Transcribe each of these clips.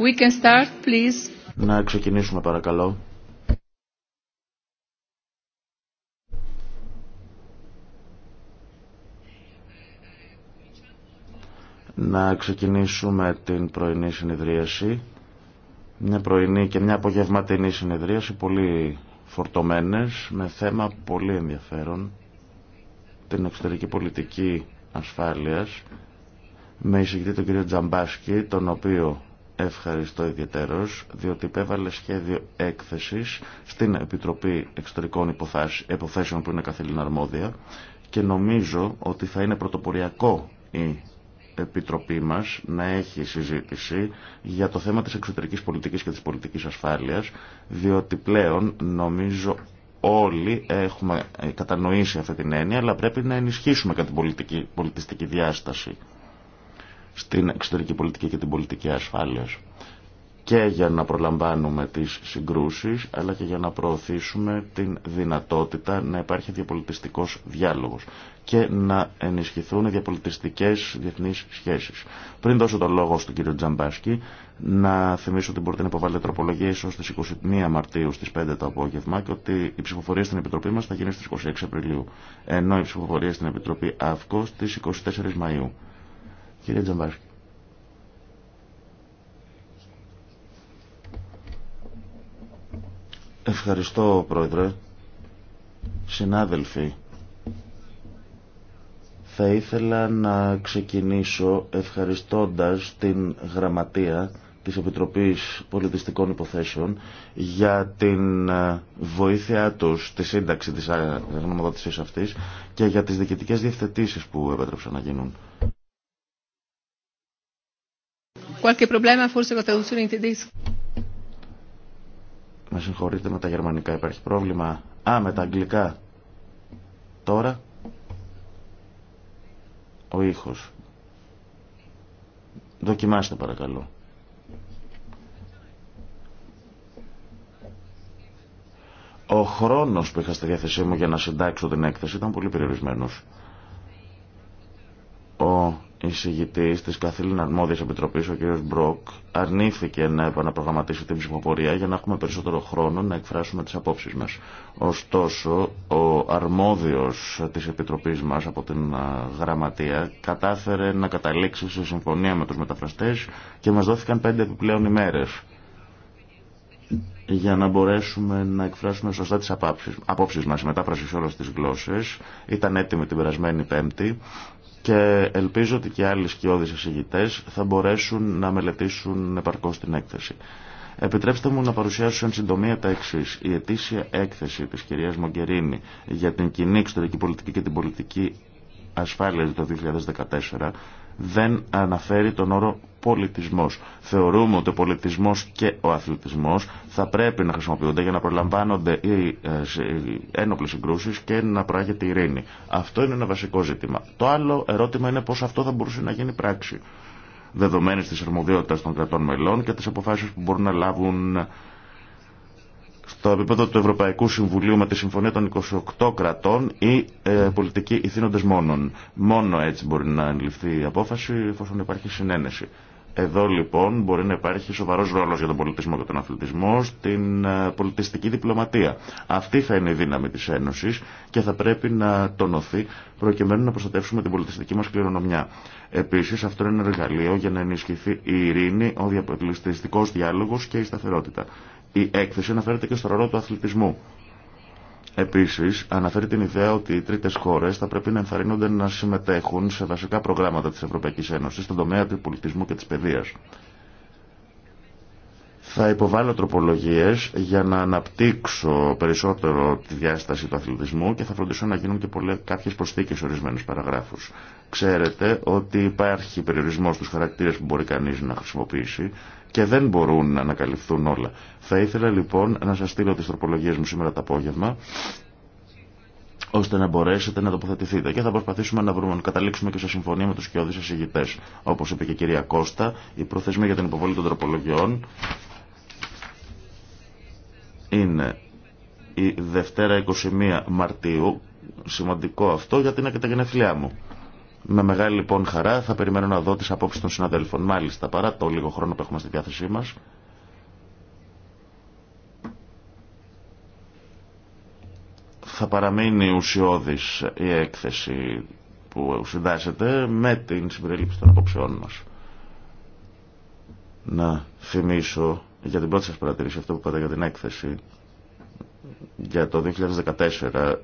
We Να ξεκινήσουμε παρακαλώ. Να ξεκινήσουμε την πρωινή συνεδρίαση. Μια πρωινή και μια απογευματινή συνεδρίαση πολύ φορτωμένες με θέμα πολύ ενδιαφέρον την εξωτερική πολιτική ασφάλειας με εισηγητή τον κύριο Τζαμπάσκι, τον οποίο ευχαριστώ ιδιαίτερος, διότι υπέβαλε σχέδιο έκθεση στην Επιτροπή Εξωτερικών Υποθέσεων που είναι καθήλυνα αρμόδια και νομίζω ότι θα είναι πρωτοποριακό η Επιτροπή μας να έχει συζήτηση για το θέμα της εξωτερικής πολιτικής και της πολιτικής ασφάλειας, διότι πλέον νομίζω όλοι έχουμε κατανοήσει αυτή την έννοια, αλλά πρέπει να ενισχύσουμε κατά την πολιτική, πολιτιστική διάσταση στην εξωτερική πολιτική και την πολιτική ασφάλειας και για να προλαμβάνουμε τις συγκρούσεις αλλά και για να προωθήσουμε την δυνατότητα να υπάρχει διαπολιτιστικός διάλογος και να ενισχυθούν οι διαπολιτιστικές διεθνείς σχέσεις. Πριν δώσω το λόγο στον κύριο Τζαμπάσκι, να θυμίσω ότι μπορείτε να υποβάλλετε τροπολογίε ω τι 21 Μαρτίου στι 5 το απόγευμα και ότι η ψηφοφορία στην Επιτροπή μα θα γίνει στι 26 Απριλίου, ενώ η ψηφοφορία στην Επιτροπή ΑΦΚΟ στι 24 Μαου. Κύριε Ευχαριστώ, Πρόεδρε. Συνάδελφοι, θα ήθελα να ξεκινήσω ευχαριστώντας την Γραμματεία της Επιτροπής Πολιτιστικών Υποθέσεων για την ε, βοήθειά τους στη σύνταξη της ε, γνωμοδότησης αυτής και για τις διοικητικές διευθετήσεις που επέτρεψαν να γίνουν. Με συγχωρείτε με τα γερμανικά υπάρχει πρόβλημα. Α, με τα αγγλικά. Τώρα. Ο ήχος. Δοκιμάστε παρακαλώ. Ο χρόνος που είχα στη διάθεσή μου για να συντάξω την έκθεση ήταν πολύ περιορισμένος. Ο η συγητή τη καθήλυνα αρμόδια επιτροπή, ο κ. Μπροκ, αρνήθηκε να επαναπρογραμματίσει την ψηφοφορία για να έχουμε περισσότερο χρόνο να εκφράσουμε τι απόψει μα. Ωστόσο, ο αρμόδιο τη επιτροπή μα από την γραμματεία κατάφερε να καταλήξει σε συμφωνία με του μεταφραστέ και μα δόθηκαν πέντε επιπλέον ημέρε για να μπορέσουμε να εκφράσουμε σωστά τις απόψεις, απόψεις μας. Η μετάφραση σε όλες τις γλώσσες ήταν έτοιμη την περασμένη Πέμπτη και ελπίζω ότι και άλλοι σκιώδεις εισηγητές θα μπορέσουν να μελετήσουν επαρκώς την έκθεση. Επιτρέψτε μου να παρουσιάσω εν συντομία τα εξή. Η ετήσια έκθεση της κυρίας Μογκερίνη για την κοινή εξωτερική πολιτική και την πολιτική ασφάλεια το 2014 δεν αναφέρει τον όρο πολιτισμός. Θεωρούμε ότι ο πολιτισμός και ο αθλητισμός θα πρέπει να χρησιμοποιούνται για να προλαμβάνονται ε, οι ένοπλες συγκρούσεις και να προάγεται η ειρήνη. Αυτό είναι ένα βασικό ζήτημα. Το άλλο ερώτημα είναι πώς αυτό θα μπορούσε να γίνει πράξη δεδομένη της αρμοδιότητας των κρατών μελών και τις αποφάσεις που μπορούν να λάβουν στο επίπεδο του Ευρωπαϊκού Συμβουλίου με τη Συμφωνία των 28 κρατών ή ε, πολιτικοί ηθήνοντες μόνον. Μόνο έτσι μπορεί να ληφθεί η απόφαση εφόσον υπάρχει συνένεση. Εδώ λοιπόν μπορεί να υπάρχει σοβαρό ρόλο για τον πολιτισμό και τον αθλητισμό στην ε, πολιτιστική διπλωματία. Αυτή θα είναι η δύναμη τη Ένωση και θα πρέπει να τονωθεί προκειμένου να προστατεύσουμε την πολιτιστική μα κληρονομιά. Επίση αυτό είναι ένα εργαλείο για να ενισχυθεί η ειρήνη, ο διαπολιτιστικό διάλογο και η σταθερότητα. Η έκθεση αναφέρεται και στο ρόλο του αθλητισμού Επίσης, αναφέρει την ιδέα ότι οι τρίτες χώρες θα πρέπει να ενθαρρύνονται να συμμετέχουν σε βασικά προγράμματα της Ευρωπαϊκής Ένωσης στον τομέα του πολιτισμού και της παιδείας. Θα υποβάλω τροπολογίες για να αναπτύξω περισσότερο τη διάσταση του αθλητισμού και θα φροντίσω να γίνουν και πολλές, κάποιες προσθήκες ορισμένους παραγράφους. Ξέρετε ότι υπάρχει περιορισμός στους χαρακτήρες που μπορεί κανείς να χρησιμοποιήσει και δεν μπορούν να ανακαλυφθούν όλα. Θα ήθελα λοιπόν να σας στείλω τις τροπολογίες μου σήμερα το απόγευμα ώστε να μπορέσετε να τοποθετηθείτε. Και θα προσπαθήσουμε να βρούμε, να καταλήξουμε και σε συμφωνία με του κοιόδη εισηγητέ. Όπω είπε και η κυρία Κώστα, η προθεσμή για την υποβολή των τροπολογιών είναι η Δευτέρα 21 Μαρτίου. Σημαντικό αυτό γιατί είναι και τα γενέθλιά μου. Με μεγάλη λοιπόν χαρά θα περιμένω να δω τις απόψεις των συναδέλφων. Μάλιστα, παρά το λίγο χρόνο που έχουμε στη διάθεσή μας, θα παραμείνει ουσιώδης η έκθεση που συντάσσεται με την συμπερίληψη των απόψεών μας. Να θυμίσω για την πρώτη σας παρατηρήση αυτό που είπατε για την έκθεση για το 2014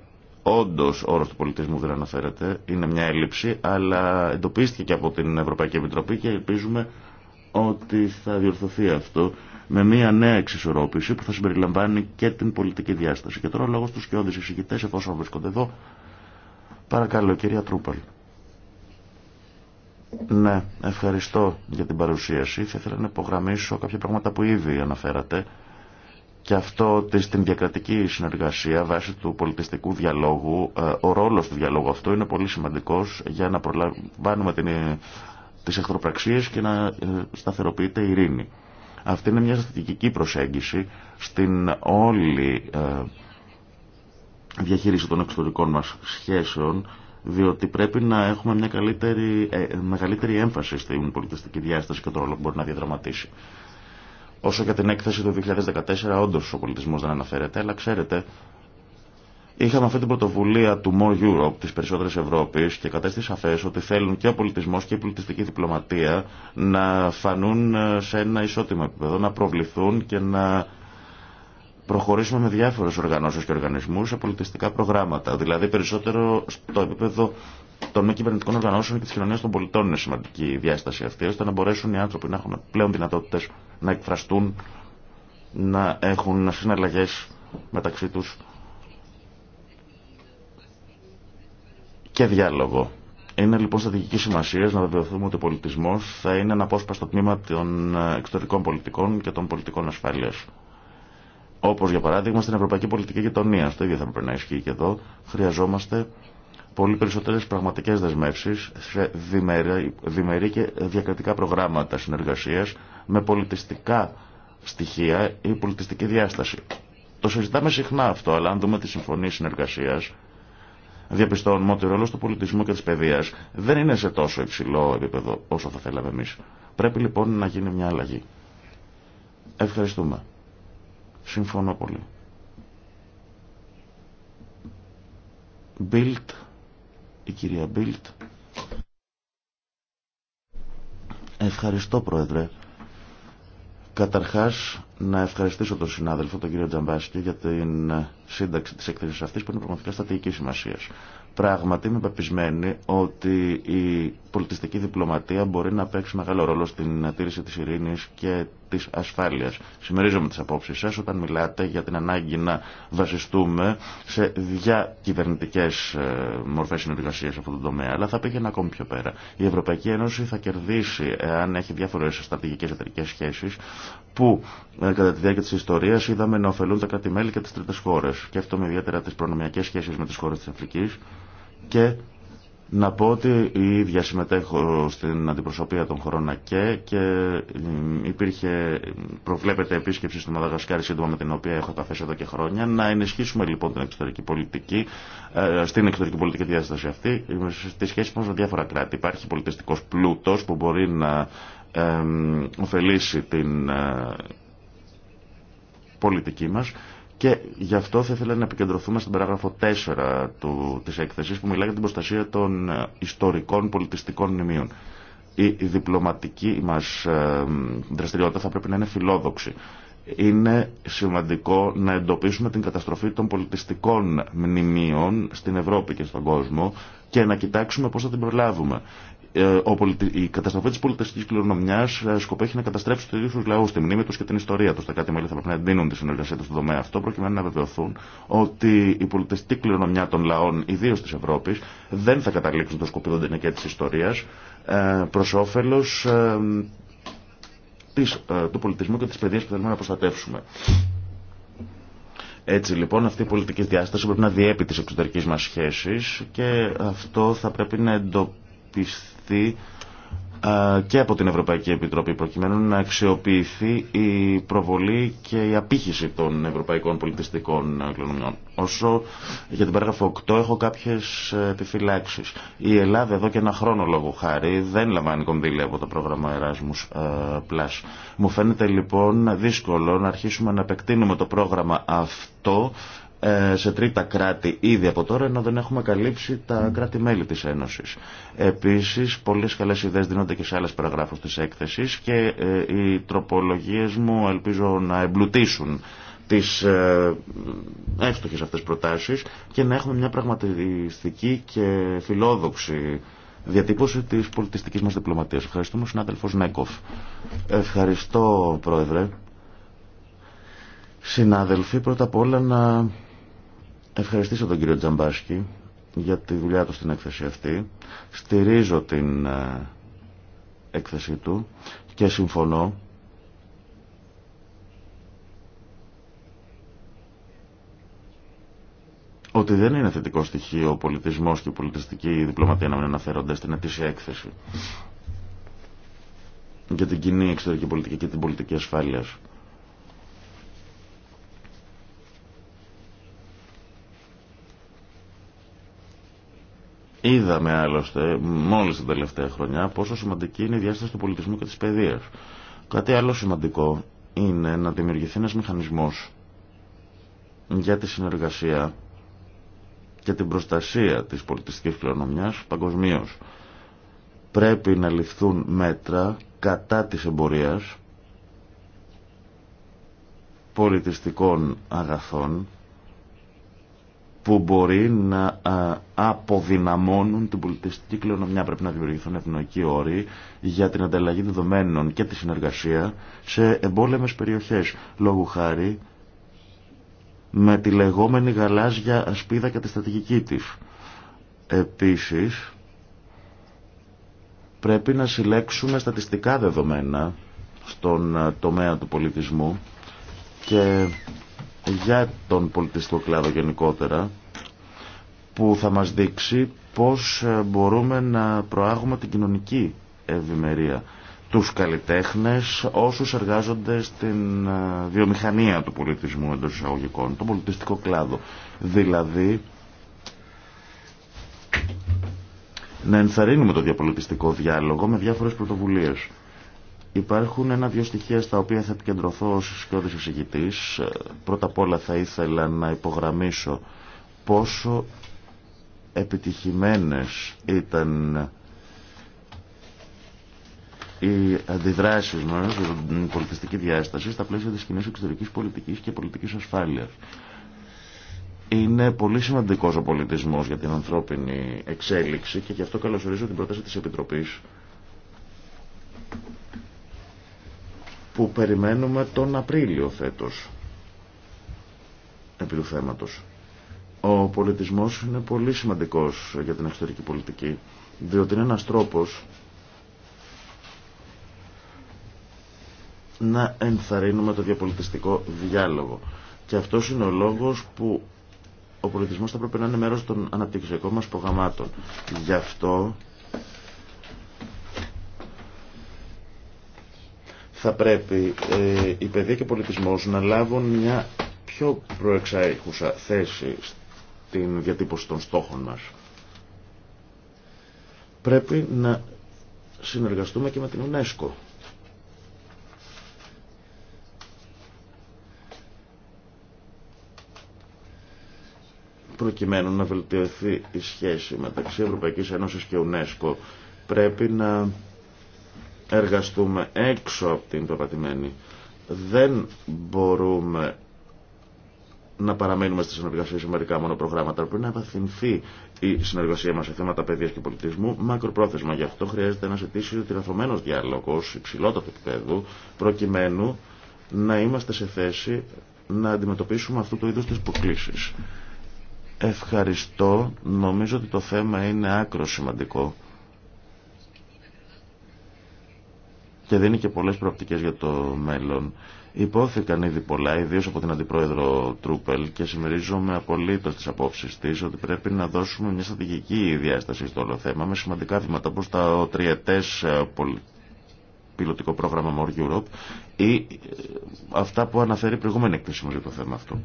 Όντω, ο όρο του πολιτισμού δεν αναφέρεται. Είναι μια έλλειψη, αλλά εντοπίστηκε και από την Ευρωπαϊκή Επιτροπή και ελπίζουμε ότι θα διορθωθεί αυτό με μια νέα εξισορρόπηση που θα συμπεριλαμβάνει και την πολιτική διάσταση. Και τώρα λόγο στους κοιόδης εισηγητέ, εφόσον βρίσκονται εδώ. Παρακαλώ κυρία Τρούπαλ. Ναι, ευχαριστώ για την παρουσίαση. Θα ήθελα να υπογραμμίσω κάποια πράγματα που ήδη αναφέρατε και αυτό ότι στην διακρατική συνεργασία βάσει του πολιτιστικού διαλόγου ε, ο ρόλος του διαλόγου αυτό είναι πολύ σημαντικός για να προλαμβάνουμε την, ε, τις εχθροπραξίες και να ε, σταθεροποιείται η ειρήνη. Αυτή είναι μια στρατηγική προσέγγιση στην όλη διαχείριση των εξωτερικών μας σχέσεων διότι πρέπει να έχουμε μια καλύτερη, μεγαλύτερη έμφαση στην πολιτιστική διάσταση και το ρόλο που μπορεί να διαδραματίσει. Όσο για την έκθεση του 2014, όντω ο πολιτισμό δεν αναφέρεται, αλλά ξέρετε, είχαμε αυτή την πρωτοβουλία του More Europe, τη περισσότερη Ευρώπη, και κατέστη σαφέ ότι θέλουν και ο πολιτισμό και η πολιτιστική διπλωματία να φανούν ε, σε ένα ισότιμο επίπεδο, να προβληθούν και να προχωρήσουμε με διάφορε οργανώσει και οργανισμού σε πολιτιστικά προγράμματα. Δηλαδή περισσότερο στο επίπεδο των μη κυβερνητικών οργανώσεων και τη κοινωνία των πολιτών είναι σημαντική η διάσταση αυτή, ώστε να μπορέσουν οι άνθρωποι να έχουν πλέον δυνατότητε να εκφραστούν, να έχουν συναλλαγέ μεταξύ του και διάλογο. Είναι λοιπόν στρατηγική σημασία να βεβαιωθούμε ότι ο πολιτισμό θα είναι ένα απόσπαστο τμήμα των ε, εξωτερικών πολιτικών και των πολιτικών ασφάλεια. Όπω για παράδειγμα στην Ευρωπαϊκή Πολιτική Γειτονία, το ίδιο θα πρέπει να ισχύει και εδώ, χρειαζόμαστε πολύ περισσότερες πραγματικές δεσμεύσεις σε διμερή, και διακρατικά προγράμματα συνεργασίας με πολιτιστικά στοιχεία ή πολιτιστική διάσταση. Το συζητάμε συχνά αυτό, αλλά αν δούμε τη συμφωνία συνεργασίας, διαπιστώνουμε ότι ο ρόλος του πολιτισμού και της παιδείας δεν είναι σε τόσο υψηλό επίπεδο όσο θα θέλαμε εμείς. Πρέπει λοιπόν να γίνει μια αλλαγή. Ευχαριστούμε. Συμφωνώ πολύ η κυρία Μπίλτ. Ευχαριστώ Πρόεδρε. Καταρχάς να ευχαριστήσω τον συνάδελφο, τον κύριο Τζαμπάσκη, για την σύνταξη της έκθεσης αυτής που είναι πραγματικά στατική σημασία. Πράγματι είμαι πεπισμένη ότι η πολιτιστική διπλωματία μπορεί να παίξει μεγάλο ρόλο στην τήρηση της ειρήνης και της ασφάλειας. Συμμερίζομαι τις απόψεις σας όταν μιλάτε για την ανάγκη να βασιστούμε σε διακυβερνητικές ε, μορφές συνεργασίας σε αυτόν τον τομέα, αλλά θα πήγαινε ακόμη πιο πέρα. Η Ευρωπαϊκή Ένωση θα κερδίσει αν έχει διάφορες στρατηγικές εταιρικές σχέσεις που ε, κατά τη διάρκεια τη ιστορία είδαμε να ωφελούν τα κράτη-μέλη και τις τρίτε χώρε. Σκέφτομαι ιδιαίτερα τι προνομιακέ σχέσει με τι χώρε τη Αφρική και να πω ότι η ίδια συμμετέχω στην αντιπροσωπεία των χωρών ΑΚΕ και ε, υπήρχε, προβλέπεται επίσκεψη στη Μαδαγασκάρη σύντομα με την οποία έχω καθέσει εδώ και χρόνια. Να ενισχύσουμε λοιπόν την εξωτερική πολιτική, ε, στην εξωτερική πολιτική διάσταση αυτή, ε, στη σχέση μας με διάφορα κράτη. Υπάρχει πολιτιστικός πλούτος που μπορεί να ωφελήσει την πολιτική μας και γι' αυτό θα ήθελα να επικεντρωθούμε στην παράγραφο 4 του, της έκθεσης που μιλάει για την προστασία των ε, ιστορικών πολιτιστικών μνημείων. Η διπλωματική μας ε, δραστηριότητα θα πρέπει να είναι φιλόδοξη. Είναι σημαντικό να εντοπίσουμε την καταστροφή των πολιτιστικών μνημείων στην Ευρώπη και στον κόσμο και να κοιτάξουμε πώς θα την προλάβουμε. Ε, η καταστροφή τη πολιτιστική κληρονομιά ε, σκοπεύει να καταστρέψει του ίδιου λαού, τη μνήμη του και την ιστορία του. Τα κάτι μέλη θα πρέπει να εντείνουν τη συνεργασία του στον τομέα αυτό, προκειμένου να βεβαιωθούν ότι η πολιτιστική κληρονομιά των λαών, ιδίω τη Ευρώπη, δεν θα καταλήξουν το σκοπίδο την τη ιστορία ε, προ όφελο του πολιτισμού και τη παιδεία που θέλουμε να προστατεύσουμε. Έτσι λοιπόν αυτή η πολιτική διάσταση πρέπει να διέπει τις εξωτερικές μας σχέσεις και αυτό θα πρέπει να εντοπιστεί ε, και από την Ευρωπαϊκή Επιτροπή προκειμένου να αξιοποιηθεί η προβολή και η απήχηση των ευρωπαϊκών πολιτιστικών κληρονομιών. Όσο για την παράγραφο 8 έχω κάποιες ε, επιφυλάξεις. Η Ελλάδα εδώ και ένα χρόνο λόγω χάρη δεν λαμβάνει κονδύλια από το πρόγραμμα Erasmus ε, Plus. Μου φαίνεται λοιπόν δύσκολο να αρχίσουμε να επεκτείνουμε το πρόγραμμα αυτό ε, σε τρίτα κράτη ήδη από τώρα, ενώ δεν έχουμε καλύψει τα κράτη-μέλη της Ένωσης. Επίσης, πολλές καλές ιδέες δίνονται και σε άλλες παραγράφους της έκθεσης και ε, οι τροπολογίες μου ελπίζω να εμπλουτίσουν τις ε, εύστοχες αυτές προτάσεις και να έχουμε μια πραγματιστική και φιλόδοξη διατύπωση της πολιτιστικής μας διπλωματίας. Ευχαριστούμε, συνάδελφος Νέκοφ. Ευχαριστώ, Πρόεδρε. Συνάδελφοι, πρώτα απ' όλα να ευχαριστήσω τον κύριο Τζαμπάσκι για τη δουλειά του στην έκθεση αυτή. Στηρίζω την ε, έκθεση του και συμφωνώ ότι δεν είναι θετικό στοιχείο ο πολιτισμός και η πολιτιστική διπλωματία να μην αναφέρονται στην ετήσια έκθεση για την κοινή εξωτερική πολιτική και την πολιτική ασφάλεια. Είδαμε άλλωστε μόλις τα τελευταία χρονιά πόσο σημαντική είναι η διάσταση του πολιτισμού και της παιδείας. Κάτι άλλο σημαντικό είναι να δημιουργηθεί ένας μηχανισμός για τη συνεργασία και την προστασία της πολιτιστικής κληρονομιάς παγκοσμίω. Πρέπει να ληφθούν μέτρα κατά της εμπορίας πολιτιστικών αγαθών που μπορεί να αποδυναμώνουν την πολιτιστική κληρονομιά. Πρέπει να δημιουργηθούν ευνοϊκοί όροι για την ανταλλαγή δεδομένων και τη συνεργασία σε εμπόλεμες περιοχές, λόγου χάρη με τη λεγόμενη γαλάζια ασπίδα και τη στρατηγική της. Επίσης, πρέπει να συλλέξουμε στατιστικά δεδομένα στον ε, τομέα του πολιτισμού και για τον πολιτιστικό κλάδο γενικότερα που θα μας δείξει πώς ε, μπορούμε να προάγουμε την κοινωνική ευημερία τους καλλιτέχνες, όσους εργάζονται στην ε, βιομηχανία του πολιτισμού εντός εισαγωγικών, τον πολιτιστικό κλάδο. Δηλαδή, να ενθαρρύνουμε το διαπολιτιστικό διάλογο με διάφορες πρωτοβουλίες. Υπάρχουν ένα-δυο στοιχεία στα οποία θα επικεντρωθώ ως σκιώδης εισηγητής. Ε, πρώτα απ' όλα θα ήθελα να υπογραμμίσω πόσο επιτυχημένες ήταν οι αντιδράσει μα για την πολιτιστική διάσταση στα πλαίσια τη κοινή εξωτερική πολιτική και πολιτική ασφάλεια. Είναι πολύ σημαντικό ο πολιτισμό για την ανθρώπινη εξέλιξη και γι' αυτό καλωσορίζω την πρόταση τη Επιτροπή που περιμένουμε τον Απρίλιο φέτος επί του θέματος. Ο πολιτισμός είναι πολύ σημαντικός για την εξωτερική πολιτική, διότι είναι ένας τρόπος να ενθαρρύνουμε το διαπολιτιστικό διάλογο. Και αυτός είναι ο λόγος που ο πολιτισμός θα πρέπει να είναι μέρος των αναπτυξιακών μας προγραμμάτων. Γι' αυτό θα πρέπει ε, η παιδεία και ο πολιτισμός να λάβουν μια πιο προεξαίχουσα θέση στην διατύπωση των στόχων μας. Πρέπει να συνεργαστούμε και με την UNESCO. Προκειμένου να βελτιωθεί η σχέση μεταξύ Ευρωπαϊκής Ένωσης και UNESCO πρέπει να εργαστούμε έξω από την προπατημένη. Δεν μπορούμε να παραμένουμε στη συνεργασία σε μερικά μόνο προγράμματα. Πρέπει να βαθυνθεί η συνεργασία μα σε θέματα παιδεία και πολιτισμού μακροπρόθεσμα. Γι' αυτό χρειάζεται ένα ετήσιο τυραφωμένο διάλογο υψηλότατου επίπεδου, προκειμένου να είμαστε σε θέση να αντιμετωπίσουμε αυτού του είδου τι προκλήσει. Ευχαριστώ. Νομίζω ότι το θέμα είναι άκρο σημαντικό και δίνει και πολλές προοπτικές για το μέλλον. Υπόθηκαν ήδη πολλά, ιδίω από την Αντιπρόεδρο Τρούπελ και συμμερίζομαι απολύτω τι απόψει τη ότι πρέπει να δώσουμε μια στρατηγική διάσταση στο όλο θέμα με σημαντικά βήματα όπω τα τριετέ ε, πιλωτικό πρόγραμμα More Europe ή ε, αυτά που αναφέρει η προηγούμενη εκθέση μου για το θέμα αυτό.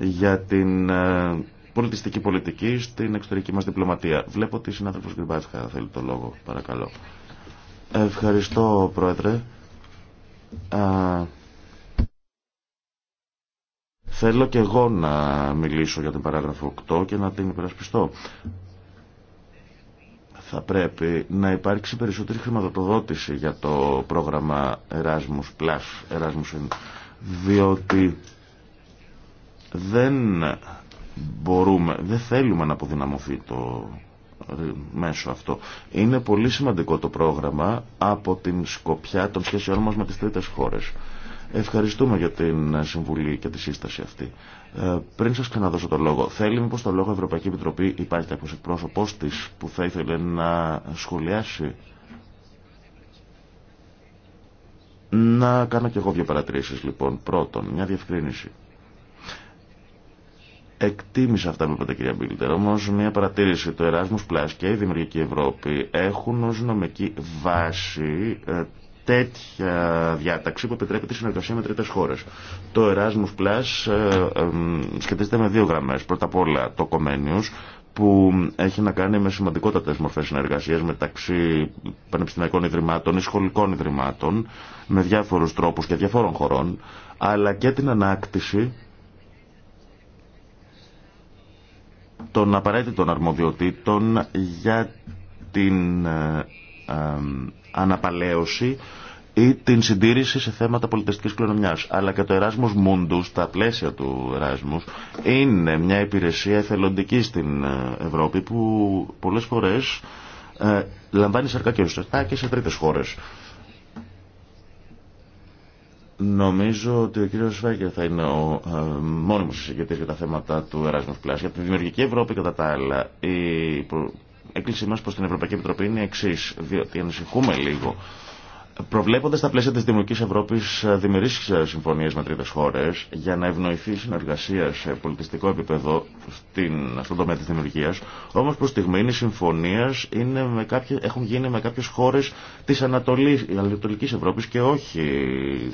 Για την ε, πολιτιστική πολιτική στην εξωτερική μα διπλωματία. Βλέπω ότι η συνάδελφο Γκριμπάτσκα θέλει το λόγο. Παρακαλώ. Ευχαριστώ, Πρόεδρε. Θέλω και εγώ να μιλήσω για την παράγραφο 8 και να την υπερασπιστώ. Θα πρέπει να υπάρξει περισσότερη χρηματοδότηση για το πρόγραμμα Erasmus Plus, Erasmus διότι δεν μπορούμε, δεν θέλουμε να αποδυναμωθεί το μέσο αυτό. Είναι πολύ σημαντικό το πρόγραμμα από την σκοπιά των σχέσεών μας με τις τρίτες χώρες. Ευχαριστούμε για την συμβουλή και τη σύσταση αυτή. Ε, πριν σας ξαναδώσω το λόγο, θέλει μήπως το λόγο Ευρωπαϊκή Επιτροπή υπάρχει κάποιος εκπρόσωπός της που θα ήθελε να σχολιάσει. Να κάνω και εγώ δύο παρατηρήσεις λοιπόν. Πρώτον, μια διευκρίνηση. Εκτίμησα αυτά που είπατε κυρία Μπίλτερ, όμω μια παρατήρηση. Το Erasmus Plus και η Δημιουργική Ευρώπη έχουν ω νομική βάση ε, τέτοια διάταξη που επιτρέπει τη συνεργασία με τρίτε χώρε. Το Erasmus Plus ε, ε, σχετίζεται με δύο γραμμέ, Πρώτα απ' όλα το Comenius που έχει να κάνει με σημαντικότατες μορφές συνεργασίας μεταξύ πανεπιστημιακών ιδρυμάτων ή σχολικών ιδρυμάτων με διάφορους τρόπους και διαφόρων χωρών αλλά και την ανάκτηση των απαραίτητων αρμοδιοτήτων για την ε, ε, αναπαλαίωση ή την συντήρηση σε θέματα πολιτιστικής κληρονομιάς. Αλλά και το Εράσμος Μούντου, τα πλαίσια του έρασμου είναι μια υπηρεσία εθελοντική στην ε, Ευρώπη που πολλέ φορέ λαμβάνει σαρκά και ουσιαστά και σε τρίτες χώρες. Νομίζω ότι ο κύριος Σφέγκερ θα είναι ο ε, μόνιμος συγκεκριτής για τα θέματα του Erasmus Plus. Για τη δημιουργική Ευρώπη κατά τα άλλα, η έκκλησή μας προς την Ευρωπαϊκή Επιτροπή είναι εξή, διότι ανησυχούμε λίγο Προβλέποντα τα πλαίσια τη Δημοτικής Ευρώπη ε, δημιουργήσει ε, συμφωνίε με τρίτε χώρε για να ευνοηθεί η συνεργασία σε πολιτιστικό επίπεδο στην, στον τομέα της δημιουργίας. Όμως προς στιγμή οι συμφωνίε έχουν γίνει με κάποιε χώρε τη Ανατολική Ευρώπη Ευρώπης και όχι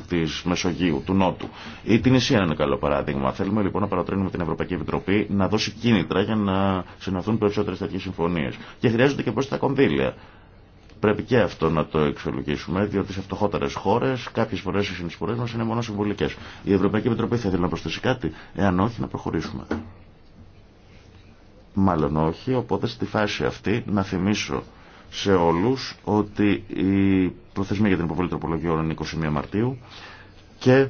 τη Μεσογείου, του Νότου. Η την Ισία είναι ένα καλό παράδειγμα. Θέλουμε λοιπόν να παρατρύνουμε την Ευρωπαϊκή Επιτροπή να δώσει κίνητρα για να συναθούν περισσότερε τέτοιε συμφωνίε. Και χρειάζονται και πρόσθετα τα κονδύλια. Πρέπει και αυτό να το εξολογήσουμε, διότι σε φτωχότερε χώρε κάποιε φορέ οι συνεισφορέ μα είναι μόνο συμβολικέ. Η Ευρωπαϊκή Επιτροπή θα ήθελε να προσθέσει κάτι. Εάν όχι, να προχωρήσουμε. Μάλλον όχι, οπότε στη φάση αυτή να θυμίσω σε όλου ότι η προθεσμία για την υποβολή τροπολογιών είναι 21 Μαρτίου και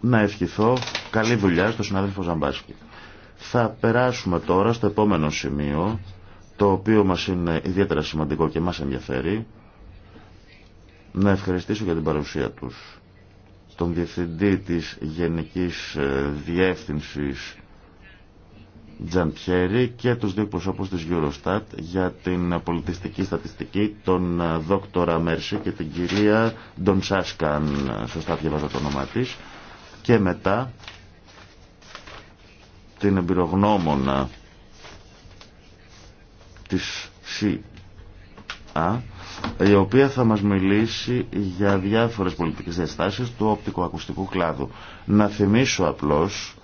να ευχηθώ καλή δουλειά στο συνάδελφο Ζαμπάσκη. Θα περάσουμε τώρα στο επόμενο σημείο το οποίο μας είναι ιδιαίτερα σημαντικό και μας ενδιαφέρει, να ευχαριστήσω για την παρουσία τους τον Διευθυντή της Γενικής ε, Διεύθυνσης Τζαντιέρη και τους δύο προσώπους της Eurostat για την πολιτιστική στατιστική τον ε, δόκτορα Μέρση και την κυρία Ντονσάσκαν Σάσκαν σωστά διαβάζω το όνομά και μετά την εμπειρογνώμονα της ΣΥΑ η οποία θα μας μιλήσει για διάφορες πολιτικές διαστάσεις του οπτικοακουστικού κλάδου. Να θυμίσω απλώς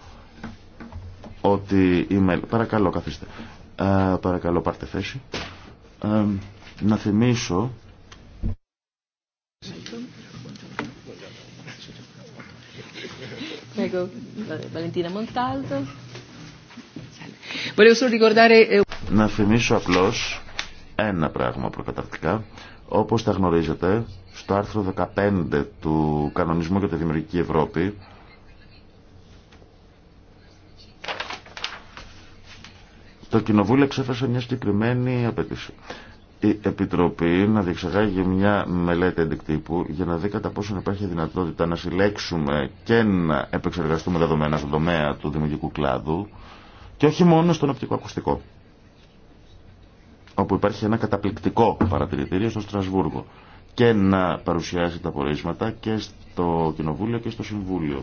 ότι η μέλη... Παρακαλώ καθίστε. παρακαλώ πάρτε θέση. να θυμίσω Prego, Valentina Montalto. Volevo solo ricordare... Eh, να θυμίσω απλώς ένα πράγμα προκαταρτικά. Όπως τα γνωρίζετε, στο άρθρο 15 του Κανονισμού για τη Δημιουργική Ευρώπη, το Κοινοβούλιο εξέφρασε μια συγκεκριμένη απέτηση. Η Επιτροπή να διεξαγάγει μια μελέτη εντεκτύπου για να δει κατά πόσο υπάρχει δυνατότητα να συλλέξουμε και να επεξεργαστούμε δεδομένα στον τομέα του δημιουργικού κλάδου και όχι μόνο στον οπτικό ακουστικό όπου υπάρχει ένα καταπληκτικό παρατηρητήριο στο Στρασβούργο και να παρουσιάσει τα πορίσματα και στο Κοινοβούλιο και στο Συμβούλιο.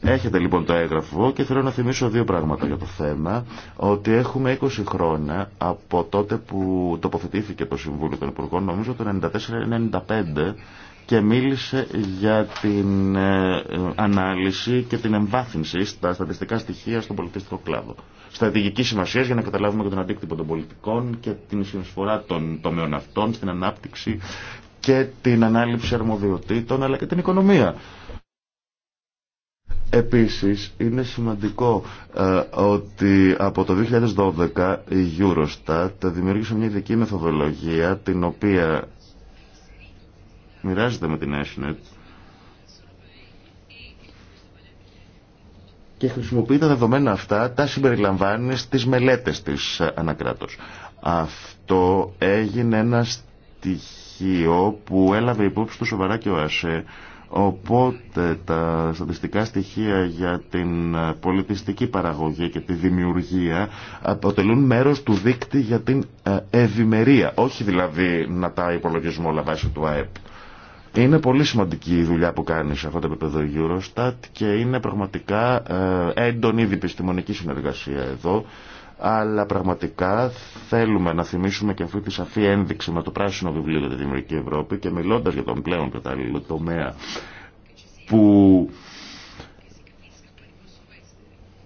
Έχετε λοιπόν το έγγραφο και θέλω να θυμίσω δύο πράγματα για το θέμα. Ότι έχουμε 20 χρόνια από τότε που τοποθετήθηκε το Συμβούλιο των Υπουργών, νομίζω το 94-95, και μίλησε για την ε, ανάλυση και την εμβάθυνση στα στατιστικά στοιχεία στον πολιτιστικό κλάδο. Στρατηγική σημασία για να καταλάβουμε και τον αντίκτυπο των πολιτικών και την συνεισφορά των τομέων αυτών στην ανάπτυξη και την ανάληψη αρμοδιοτήτων αλλά και την οικονομία. Επίσης είναι σημαντικό ε, ότι από το 2012 η Eurostat δημιούργησε μια ειδική μεθοδολογία την οποία μοιράζεται με την ΕΣΝΕΤ και χρησιμοποιεί τα δεδομένα αυτά, τα συμπεριλαμβάνει στις μελέτες της ε, ανακράτως. Αυτό έγινε ένα στοιχείο που έλαβε υπόψη του σοβαρά και ο ΑΣΕ, οπότε τα στατιστικά στοιχεία για την ε, πολιτιστική παραγωγή και τη δημιουργία αποτελούν μέρος του δίκτυ για την ε, ευημερία, όχι δηλαδή να τα υπολογίζουμε όλα βάσει του ΑΕΠ. Είναι πολύ σημαντική η δουλειά που κάνει σε αυτό το επίπεδο η Eurostat και είναι πραγματικά ε, έντονη η επιστημονική συνεργασία εδώ αλλά πραγματικά θέλουμε να θυμίσουμε και αυτή τη σαφή ένδειξη με το πράσινο βιβλίο για τη Δημιουργική Ευρώπη και μιλώντας για τον πλέον κατάλληλο τομέα που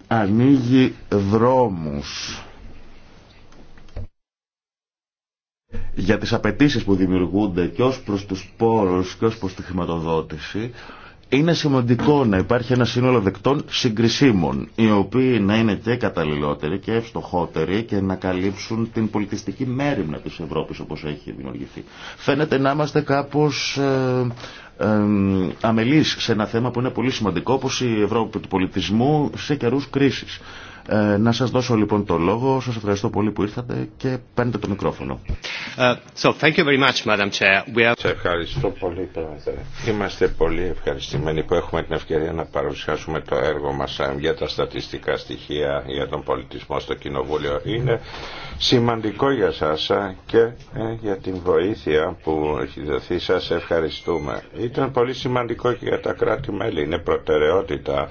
ανοίγει δρόμους για τις απαιτήσεις που δημιουργούνται και ως προς τους πόρους και ως προς τη χρηματοδότηση είναι σημαντικό να υπάρχει ένα σύνολο δεκτών συγκρισίμων οι οποίοι να είναι και καταλληλότεροι και ευστοχότεροι και να καλύψουν την πολιτιστική μέρημνα της Ευρώπης όπως έχει δημιουργηθεί. Φαίνεται να είμαστε κάπως ε, ε αμελείς σε ένα θέμα που είναι πολύ σημαντικό όπως η Ευρώπη του πολιτισμού σε καιρούς κρίσης. Ε, να σας δώσω λοιπόν το λόγο. Σας ευχαριστώ πολύ που ήρθατε και παίρνετε το μικρόφωνο. Uh, so, thank you very much, Madam Chair. ευχαριστώ πολύ, Πρόεδρε. Είμαστε πολύ ευχαριστημένοι που έχουμε την ευκαιρία να παρουσιάσουμε το έργο μας ε, για τα στατιστικά στοιχεία για τον πολιτισμό στο Κοινοβούλιο. Είναι σημαντικό για σας και για την βοήθεια που έχει δοθεί. Σας ευχαριστούμε. Ήταν πολύ σημαντικό και για τα κράτη-μέλη. Είναι προτεραιότητα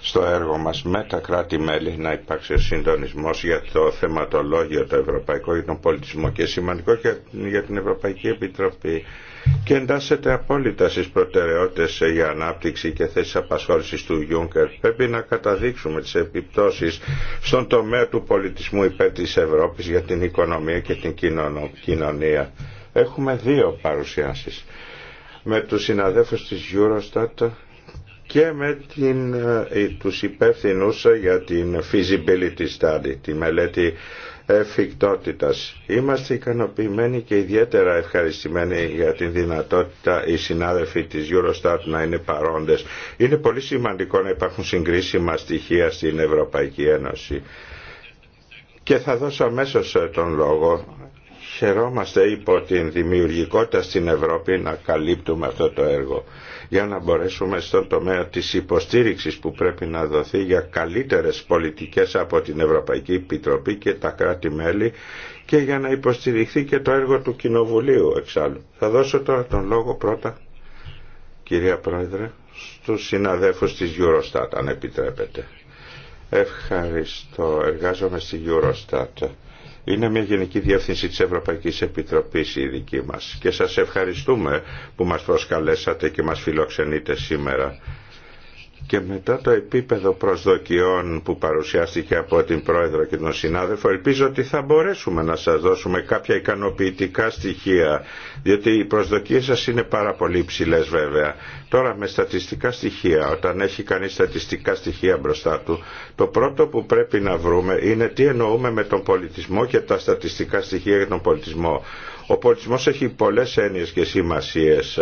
στο έργο μας με τα κράτη-μέλη να υπάρξει ο συντονισμό για το θεματολόγιο το ευρωπαϊκό για τον πολιτισμό και σημαντικό για την Ευρωπαϊκή Επιτροπή και εντάσσεται απόλυτα στις προτεραιότητες για ανάπτυξη και θέσεις απασχόλησης του Γιούγκερ. Πρέπει να καταδείξουμε τις επιπτώσεις στον τομέα του πολιτισμού υπέρ της Ευρώπης για την οικονομία και την κοινωνία. Έχουμε δύο παρουσιάσεις με τους συναδέλφους της Eurostat και με την, ε, τους υπεύθυνους για την feasibility study, τη μελέτη εφικτότητας. Είμαστε ικανοποιημένοι και ιδιαίτερα ευχαριστημένοι για την δυνατότητα οι συνάδελφοι της Eurostat να είναι παρόντες. Είναι πολύ σημαντικό να υπάρχουν συγκρίσιμα στοιχεία στην Ευρωπαϊκή Ένωση. Και θα δώσω αμέσω ε, τον λόγο. Χαιρόμαστε υπό την δημιουργικότητα στην Ευρώπη να καλύπτουμε αυτό το έργο για να μπορέσουμε στον τομέα της υποστήριξης που πρέπει να δοθεί για καλύτερες πολιτικές από την Ευρωπαϊκή Επιτροπή και τα κράτη-μέλη και για να υποστηριχθεί και το έργο του Κοινοβουλίου εξάλλου. Θα δώσω τώρα τον λόγο πρώτα, κυρία Πρόεδρε, στους συναδέφους της Eurostat, αν επιτρέπετε. Ευχαριστώ. Εργάζομαι στη Eurostat είναι μια γενική διεύθυνση της Ευρωπαϊκής Επιτροπής η δική μας και σας ευχαριστούμε που μας προσκαλέσατε και μας φιλοξενείτε σήμερα και μετά το επίπεδο προσδοκιών που παρουσιάστηκε από την Πρόεδρο και τον συνάδελφο ελπίζω ότι θα μπορέσουμε να σας δώσουμε κάποια ικανοποιητικά στοιχεία διότι οι προσδοκίες σας είναι πάρα πολύ υψηλέ βέβαια. Τώρα με στατιστικά στοιχεία, όταν έχει κανείς στατιστικά στοιχεία μπροστά του, το πρώτο που πρέπει να βρούμε είναι τι εννοούμε με τον πολιτισμό και τα στατιστικά στοιχεία για τον πολιτισμό. Ο πολιτισμός έχει πολλές έννοιες και σημασίες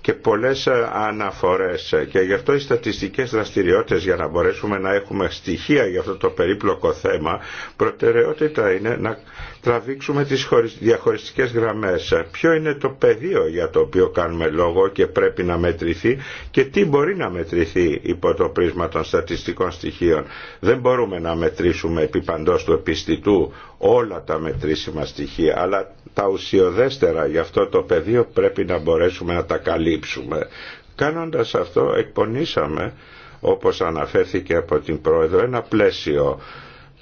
και πολλές αναφορές και γι' αυτό οι στατιστικές δραστηριότητες για να μπορέσουμε να έχουμε στοιχεία για αυτό το περίπλοκο θέμα προτεραιότητα είναι να τραβήξουμε τις διαχωριστικές γραμμές. Ποιο είναι το πεδίο για το οποίο κάνουμε λόγο και πρέπει να μετρηθεί και τι μπορεί να μετρηθεί υπό το πρίσμα των στατιστικών στοιχείων. Δεν μπορούμε να μετρήσουμε επί παντός του επιστητού όλα τα μετρήσιμα στοιχεία, αλλά τα ουσιοδέστερα για αυτό το πεδίο πρέπει να μπορέσουμε να τα καλύψουμε. Κάνοντας αυτό εκπονήσαμε όπως αναφέρθηκε από την Πρόεδρο, ένα πλαίσιο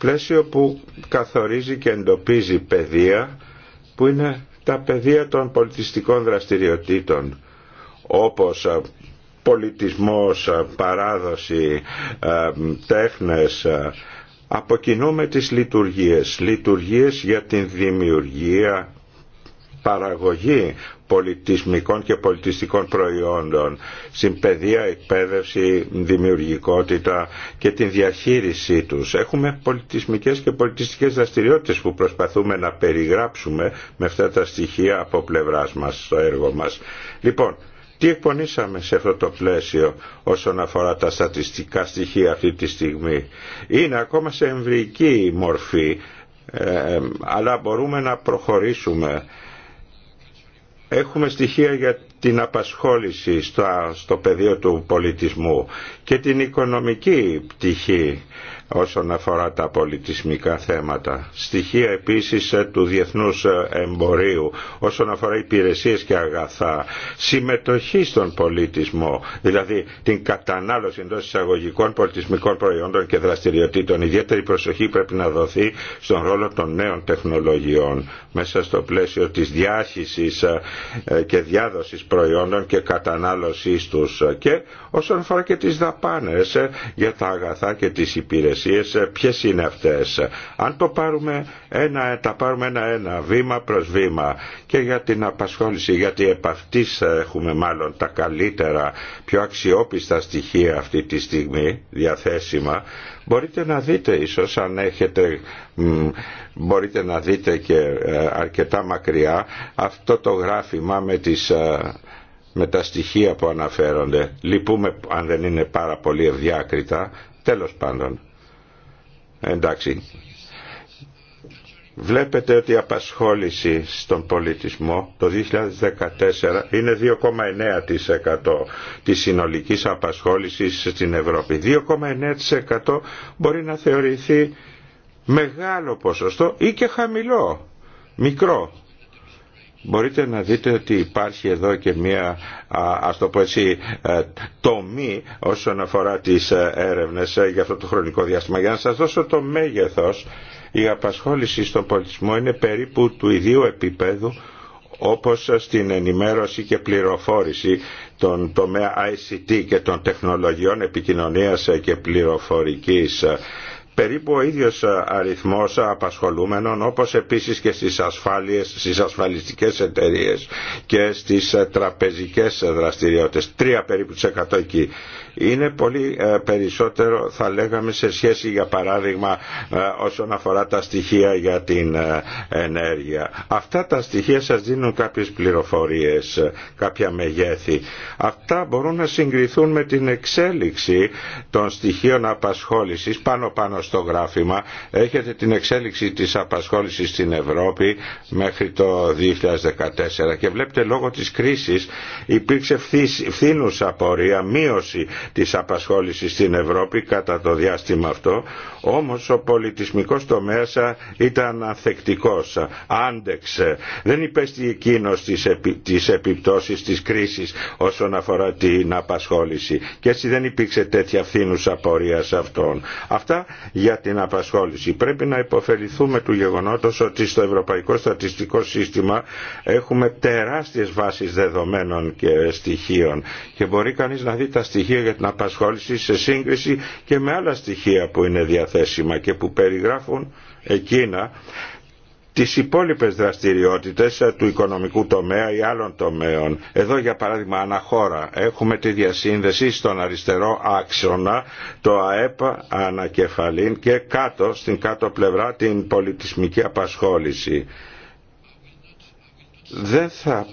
πλαίσιο που καθορίζει και εντοπίζει παιδεία που είναι τα παιδεία των πολιτιστικών δραστηριοτήτων όπως πολιτισμός, παράδοση, τέχνες, αποκινούμε τις λειτουργίες. Λειτουργίες για την δημιουργία παραγωγή πολιτισμικών και πολιτιστικών προϊόντων, στην παιδεία, εκπαίδευση, δημιουργικότητα και την διαχείρισή τους. Έχουμε πολιτισμικές και πολιτιστικές δραστηριότητες που προσπαθούμε να περιγράψουμε με αυτά τα στοιχεία από πλευράς μας στο έργο μας. Λοιπόν, τι εκπονήσαμε σε αυτό το πλαίσιο όσον αφορά τα στατιστικά στοιχεία αυτή τη στιγμή. Είναι ακόμα σε εμβρική μορφή, ε, ε, αλλά μπορούμε να προχωρήσουμε Έχουμε στοιχεία για την απασχόληση στο, πεδίο του πολιτισμού και την οικονομική πτυχή όσον αφορά τα πολιτισμικά θέματα. Στοιχεία επίσης ε, του διεθνούς ε, εμπορίου όσον αφορά υπηρεσίες και αγαθά. Συμμετοχή στον πολιτισμό, δηλαδή την κατανάλωση εντό εισαγωγικών πολιτισμικών προϊόντων και δραστηριοτήτων. Ιδιαίτερη προσοχή πρέπει να δοθεί στον ρόλο των νέων τεχνολογιών μέσα στο πλαίσιο της διάχυσης ε, και διάδοσης προϊόντων και κατανάλωσής τους και όσον αφορά και τις δαπάνες για τα αγαθά και τις υπηρεσίες υπηρεσίες ε, ποιες είναι αυτές. Αν το πάρουμε ένα, τα πάρουμε ένα-ένα, βήμα προς βήμα και για την απασχόληση, γιατί επ' αυτής έχουμε μάλλον τα καλύτερα, πιο αξιόπιστα στοιχεία αυτή τη στιγμή διαθέσιμα, μπορείτε να δείτε ίσως αν έχετε μπορείτε να δείτε και ε, αρκετά μακριά αυτό το γράφημα με τις ε, με τα στοιχεία που αναφέρονται λυπούμε αν δεν είναι πάρα πολύ ευδιάκριτα τέλος πάντων Εντάξει. Βλέπετε ότι η απασχόληση στον πολιτισμό το 2014 είναι 2,9% της συνολικής απασχόλησης στην Ευρώπη. 2,9% μπορεί να θεωρηθεί μεγάλο ποσοστό ή και χαμηλό, μικρό μπορείτε να δείτε ότι υπάρχει εδώ και μία ας το πω έτσι ε, τομή όσον αφορά τις ε, έρευνες ε, για αυτό το χρονικό διάστημα. Για να σας δώσω το μέγεθος, η απασχόληση στον πολιτισμό είναι περίπου του ιδίου επίπεδου όπως στην ενημέρωση και πληροφόρηση των τομέα ICT και των τεχνολογιών επικοινωνίας και πληροφορικής περίπου ο ίδιος ε, αριθμός απασχολούμενων όπως επίσης και στις, ασφάλειες, στις ασφαλιστικές εταιρείες και στις ε, τραπεζικές δραστηριότητες. Τρία περίπου τους εκατό εκεί είναι πολύ ε, περισσότερο θα λέγαμε σε σχέση για παράδειγμα ε, όσον αφορά τα στοιχεία για την ε, ενέργεια. Αυτά τα στοιχεία σας δίνουν κάποιες πληροφορίες, κάποια μεγέθη. Αυτά μπορούν να συγκριθούν με την εξέλιξη των στοιχείων απασχόλησης πάνω πάνω στο γράφημα. Έχετε την εξέλιξη της απασχόλησης στην Ευρώπη μέχρι το 2014 και βλέπετε λόγω της κρίσης υπήρξε φθήνουσα πορεία, μείωση της απασχόλησης στην Ευρώπη κατά το διάστημα αυτό, όμως ο πολιτισμικός τομέας ήταν ανθεκτικός, άντεξε, δεν υπέστη εκείνος τις, επι, τις επιπτώσεις της κρίσης όσον αφορά την απασχόληση και έτσι δεν υπήρξε τέτοια φθήνουσα πορεία σε αυτόν. Αυτά για την απασχόληση. Πρέπει να υποφεληθούμε του γεγονότος ότι στο Ευρωπαϊκό Στατιστικό Σύστημα έχουμε τεράστιες βάσεις δεδομένων και στοιχείων και μπορεί κανείς να δει τα στοιχεία για την απασχόληση σε σύγκριση και με άλλα στοιχεία που είναι διαθέσιμα και που περιγράφουν εκείνα τις υπόλοιπες δραστηριότητες του οικονομικού τομέα ή άλλων τομέων. Εδώ για παράδειγμα αναχώρα έχουμε τη διασύνδεση στον αριστερό άξονα το ΑΕΠ ανακεφαλήν και κάτω στην κάτω πλευρά την πολιτισμική απασχόληση. Δεν θα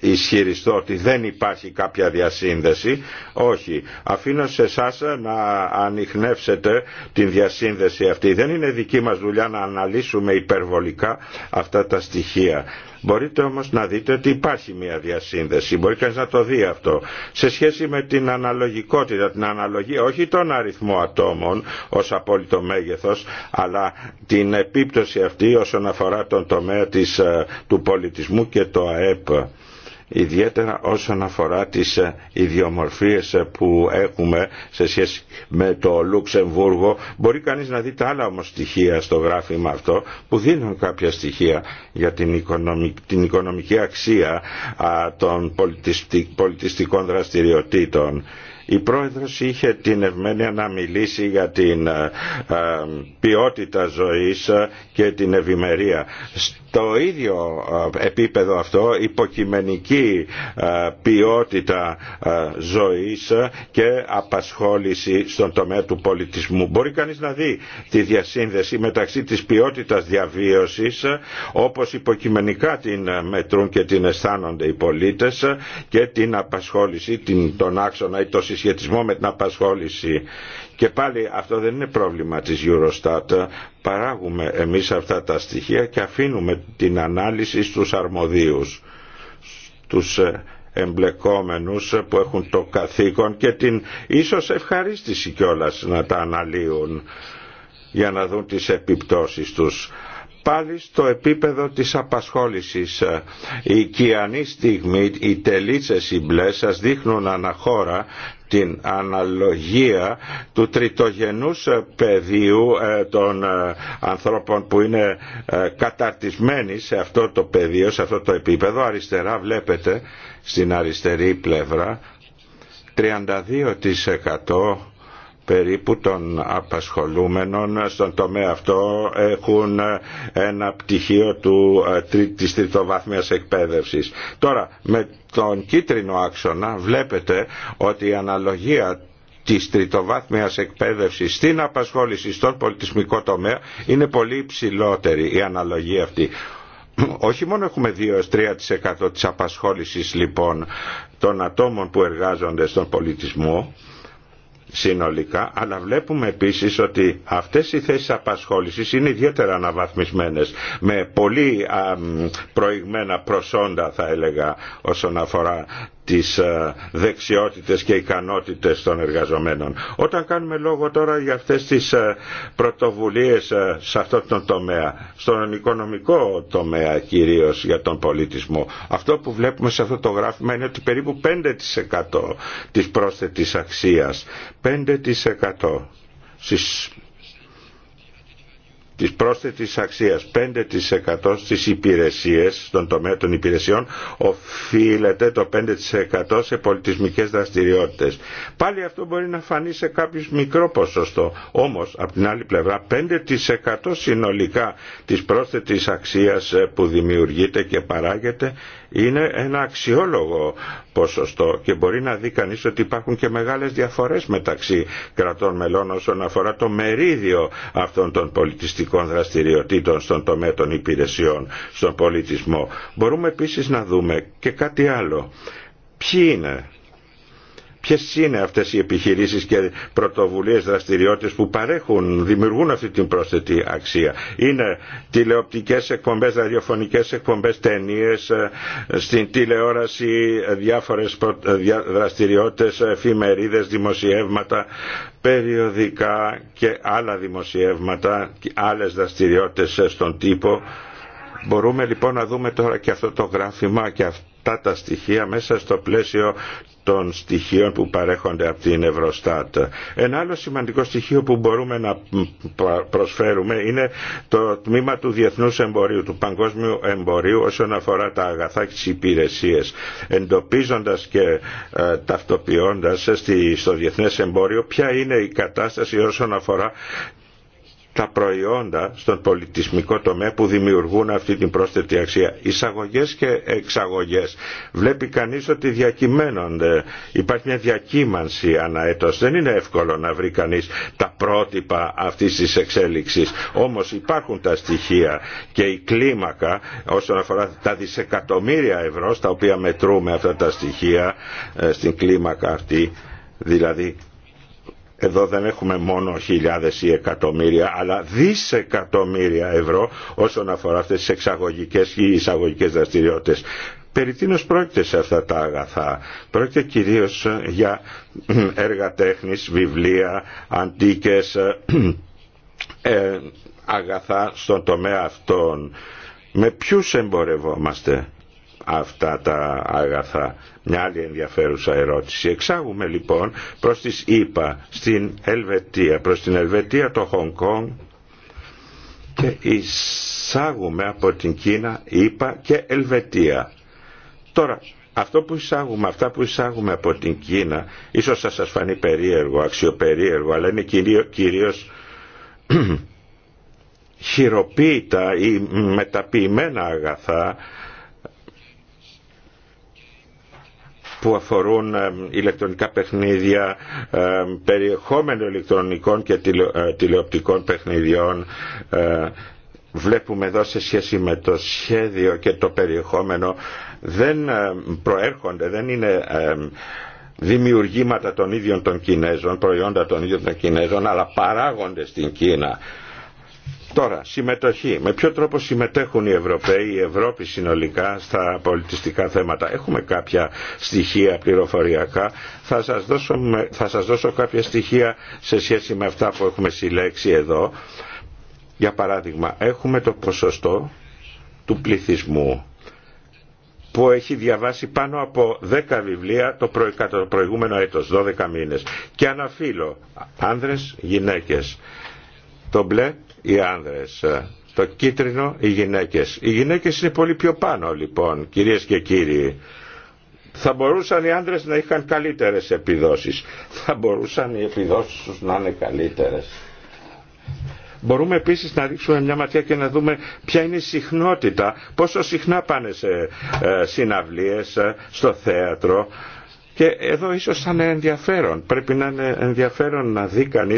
ισχυριστώ ότι δεν υπάρχει κάποια διασύνδεση. Όχι. Αφήνω σε εσά να ανοιχνεύσετε την διασύνδεση αυτή. Δεν είναι δική μας δουλειά να αναλύσουμε υπερβολικά αυτά τα στοιχεία. Μπορείτε όμως να δείτε ότι υπάρχει μια διασύνδεση. Μπορεί κανείς να το δει αυτό. Σε σχέση με την αναλογικότητα, την αναλογία, όχι τον αριθμό ατόμων ως απόλυτο μέγεθος, αλλά την επίπτωση αυτή όσον αφορά τον τομέα της, ε, του πολιτισμού και το ΑΕΠ ιδιαίτερα όσον αφορά τις ε, ιδιομορφίες ε, που έχουμε σε σχέση με το Λουξεμβούργο. Μπορεί κανείς να δει τα άλλα όμως στοιχεία στο γράφημα αυτό που δίνουν κάποια στοιχεία για την οικονομική, την οικονομική αξία των πολιτιστικών δραστηριοτήτων η πρόεδρος είχε την ευμένεια να μιλήσει για την ε, ε, ποιότητα ζωής και την ευημερία. Στο ίδιο ε, επίπεδο αυτό, υποκειμενική ποιότητα ζωής και απασχόληση στον τομέα του πολιτισμού. Μπορεί κανείς να δει τη διασύνδεση μεταξύ της ποιότητας διαβίωσης, όπως υποκειμενικά την μετρούν και την αισθάνονται οι πολίτες, και την απασχόληση, την, τον άξονα ή το συσχετισμό με την απασχόληση. Και πάλι αυτό δεν είναι πρόβλημα της Eurostat. Παράγουμε εμείς αυτά τα στοιχεία και αφήνουμε την ανάλυση στους αρμοδίους, τους εμπλεκόμενους που έχουν το καθήκον και την ίσως ευχαρίστηση κιόλας να τα αναλύουν για να δουν τις επιπτώσεις τους πάλι στο επίπεδο της απασχόλησης. Οι οικιανοί στιγμοί, οι τελίτσες οι μπλε σας δείχνουν αναχώρα την αναλογία του τριτογενούς πεδίου ε, των ε, ανθρώπων που είναι ε, καταρτισμένοι σε αυτό το πεδίο, σε αυτό το επίπεδο. Αριστερά βλέπετε στην αριστερή πλευρά 32% περίπου των απασχολούμενων στον τομέα αυτό έχουν ένα πτυχίο του, ε, της τριτοβάθμιας εκπαίδευσης. Τώρα με τον κίτρινο άξονα βλέπετε ότι η αναλογία της τριτοβάθμιας εκπαίδευσης στην απασχόληση στον πολιτισμικό τομέα είναι πολύ υψηλότερη η αναλογία αυτή. Όχι μόνο έχουμε 2-3% της απασχόλησης λοιπόν των ατόμων που εργάζονται στον πολιτισμό, συνολικά, αλλά βλέπουμε επίσης ότι αυτές οι θέσεις απασχόλησης είναι ιδιαίτερα αναβαθμισμένες με πολύ προηγμένα προσόντα θα έλεγα όσον αφορά τις ε, δεξιότητες και ικανότητες των εργαζομένων. Όταν κάνουμε λόγο τώρα για αυτές τις ε, πρωτοβουλίες ε, σε αυτόν τον τομέα, στον οικονομικό τομέα κυρίως για τον πολιτισμό, αυτό που βλέπουμε σε αυτό το γράφημα είναι ότι περίπου 5% της πρόσθετης αξίας, 5% στις της πρόσθετης αξίας 5% στις υπηρεσίες, στον τομέα των υπηρεσιών, οφείλεται το 5% σε πολιτισμικές δραστηριότητες. Πάλι αυτό μπορεί να φανεί σε κάποιο μικρό ποσοστό, όμως από την άλλη πλευρά 5% συνολικά της πρόσθετης αξίας ε, που δημιουργείται και παράγεται είναι ένα αξιόλογο ποσοστό και μπορεί να δει κανείς ότι υπάρχουν και μεγάλες διαφορές μεταξύ κρατών μελών όσον αφορά το μερίδιο αυτών των πολιτιστικών πολιτικών δραστηριοτήτων στον τομέα των υπηρεσιών, στον πολιτισμό. Μπορούμε επίσης να δούμε και κάτι άλλο. Ποιοι είναι ποιε είναι αυτέ οι επιχειρήσει και πρωτοβουλίε δραστηριότητε που παρέχουν, δημιουργούν αυτή την πρόσθετη αξία. Είναι τηλεοπτικέ εκπομπέ, ραδιοφωνικέ εκπομπέ, ταινίε, ε, στην τηλεόραση διάφορες ε, δραστηριότητε, εφημερίδε, δημοσιεύματα, περιοδικά και άλλα δημοσιεύματα, άλλε δραστηριότητε στον τύπο. Μπορούμε λοιπόν να δούμε τώρα και αυτό το γράφημα και αυτό αυτά τα στοιχεία μέσα στο πλαίσιο των στοιχείων που παρέχονται από την Ευρωστάτ. Ένα άλλο σημαντικό στοιχείο που μπορούμε να προσφέρουμε είναι το τμήμα του διεθνούς εμπορίου, του παγκόσμιου εμπορίου όσον αφορά τα αγαθά και τις υπηρεσίες. Εντοπίζοντας και ε, ταυτοποιώντας στο διεθνές εμπόριο ποια είναι η κατάσταση όσον αφορά τα προϊόντα στον πολιτισμικό τομέα που δημιουργούν αυτή την πρόσθετη αξία. Εισαγωγές και εξαγωγές. Βλέπει κανείς ότι διακυμαίνονται. Υπάρχει μια διακύμανση ανά έτος. Δεν είναι εύκολο να βρει κανείς τα πρότυπα αυτής της εξέλιξης. Όμως υπάρχουν τα στοιχεία και η κλίμακα όσον αφορά τα δισεκατομμύρια ευρώ στα οποία μετρούμε αυτά τα στοιχεία ε, στην κλίμακα αυτή. Δηλαδή εδώ δεν έχουμε μόνο χιλιάδες ή εκατομμύρια αλλά δισεκατομμύρια ευρώ όσον αφορά αυτές τις εξαγωγικές ή εισαγωγικές δραστηριότητες. Περί τίνος πρόκειται σε αυτά τα αγαθά. Πρόκειται κυρίως για έργα τέχνης, βιβλία, αντίκες, ε, ε, αγαθά στον τομέα αυτών. Με ποιους εμπορευόμαστε αυτά τα αγαθά. Μια άλλη ενδιαφέρουσα ερώτηση. Εξάγουμε λοιπόν προς τις ΗΠΑ, στην Ελβετία, προς την Ελβετία το Χονγκ Κόνγκ και εισάγουμε από την Κίνα, ΗΠΑ και Ελβετία. Τώρα, αυτό που εισάγουμε, αυτά που εισάγουμε από την Κίνα, ίσως θα σας φανεί περίεργο, αξιοπερίεργο, αλλά είναι κυρίω, κυρίως χειροποίητα ή μεταποιημένα αγαθά που αφορούν ε, ηλεκτρονικά παιχνίδια, ε, περιεχόμενο ηλεκτρονικών και ε, τηλεοπτικών παιχνιδιών, βλέπουμε εδώ σε σχέση με το σχέδιο και το περιεχόμενο δεν προέρχονται, δεν είναι δημιουργήματα των ίδιων των Κινέζων, προϊόντα των ίδιων των Κινέζων, αλλά παράγονται στην Κίνα. Τώρα, συμμετοχή. Με ποιο τρόπο συμμετέχουν οι Ευρωπαίοι, η Ευρώπη συνολικά στα πολιτιστικά θέματα. Έχουμε κάποια στοιχεία πληροφοριακά. Θα σας δώσω, θα σας δώσω κάποια στοιχεία σε σχέση με αυτά που έχουμε συλλέξει εδώ. Για παράδειγμα, έχουμε το ποσοστό του πληθυσμού που έχει διαβάσει πάνω από 10 βιβλία το, προηγούμενο έτος, 12 μήνες. Και αναφύλλω, άνδρες, γυναίκες. Το μπλε οι άνδρες, ε, το κίτρινο οι γυναίκες. Οι γυναίκες είναι πολύ πιο πάνω λοιπόν κυρίες και κύριοι. Θα μπορούσαν οι άνδρες να είχαν καλύτερες επιδόσεις. Θα μπορούσαν οι επιδόσεις τους να είναι καλύτερες. Μπορούμε επίσης να ρίξουμε μια ματιά και να δούμε ποια είναι η συχνότητα, πόσο συχνά πάνε σε ε, συναυλίες, ε, στο θέατρο. Και εδώ ίσως θα είναι ενδιαφέρον. Πρέπει να είναι ενδιαφέρον να δει κανεί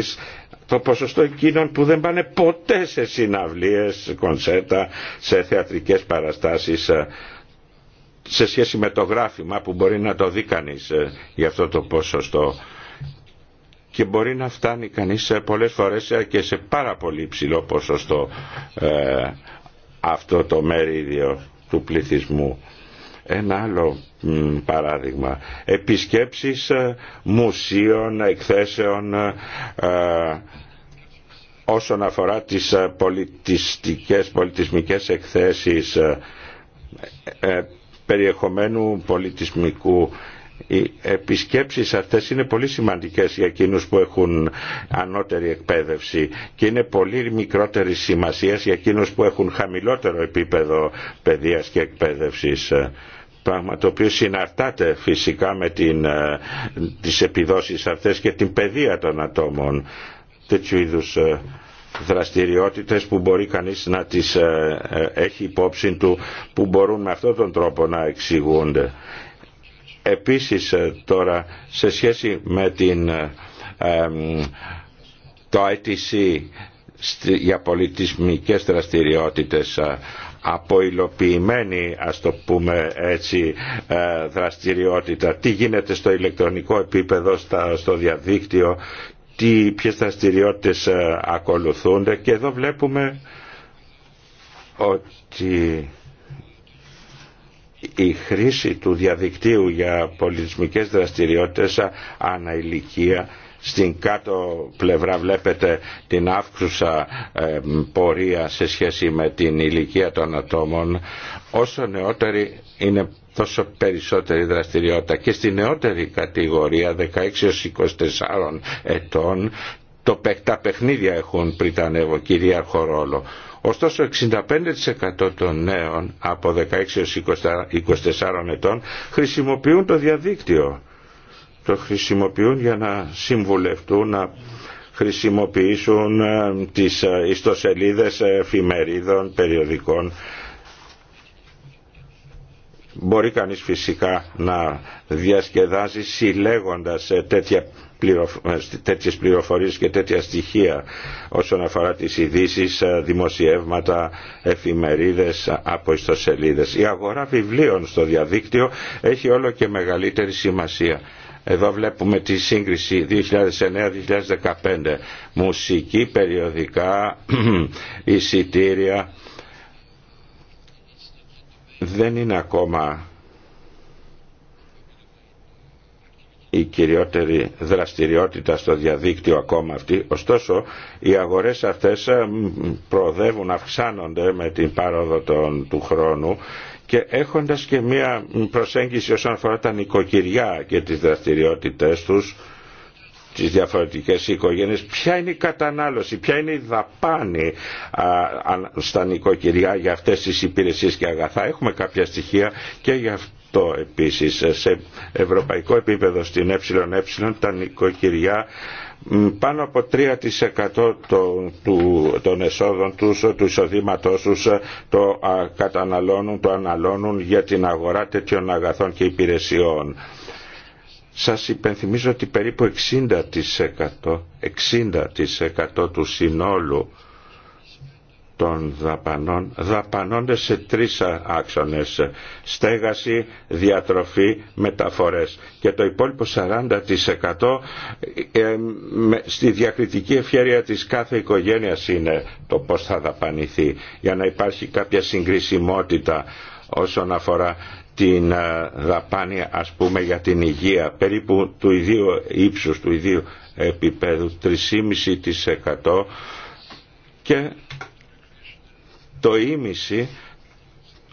το ποσοστό εκείνων που δεν πάνε ποτέ σε συναυλίες, κονσέρτα, σε θεατρικές παραστάσεις ε, σε σχέση με το γράφημα που μπορεί να το δει κανείς ε, για αυτό το ποσοστό και μπορεί να φτάνει κανείς ε, πολλές φορές και σε πάρα πολύ ψηλό ποσοστό αυτό το μερίδιο του πληθυσμού. Ένα άλλο παράδειγμα. Επισκέψεις ε, μουσείων, εκθέσεων ε, ε, όσον αφορά τις πολιτιστικές, πολιτισμικές εκθέσεις περιεχομένου πολιτισμικού οι επισκέψεις αυτές είναι πολύ σημαντικές για εκείνους που έχουν ανώτερη εκπαίδευση και είναι πολύ μικρότερη σημασία για εκείνους που έχουν χαμηλότερο επίπεδο παιδείας και εκπαίδευσης πράγμα το οποίο συναρτάται φυσικά με την, ε, τις επιδόσεις αυτές και την παιδεία των ατόμων τέτοιου είδου ε, δραστηριότητες που μπορεί κανείς να τις ε, έχει υπόψη του που μπορούν με αυτόν τον τρόπο να εξηγούνται. Επίσης τώρα σε σχέση με την, το ITC για πολιτισμικές δραστηριότητες αποϊλοποιημένη ας το πούμε έτσι ε, δραστηριότητα τι γίνεται στο ηλεκτρονικό επίπεδο στο διαδίκτυο τι, ποιες δραστηριότητες ε, ακολουθούνται και εδώ βλέπουμε ότι η χρήση του διαδικτύου για πολιτισμικές δραστηριότητες ηλικία στην κάτω πλευρά βλέπετε την αύξουσα ε, πορεία σε σχέση με την ηλικία των ατόμων. Όσο νεότεροι είναι τόσο περισσότερη δραστηριότητα και στη νεότερη κατηγορία 16 24 ετών το, τα παιχνίδια έχουν πριν τα ανέβω κυρίαρχο ρόλο. Ωστόσο 65% των νέων από 16 έως 24 ετών χρησιμοποιούν το διαδίκτυο το χρησιμοποιούν για να συμβουλευτούν, να χρησιμοποιήσουν ε, τις ε, ιστοσελίδες ε, εφημερίδων, περιοδικών. Μπορεί κανείς φυσικά να διασκεδάζει συλλέγοντας τέτοια τέτοιες πληροφορίες και τέτοια στοιχεία όσον αφορά τις ειδήσει, δημοσιεύματα, εφημερίδες από ιστοσελίδες. Η αγορά βιβλίων στο διαδίκτυο έχει όλο και μεγαλύτερη σημασία. Εδώ βλέπουμε τη σύγκριση 2009-2015. Μουσική, περιοδικά, εισιτήρια. Δεν είναι ακόμα η κυριότερη δραστηριότητα στο διαδίκτυο ακόμα αυτή. Ωστόσο, οι αγορές αυτές προοδεύουν, αυξάνονται με την πάροδο του χρόνου και έχοντας και μία προσέγγιση όσον αφορά τα νοικοκυριά και τις δραστηριότητες τους, τις διαφορετικές οικογένειες, ποια είναι η κατανάλωση, ποια είναι η δαπάνη στα νοικοκυριά για αυτές τις υπηρεσίες και αγαθά. Έχουμε κάποια στοιχεία και για αυτό επίσης. Σε ευρωπαϊκό επίπεδο στην ΕΕ τα νοικοκυριά πάνω από 3% του, των εσόδων τους, του εισοδήματός τους ε, το καταναλώνουν, το αναλώνουν για την αγορά τέτοιων αγαθών και υπηρεσιών. Σας υπενθυμίζω ότι περίπου 60%, 60 του συνόλου των δαπανών δαπανώνται σε τρεις άξονες στέγαση, διατροφή, μεταφορές και το υπόλοιπο 40% ε, στη διακριτική ευχαίρεια της κάθε οικογένειας είναι το πώς θα δαπανηθεί για να υπάρχει κάποια συγκρισιμότητα όσον αφορά την ε, δαπάνη ας πούμε για την υγεία περίπου του ιδίου ύψους του ιδίου επίπεδου 3,5% και το ίμιση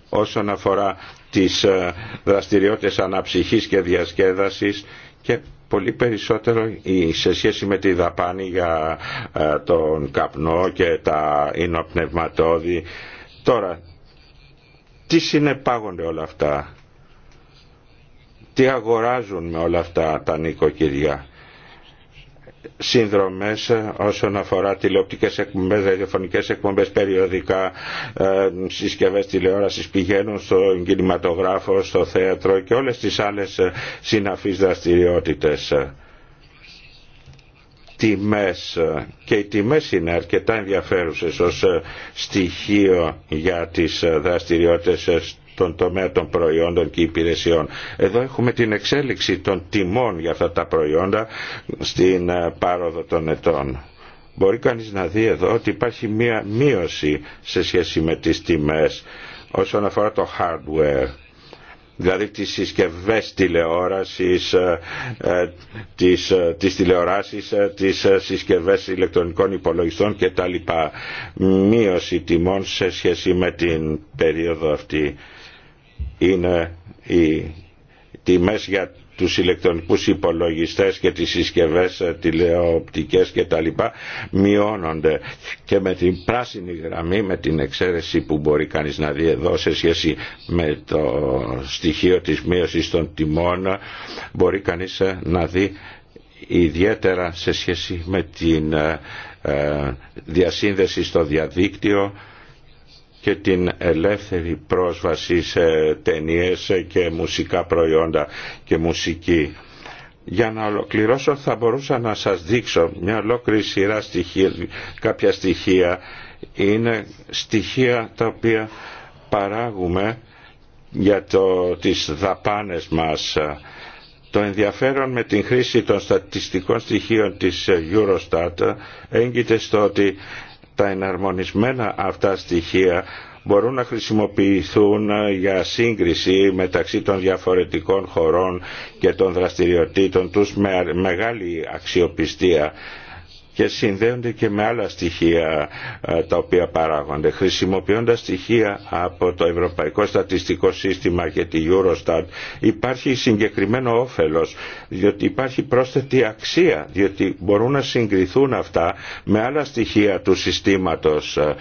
όσον αφορά τις ε, δραστηριότητες αναψυχής και διασκέδασης και πολύ περισσότερο σε σχέση με τη δαπάνη για ε, τον καπνό και τα ινοπνευματόδη. Τώρα, τι συνεπάγονται όλα αυτά, τι αγοράζουν με όλα αυτά τα νοικοκυριά συνδρομές ε, όσον αφορά τηλεοπτικές εκπομπές, ραδιοφωνικές εκπομπές περιοδικά, ε, συσκευές τηλεόρασης πηγαίνουν στον κινηματογράφο, στο θέατρο και όλες τις άλλες ε, συναφείς δραστηριότητες τιμές και οι τιμές είναι αρκετά ενδιαφέρουσες ως στοιχείο για τις δραστηριότητες τον τομέα των προϊόντων και υπηρεσιών. Εδώ έχουμε την εξέλιξη των τιμών για αυτά τα προϊόντα στην ε, πάροδο των ετών. Μπορεί κανείς να δει εδώ ότι υπάρχει μία μείωση σε σχέση με τις τιμές όσον αφορά το hardware δηλαδή τις συσκευές τηλεόρασης, ε, ε, τις, τις τηλεοράσεις, τις συσκευές ηλεκτρονικών υπολογιστών λοιπά. Μείωση τιμών σε σχέση με την περίοδο αυτή είναι οι τιμές για τους ηλεκτρονικούς υπολογιστές και τις συσκευές ε, τηλεοπτικές και τα λοιπά μειώνονται και με την πράσινη γραμμή με την εξαίρεση που μπορεί κανείς να δει εδώ σε σχέση με το στοιχείο της μείωσης των τιμών μπορεί κανείς ε, να δει ιδιαίτερα σε σχέση με την ε, διασύνδεση στο διαδίκτυο και την ελεύθερη πρόσβαση σε ταινίες και μουσικά προϊόντα και μουσική. Για να ολοκληρώσω θα μπορούσα να σας δείξω μια ολόκληρη σειρά στοιχεία, κάποια στοιχεία. Είναι στοιχεία τα οποία παράγουμε για το, τις δαπάνες μας. Το ενδιαφέρον με την χρήση των στατιστικών στοιχείων της Eurostat έγκυται στο ότι τα εναρμονισμένα αυτά στοιχεία μπορούν να χρησιμοποιηθούν για σύγκριση μεταξύ των διαφορετικών χωρών και των δραστηριοτήτων τους με μεγάλη αξιοπιστία και συνδέονται και με άλλα στοιχεία ε, τα οποία παράγονται. Χρησιμοποιώντας στοιχεία από το Ευρωπαϊκό Στατιστικό Σύστημα και τη Eurostat υπάρχει συγκεκριμένο όφελος διότι υπάρχει πρόσθετη αξία διότι μπορούν να συγκριθούν αυτά με άλλα στοιχεία του συστήματος ε,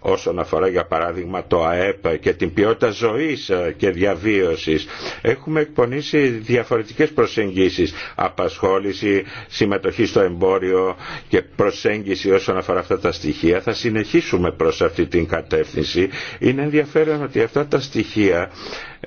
όσον αφορά για παράδειγμα το ΑΕΠ και την ποιότητα ζωής και διαβίωσης. Έχουμε εκπονήσει διαφορετικές προσεγγίσεις, απασχόληση, συμμετοχή στο εμπόριο και προσέγγιση όσον αφορά αυτά τα στοιχεία. Θα συνεχίσουμε προς αυτή την κατεύθυνση. Είναι ενδιαφέρον ότι αυτά τα στοιχεία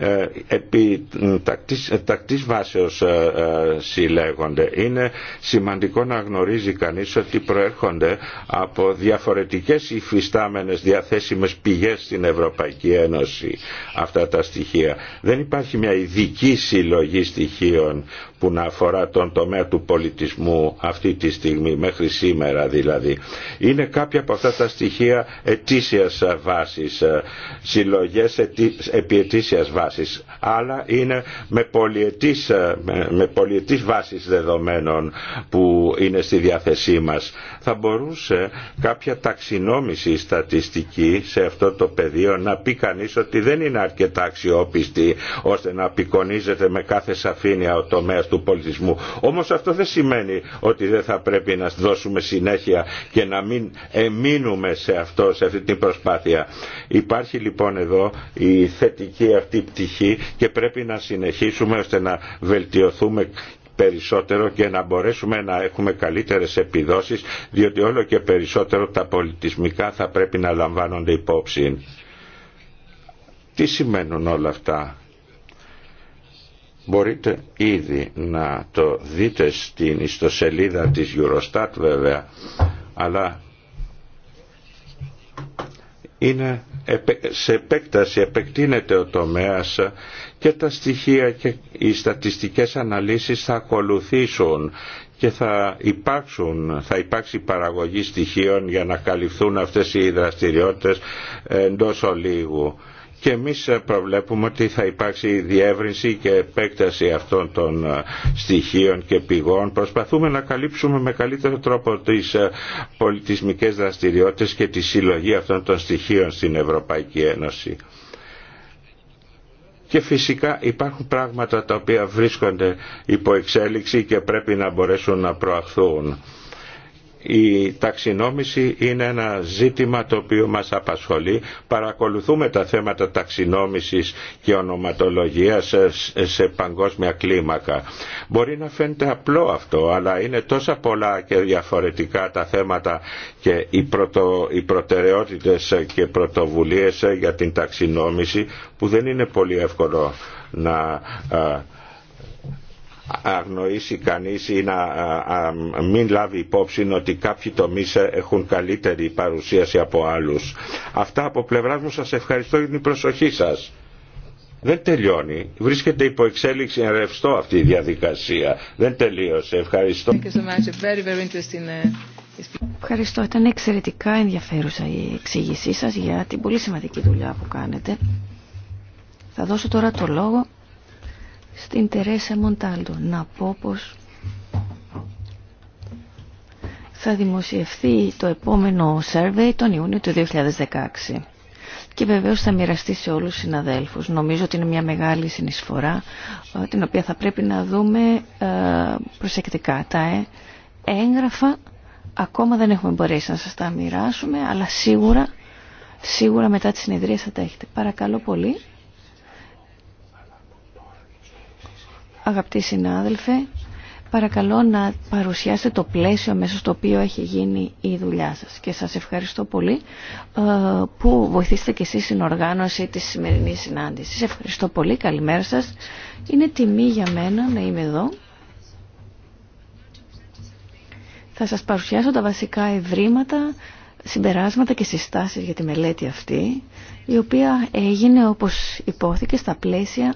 ε, επί τακτής, τακτής βάσεως ε, ε, συλλέγονται. Είναι σημαντικό να γνωρίζει κανείς ότι προέρχονται από διαφορετικές υφιστάμενες διαθέσιμες πηγές στην Ευρωπαϊκή Ένωση αυτά τα στοιχεία. Δεν υπάρχει μια ειδική συλλογή στοιχείων που να αφορά τον τομέα του πολιτισμού αυτή τη στιγμή, μέχρι σήμερα δηλαδή. Είναι κάποια από αυτά τα στοιχεία ετήσιας βάσης, ε, συλλογές επί ετήσιας βάσης. Άλλα είναι με πολιετής, ε, με βάσης δεδομένων που είναι στη διάθεσή μας. Θα μπορούσε κάποια ταξινόμηση στατιστική σε αυτό το πεδίο να πει κανείς ότι δεν είναι αρκετά αξιόπιστη ώστε να απεικονίζεται με κάθε σαφήνεια ο τομέας του πολιτισμού. Όμως αυτό δεν σημαίνει ότι δεν θα πρέπει να δώσουμε συνέχεια και να μην εμείνουμε σε αυτό, σε αυτή την προσπάθεια. Υπάρχει λοιπόν εδώ η θετική αυτή πτυχή και πρέπει να συνεχίσουμε ώστε να βελτιωθούμε περισσότερο και να μπορέσουμε να έχουμε καλύτερες επιδόσεις διότι όλο και περισσότερο τα πολιτισμικά θα πρέπει να λαμβάνονται υπόψη. Τι σημαίνουν όλα αυτά Μπορείτε ήδη να το δείτε στην ιστοσελίδα της Eurostat βέβαια, αλλά είναι σε επέκταση, επεκτείνεται ο τομέας και τα στοιχεία και οι στατιστικές αναλύσεις θα ακολουθήσουν και θα, υπάρξουν, θα υπάρξει παραγωγή στοιχείων για να καλυφθούν αυτές οι δραστηριότητες εντός ολίγου και εμείς προβλέπουμε ότι θα υπάρξει διεύρυνση και επέκταση αυτών των ε, στοιχείων και πηγών. Προσπαθούμε να καλύψουμε με καλύτερο τρόπο τις ε, πολιτισμικές δραστηριότητες και τη συλλογή αυτών των στοιχείων στην Ευρωπαϊκή Ένωση. Και φυσικά υπάρχουν πράγματα τα οποία βρίσκονται υπό εξέλιξη και πρέπει να μπορέσουν να προαχθούν η ταξινόμηση είναι ένα ζήτημα το οποίο μας απασχολεί. Παρακολουθούμε τα θέματα ταξινόμησης και ονοματολογίας σε παγκόσμια κλίμακα. Μπορεί να φαίνεται απλό αυτό, αλλά είναι τόσα πολλά και διαφορετικά τα θέματα και οι, πρωτο, προτεραιότητες και πρωτοβουλίες για την ταξινόμηση που δεν είναι πολύ εύκολο να αγνοήσει κανείς ή να μην λάβει υπόψη ότι κάποιοι τομείς έχουν καλύτερη παρουσίαση από άλλους. Αυτά από πλευρά μου σας ευχαριστώ για την προσοχή σας. Δεν τελειώνει. Βρίσκεται υπό εξέλιξη ρευστό αυτή η διαδικασία. Δεν τελείωσε. Ευχαριστώ. Uh, ευχαριστώ. Ήταν εξαιρετικά ενδιαφέρουσα η εξήγησή σας για την πολύ σημαντική δουλειά που κάνετε. Θα δώσω τώρα το λόγο στην Τερέσα Μοντάλτο. Να πω πως θα δημοσιευθεί το επόμενο survey τον Ιούνιο του 2016 και βεβαίως θα μοιραστεί σε όλους τους συναδέλφους. Νομίζω ότι είναι μια μεγάλη συνεισφορά ε, την οποία θα πρέπει να δούμε ε, προσεκτικά. Τα ε, έγγραφα ακόμα δεν έχουμε μπορέσει να σας τα μοιράσουμε αλλά σίγουρα, σίγουρα μετά τη συνεδρία θα τα έχετε. Παρακαλώ πολύ Αγαπητοί συνάδελφοι, παρακαλώ να παρουσιάσετε το πλαίσιο μέσα στο οποίο έχει γίνει η δουλειά σας. Και σας ευχαριστώ πολύ ε, που βοηθήσετε και εσείς στην οργάνωση της σημερινής συνάντησης. Ευχαριστώ πολύ, καλημέρα σας. Είναι τιμή για μένα να είμαι εδώ. Θα σας παρουσιάσω τα βασικά ευρήματα, συμπεράσματα και συστάσεις για τη μελέτη αυτή, η οποία έγινε όπως υπόθηκε στα πλαίσια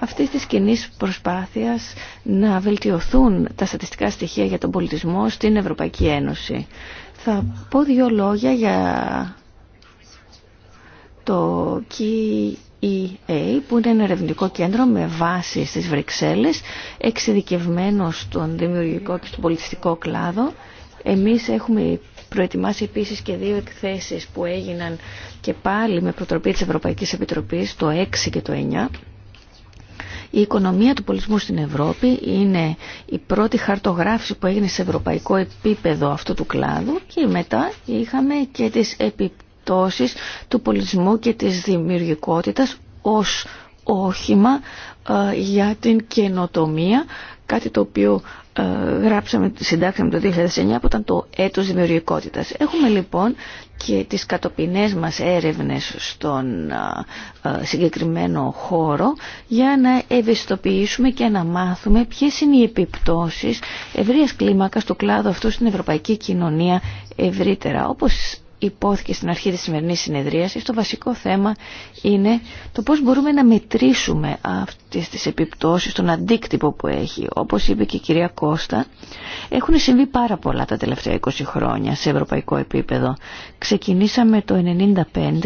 αυτής της κοινή προσπάθειας να βελτιωθούν τα στατιστικά στοιχεία για τον πολιτισμό στην Ευρωπαϊκή Ένωση. Θα πω δύο λόγια για το KEA που είναι ένα ερευνητικό κέντρο με βάση στις Βρυξέλλες εξειδικευμένο στον δημιουργικό και στον πολιτιστικό κλάδο. Εμείς έχουμε προετοιμάσει επίσης και δύο εκθέσεις που έγιναν και πάλι με προτροπή της Ευρωπαϊκής Επιτροπής το 6 και το 9 η οικονομία του πολιτισμού στην Ευρώπη είναι η πρώτη χαρτογράφηση που έγινε σε ευρωπαϊκό επίπεδο αυτού του κλάδου και μετά είχαμε και τις επιπτώσεις του πολιτισμού και της δημιουργικότητας ως όχημα ε, για την καινοτομία κάτι το οποίο ε, γράψαμε, συντάξαμε το 2009 που ήταν το έτος δημιουργικότητας. Έχουμε λοιπόν και τις κατοπινές μας έρευνες στον ε, συγκεκριμένο χώρο για να ευαισθητοποιήσουμε και να μάθουμε ποιες είναι οι επιπτώσεις ευρείας κλίμακας του κλάδου αυτού στην ευρωπαϊκή κοινωνία ευρύτερα. Όπως υπόθηκε στην αρχή της σημερινής συνεδρίασης, το βασικό θέμα είναι το πώς μπορούμε να μετρήσουμε αυτές τις επιπτώσεις, τον αντίκτυπο που έχει. Όπως είπε και η κυρία Κώστα, έχουν συμβεί πάρα πολλά τα τελευταία 20 χρόνια σε ευρωπαϊκό επίπεδο. Ξεκινήσαμε το 1995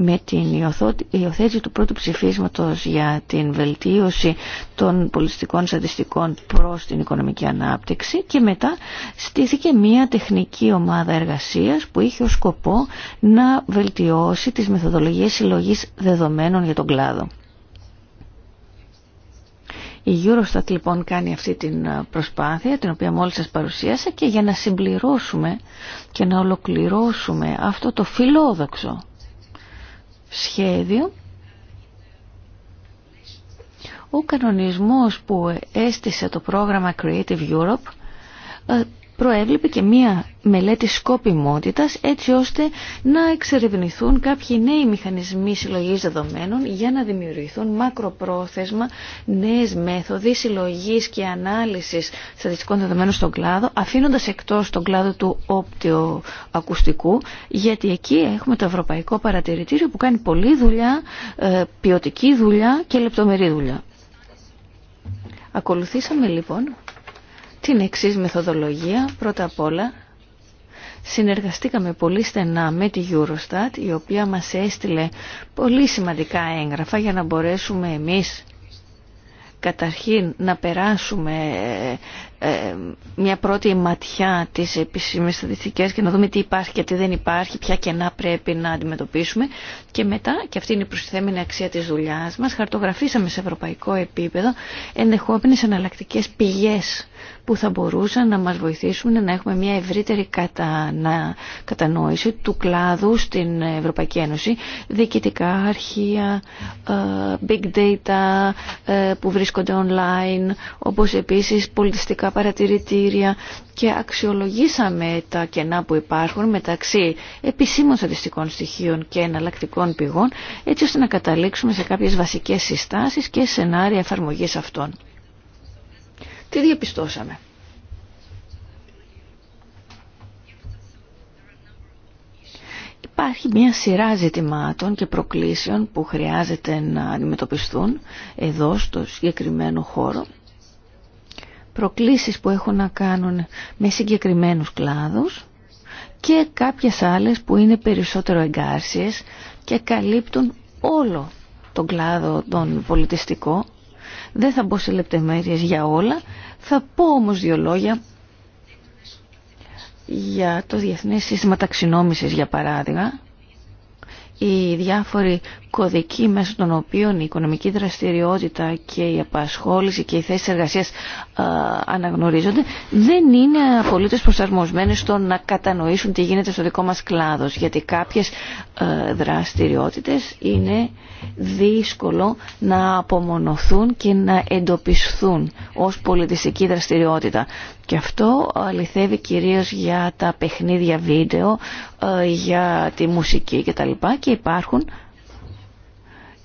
με την υιοθέτηση του πρώτου ψηφίσματος για την βελτίωση των πολιτιστικών στατιστικών προς την οικονομική ανάπτυξη και μετά στήθηκε μια τεχνική ομάδα εργασίας που είχε ως σκοπό να βελτιώσει τις μεθοδολογίες συλλογής δεδομένων για τον κλάδο. Η Eurostat λοιπόν κάνει αυτή την προσπάθεια την οποία μόλις σας παρουσίασα και για να συμπληρώσουμε και να ολοκληρώσουμε αυτό το φιλόδοξο σχέδιο ο κανονισμός που έστησε το πρόγραμμα Creative Europe ε, προέβλεπε και μία μελέτη σκοπιμότητας έτσι ώστε να εξερευνηθούν κάποιοι νέοι μηχανισμοί συλλογής δεδομένων για να δημιουργηθούν μακροπρόθεσμα νέες μέθοδοι συλλογής και ανάλυσης στατιστικών δεδομένων στον κλάδο αφήνοντας εκτός τον κλάδο του όπτιο ακουστικού γιατί εκεί έχουμε το Ευρωπαϊκό Παρατηρητήριο που κάνει πολλή δουλειά, ε, ποιοτική δουλειά και λεπτομερή δουλειά. Ακολουθήσαμε λοιπόν την εξής μεθοδολογία. Πρώτα απ' όλα συνεργαστήκαμε πολύ στενά με τη Eurostat η οποία μας έστειλε πολύ σημαντικά έγγραφα για να μπορέσουμε εμείς καταρχήν να περάσουμε ε, ε, μια πρώτη ματιά της επίσημες στατιστικές και να δούμε τι υπάρχει και τι δεν υπάρχει, ποια κενά πρέπει να αντιμετωπίσουμε και μετά, και αυτή είναι η προσθέμενη αξία της δουλειάς μας, χαρτογραφήσαμε σε ευρωπαϊκό επίπεδο ενδεχόμενες εναλλακτικές πηγές που θα μπορούσαν να μας βοηθήσουν να έχουμε μια ευρύτερη κατανόηση του κλάδου στην Ευρωπαϊκή Ένωση, διοικητικά αρχεία, ε, big data ε, που βρίσκονται online, όπως επίσης πολιτιστικά παρατηρητήρια και αξιολογήσαμε τα κενά που υπάρχουν μεταξύ επισήμων στατιστικών στοιχείων και εναλλακτικών πηγών, έτσι ώστε να καταλήξουμε σε κάποιες βασικές συστάσεις και σενάρια εφαρμογής αυτών. Τι διαπιστώσαμε. Υπάρχει μια σειρά ζητημάτων και προκλήσεων που χρειάζεται να αντιμετωπιστούν εδώ στο συγκεκριμένο χώρο. Προκλήσεις που έχουν να κάνουν με συγκεκριμένους κλάδους και κάποιες άλλες που είναι περισσότερο εγκάρσιες και καλύπτουν όλο τον κλάδο τον πολιτιστικό δεν θα μπω σε λεπτομέρειες για όλα. Θα πω όμως δύο λόγια για το Διεθνές Σύστημα Ταξινόμησης, για παράδειγμα. Οι διάφοροι κωδικοί μέσω των οποίων η οικονομική δραστηριότητα και η απασχόληση και οι θέσει εργασία ε, αναγνωρίζονται, δεν είναι απολύτω προσαρμοσμένε στο να κατανοήσουν τι γίνεται στο δικό μα κλάδο. Γιατί κάποιε δραστηριότητε είναι δύσκολο να απομονωθούν και να εντοπισθούν ως πολιτιστική δραστηριότητα. Και αυτό αληθεύει κυρίω για τα παιχνίδια βίντεο, ε, για τη μουσική κτλ. Και υπάρχουν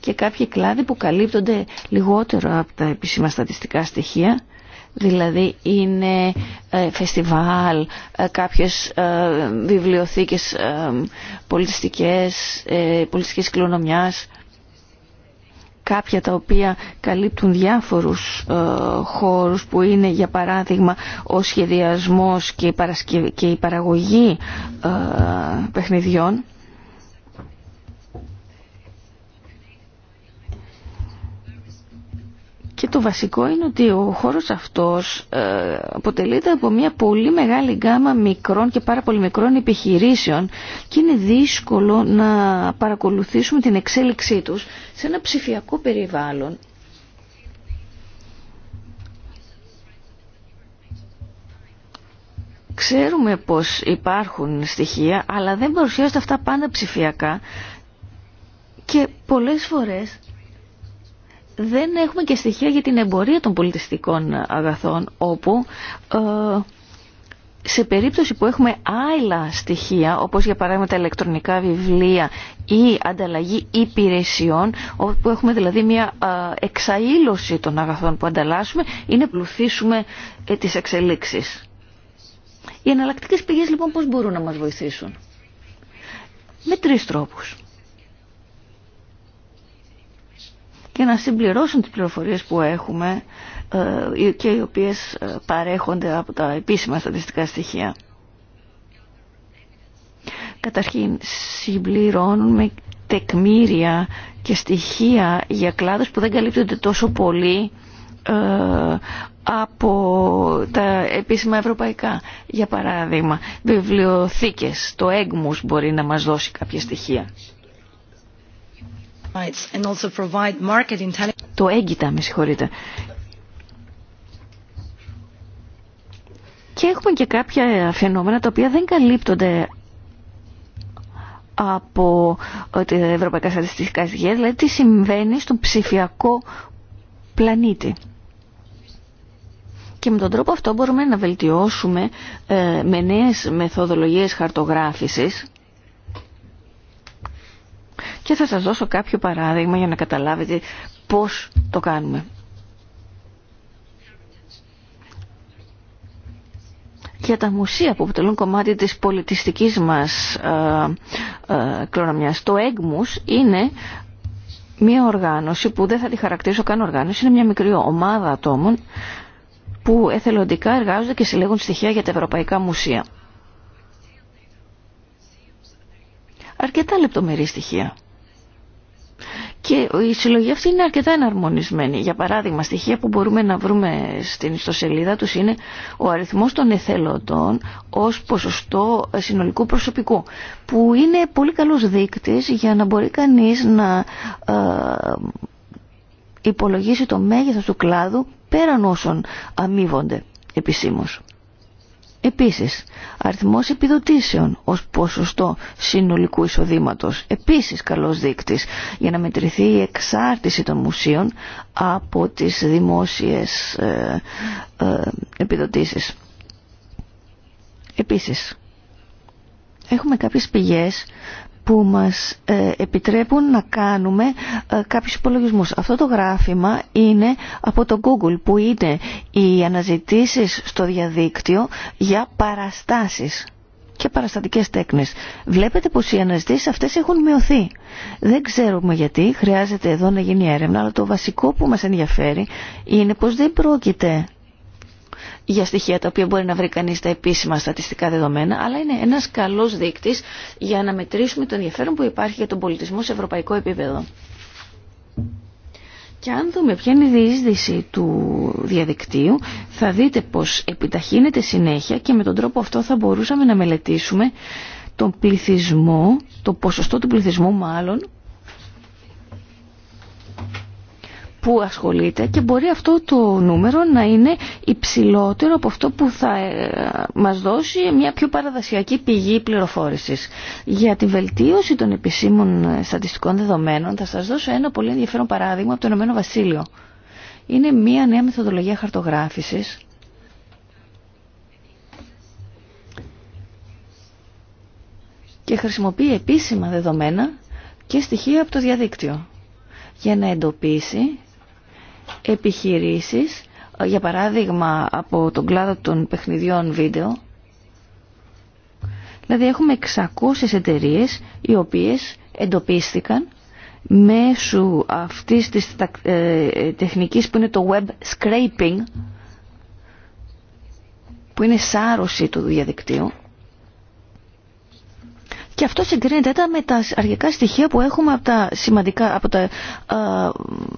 και κάποιοι κλάδοι που καλύπτονται λιγότερο από τα επίσημα στατιστικά στοιχεία δηλαδή είναι ε, φεστιβάλ, ε, κάποιες ε, βιβλιοθήκες πολιτιστικές, πολιτιστικής κληρονομιάς, κάποια τα οποία καλύπτουν διάφορους χώρους που είναι για παράδειγμα ο σχεδιασμός και η παραγωγή παιχνιδιών Και το βασικό είναι ότι ο χώρος αυτός ε, αποτελείται από μια πολύ μεγάλη γκάμα μικρών και πάρα πολύ μικρών επιχειρήσεων και είναι δύσκολο να παρακολουθήσουμε την εξέλιξή τους σε ένα ψηφιακό περιβάλλον. Ξέρουμε πως υπάρχουν στοιχεία, αλλά δεν παρουσιάζονται αυτά πάντα ψηφιακά και πολλές φορές δεν έχουμε και στοιχεία για την εμπορία των πολιτιστικών αγαθών όπου ε, σε περίπτωση που έχουμε άλλα στοιχεία, όπως για παράδειγμα τα ηλεκτρονικά βιβλία ή ανταλλαγή υπηρεσιών, όπου έχουμε δηλαδή μια ε, εξαήλωση των αγαθών που ανταλλάσσουμε, είναι πλουθήσουμε ε, τις εξελίξεις. Οι εναλλακτικέ πηγές λοιπόν πώς μπορούν να μας βοηθήσουν. Με τρεις τρόπους. και να συμπληρώσουν τις πληροφορίες που έχουμε ε, και οι οποίες ε, παρέχονται από τα επίσημα στατιστικά στοιχεία. Καταρχήν συμπληρώνουμε τεκμήρια και στοιχεία για κλάδους που δεν καλύπτονται τόσο πολύ ε, από τα επίσημα ευρωπαϊκά. Για παράδειγμα, βιβλιοθήκες, το έγμους μπορεί να μας δώσει κάποια στοιχεία. Το έγκυτα, με συγχωρείτε. Και έχουμε και κάποια φαινόμενα τα οποία δεν καλύπτονται από ε, τα ευρωπαϊκά στατιστικά στοιχεία, δηλαδή τι συμβαίνει στον ψηφιακό πλανήτη. Και με τον τρόπο αυτό μπορούμε να βελτιώσουμε ε, με νέες μεθοδολογίες χαρτογράφησης και θα σας δώσω κάποιο παράδειγμα για να καταλάβετε πώς το κάνουμε. για τα μουσεία που αποτελούν κομμάτι της πολιτιστικής μας ε, ε κληρονομιάς. Το ΕΓΜΟΥΣ είναι μια οργάνωση που δεν θα τη χαρακτηρίσω καν οργάνωση, είναι μια μικρή ομάδα ατόμων που εθελοντικά εργάζονται και συλλέγουν στοιχεία για τα ευρωπαϊκά μουσεία. Αρκετά λεπτομερή στοιχεία. Και η συλλογή αυτή είναι αρκετά εναρμονισμένη. Για παράδειγμα, στοιχεία που μπορούμε να βρούμε στην ιστοσελίδα τους είναι ο αριθμός των εθελοντών ως ποσοστό συνολικού προσωπικού, που είναι πολύ καλός δείκτης για να μπορεί κανείς να ε, υπολογίσει το μέγεθος του κλάδου πέραν όσων αμείβονται επισήμως. Επίσης, αριθμός επιδοτήσεων ως ποσοστό συνολικού εισοδήματος, επίσης καλός δείκτης για να μετρηθεί η εξάρτηση των μουσείων από τις δημόσιες ε, ε, επιδοτήσεις. Επίσης, έχουμε κάποιες πηγές που μας ε, επιτρέπουν να κάνουμε ε, κάποιους υπολογισμούς. Αυτό το γράφημα είναι από το Google που είναι οι αναζητήσεις στο διαδίκτυο για παραστάσεις και παραστατικές τέκνες. Βλέπετε πως οι αναζητήσεις αυτές έχουν μειωθεί. Δεν ξέρουμε γιατί, χρειάζεται εδώ να γίνει έρευνα, αλλά το βασικό που μας ενδιαφέρει είναι πως δεν πρόκειται για στοιχεία τα οποία μπορεί να βρει κανείς τα επίσημα στατιστικά δεδομένα, αλλά είναι ένας καλός δείκτης για να μετρήσουμε το ενδιαφέρον που υπάρχει για τον πολιτισμό σε ευρωπαϊκό επίπεδο. Και αν δούμε ποια είναι η διείσδυση του διαδικτύου, θα δείτε πως επιταχύνεται συνέχεια και με τον τρόπο αυτό θα μπορούσαμε να μελετήσουμε τον πληθυσμό, το ποσοστό του πληθυσμού μάλλον, που ασχολείται και μπορεί αυτό το νούμερο να είναι υψηλότερο από αυτό που θα ε, μας δώσει μια πιο παραδοσιακή πηγή πληροφόρησης. Για τη βελτίωση των επισήμων ε, στατιστικών δεδομένων θα σας δώσω ένα πολύ ενδιαφέρον παράδειγμα από το Ηνωμένο Βασίλειο. Είναι μια νέα μεθοδολογία χαρτογράφησης και χρησιμοποιεί επίσημα δεδομένα και στοιχεία από το διαδίκτυο για να εντοπίσει επιχειρήσεις, ε, για παράδειγμα από τον κλάδο των παιχνιδιών βίντεο. Δηλαδή έχουμε 600 εταιρείε οι οποίες εντοπίστηκαν μέσω αυτής της ε, τεχνικής που είναι το web scraping που είναι σάρωση του διαδικτύου και αυτό συγκρίνεται με τα αρχικά στοιχεία που έχουμε από τα, σημαντικά, από τα ε,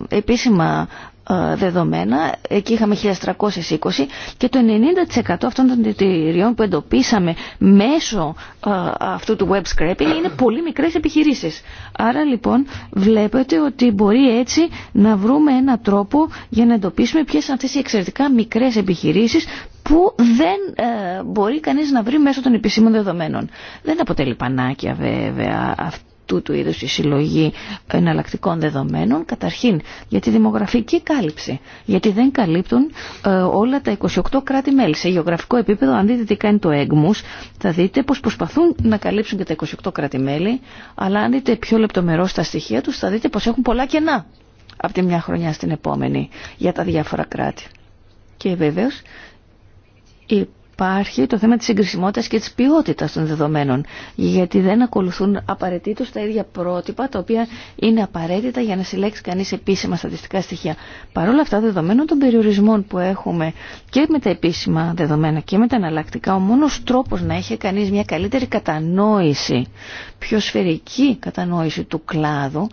επίσημα ε, δεδομένα, εκεί είχαμε 1320 και το 90% αυτών των εταιριών που εντοπίσαμε μέσω ε, αυτού του web scraping είναι πολύ μικρές επιχειρήσεις. Άρα λοιπόν βλέπετε ότι μπορεί έτσι να βρούμε ένα τρόπο για να εντοπίσουμε ποιες είναι αυτές οι εξαιρετικά μικρές επιχειρήσεις που δεν ε, μπορεί κανείς να βρει μέσω των επισήμων δεδομένων. Δεν αποτελεί πανάκια βέβαια αυτό τούτου είδους η συλλογή εναλλακτικών δεδομένων, καταρχήν για τη δημογραφική κάλυψη, γιατί δεν καλύπτουν ε, όλα τα 28 κράτη-μέλη. Σε γεωγραφικό επίπεδο, αν δείτε τι κάνει το ΕΓΜΟΥΣ, θα δείτε πως προσπαθούν να καλύψουν και τα 28 κράτη-μέλη, αλλά αν δείτε πιο λεπτομερώς τα στοιχεία τους, θα δείτε πως έχουν πολλά κενά από τη μια χρονιά στην επόμενη για τα διάφορα κράτη. Και βεβαίως υπάρχει το θέμα της συγκρισιμότητας και της ποιότητας των δεδομένων, γιατί δεν ακολουθούν απαραίτητο τα ίδια πρότυπα, τα οποία είναι απαραίτητα για να συλλέξει κανείς επίσημα στατιστικά στοιχεία. Παρ' όλα αυτά, δεδομένων των περιορισμών που έχουμε και με τα επίσημα δεδομένα και με τα αναλλακτικά, ο μόνος τρόπος να έχει κανείς μια καλύτερη κατανόηση, πιο σφαιρική κατανόηση του κλάδου,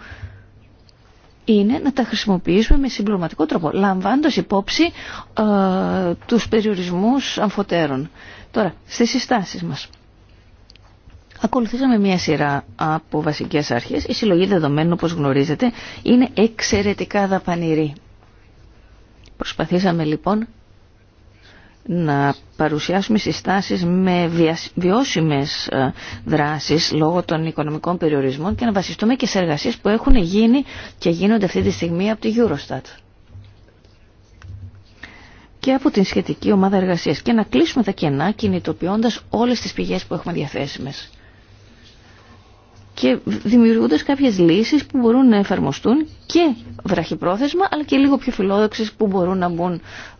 είναι να τα χρησιμοποιήσουμε με συμπληρωματικό τρόπο, λαμβάνοντας υπόψη ε, τους περιορισμούς αμφωτέρων. Τώρα, στις συστάσεις μας. Ακολουθήσαμε μια σειρά από βασικές αρχές. Η συλλογή δεδομένων, όπως γνωρίζετε, είναι εξαιρετικά δαπανηρή. Προσπαθήσαμε λοιπόν να παρουσιάσουμε συστάσεις με βιώσιμες ε, δράσεις λόγω των οικονομικών περιορισμών και να βασιστούμε και σε εργασίες που έχουν γίνει και γίνονται αυτή τη στιγμή από τη Eurostat και από την σχετική ομάδα εργασίας και να κλείσουμε τα κενά κινητοποιώντας όλες τις πηγές που έχουμε διαθέσιμες και δημιουργούνται κάποιες λύσεις που μπορούν να εφαρμοστούν και βραχυπρόθεσμα αλλά και λίγο πιο φιλόδοξες που μπορούν να, μπουν,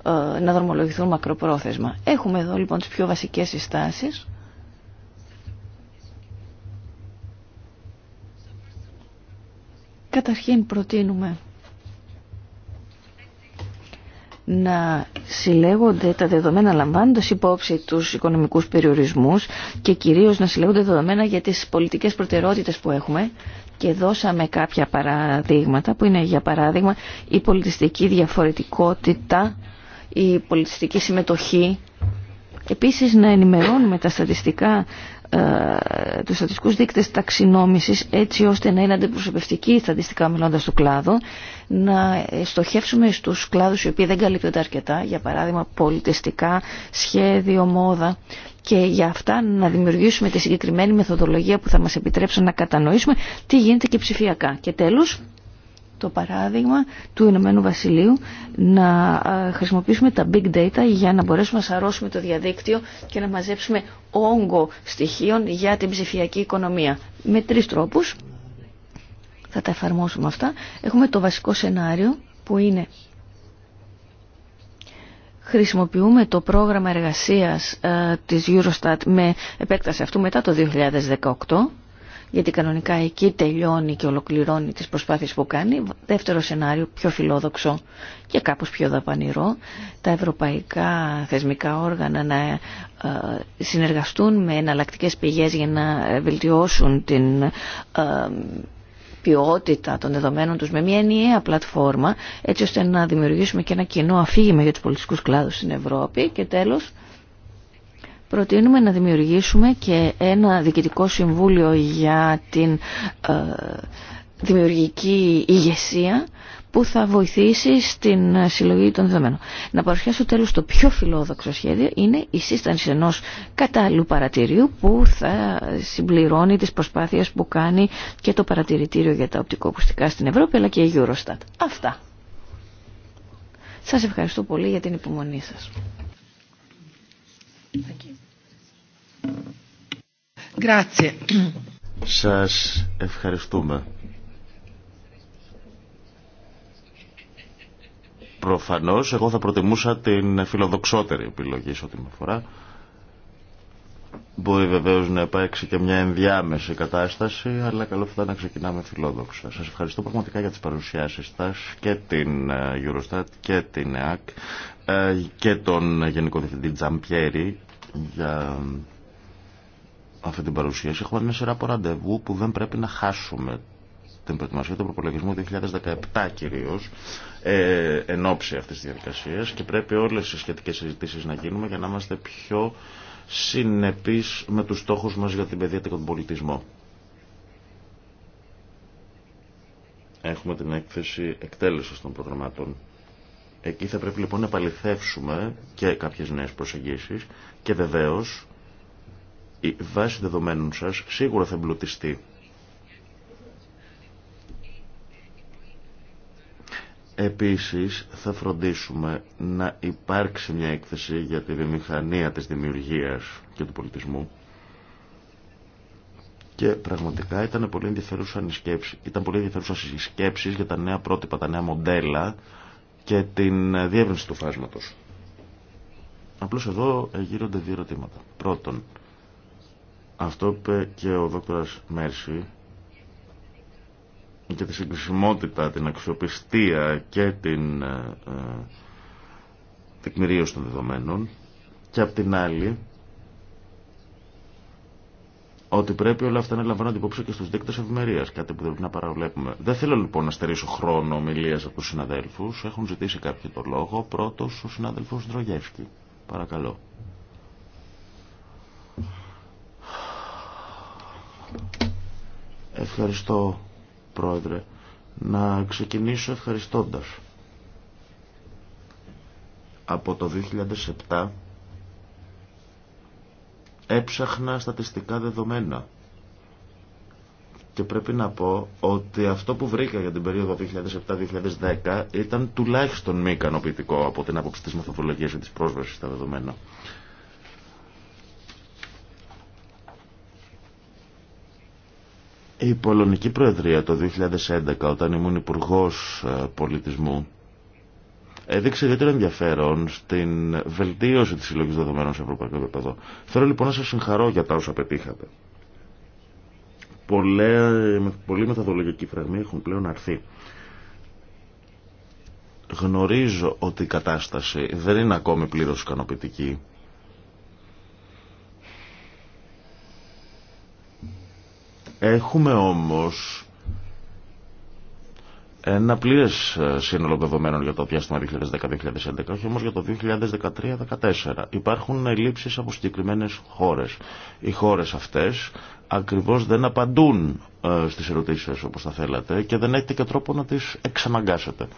ε, να δρομολογηθούν μακροπρόθεσμα. Έχουμε εδώ λοιπόν τις πιο βασικές συστάσεις. Καταρχήν προτείνουμε να συλλέγονται τα δεδομένα λαμβάνοντας υπόψη τους οικονομικούς περιορισμούς και κυρίως να συλλέγονται δεδομένα για τις πολιτικές προτεραιότητες που έχουμε και δώσαμε κάποια παραδείγματα που είναι για παράδειγμα η πολιτιστική διαφορετικότητα, η πολιτιστική συμμετοχή. Επίσης να ενημερώνουμε τα στατιστικά ε, τους στατιστικούς δείκτες ταξινόμησης έτσι ώστε να είναι αντιπροσωπευτικοί στατιστικά μιλώντας του κλάδου να στοχεύσουμε στους κλάδους οι οποίοι δεν καλύπτονται αρκετά, για παράδειγμα πολιτιστικά, σχέδιο, μόδα και για αυτά να δημιουργήσουμε τη συγκεκριμένη μεθοδολογία που θα μας επιτρέψει να κατανοήσουμε τι γίνεται και ψηφιακά. Και τέλος, το παράδειγμα του Ηνωμένου Βασιλείου να ε, χρησιμοποιήσουμε τα big data για να μπορέσουμε να σαρώσουμε το διαδίκτυο και να μαζέψουμε όγκο στοιχείων για την ψηφιακή οικονομία. Με τρεις τρόπους θα τα εφαρμόσουμε αυτά. Έχουμε το βασικό σενάριο που είναι χρησιμοποιούμε το πρόγραμμα εργασίας ε, της Eurostat με επέκταση αυτού μετά το 2018 γιατί κανονικά εκεί τελειώνει και ολοκληρώνει τις προσπάθειες που κάνει. Δεύτερο σενάριο, πιο φιλόδοξο και κάπως πιο δαπανηρό. Τα ευρωπαϊκά θεσμικά όργανα να ε, συνεργαστούν με εναλλακτικέ πηγές για να βελτιώσουν την ε, ποιότητα των δεδομένων τους με μια ενιαία πλατφόρμα έτσι ώστε να δημιουργήσουμε και ένα κοινό αφήγημα για τους πολιτικούς κλάδους στην Ευρώπη και τέλος προτείνουμε να δημιουργήσουμε και ένα διοικητικό συμβούλιο για την ε, δημιουργική ηγεσία που θα βοηθήσει στην συλλογή των δεδομένων. Να παρουσιάσω τέλος το πιο φιλόδοξο σχέδιο είναι η σύσταση ενός κατάλληλου παρατηρίου που θα συμπληρώνει τις προσπάθειες που κάνει και το παρατηρητήριο για τα οπτικοακουστικά στην Ευρώπη αλλά και η Eurostat. Αυτά. Σας ευχαριστώ πολύ για την υπομονή σας. Σας ευχαριστούμε. Προφανώ εγώ θα προτιμούσα την φιλοδοξότερη επιλογή σε ό,τι με αφορά. Μπορεί βεβαίως να υπάρξει και μια ενδιάμεση κατάσταση, αλλά καλό θα ήταν να ξεκινάμε φιλόδοξα. Σας ευχαριστώ πραγματικά για τις παρουσιάσεις σας και την ε, Eurostat και την ΕΑΚ ε, και τον Γενικό Διευθυντή Τζαμπιέρη για ε, αυτή την παρουσίαση. Έχουμε μια σειρά από ραντεβού που δεν πρέπει να χάσουμε την προετοιμασία του προπολογισμού 2017 κυρίως ε, εν ώψη αυτής της διαδικασίας και πρέπει όλες οι σχετικές συζητήσεις να γίνουμε για να είμαστε πιο συνεπείς με τους στόχους μας για την παιδεία και τον πολιτισμό. Έχουμε την έκθεση εκτέλεσης των προγραμμάτων. Εκεί θα πρέπει λοιπόν να επαληθεύσουμε και κάποιες νέες προσεγγίσεις και βεβαίως η βάση δεδομένων σας σίγουρα θα εμπλουτιστεί Επίσης θα φροντίσουμε να υπάρξει μια έκθεση για τη βιομηχανία της δημιουργίας και του πολιτισμού και πραγματικά ήταν πολύ ενδιαφέρουσα η Ήταν πολύ ενδιαφέρουσα οι για τα νέα πρότυπα, τα νέα μοντέλα και την διεύρυνση του φάσματος. Απλώς εδώ γύρονται δύο ερωτήματα. Πρώτον, αυτό είπε και ο δόκτωρας Μέρση και τη συγκρισιμότητα, την αξιοπιστία και την ε, ε, τεκμηρίωση των δεδομένων και απ' την άλλη ότι πρέπει όλα αυτά να λαμβάνονται υπόψη και στους δείκτες ευημερίας, κάτι που δεν πρέπει να παραβλέπουμε. Δεν θέλω λοιπόν να στερήσω χρόνο ομιλίας από τους συναδέλφους. Έχουν ζητήσει κάποιοι το λόγο. Πρώτος ο συνάδελφος Ντρογεύσκη. Παρακαλώ. Ευχαριστώ Πρόεδρε. Να ξεκινήσω ευχαριστώντας. Από το 2007 έψαχνα στατιστικά δεδομένα και πρέπει να πω ότι αυτό που βρήκα για την περίοδο 2007-2010 ήταν τουλάχιστον μη ικανοποιητικό από την άποψη της μεθοδολογίας και της πρόσβασης στα δεδομένα. Η Πολωνική Προεδρία το 2011 όταν ήμουν υπουργό ε, Πολιτισμού έδειξε ιδιαίτερο ενδιαφέρον στην βελτίωση της συλλογής δεδομένων σε ευρωπαϊκό επίπεδο. Θέλω λοιπόν να σας συγχαρώ για τα όσα πετύχατε. πολλοί μεθοδολογικοί φραγμοί έχουν πλέον αρθεί. Γνωρίζω ότι η κατάσταση δεν είναι ακόμη πλήρως ικανοποιητική Έχουμε όμως ένα πλήρες ε, σύνολο δεδομένων για το διάστημα 2010-2011, όχι όμω για το 2013-2014. Υπάρχουν ελλείψεις από συγκεκριμένε χώρες. Οι χώρες αυτές ακριβώς δεν απαντούν ε, στις ερωτήσεις όπως θα θέλατε και δεν έχετε και τρόπο να τις εξαναγκάσετε.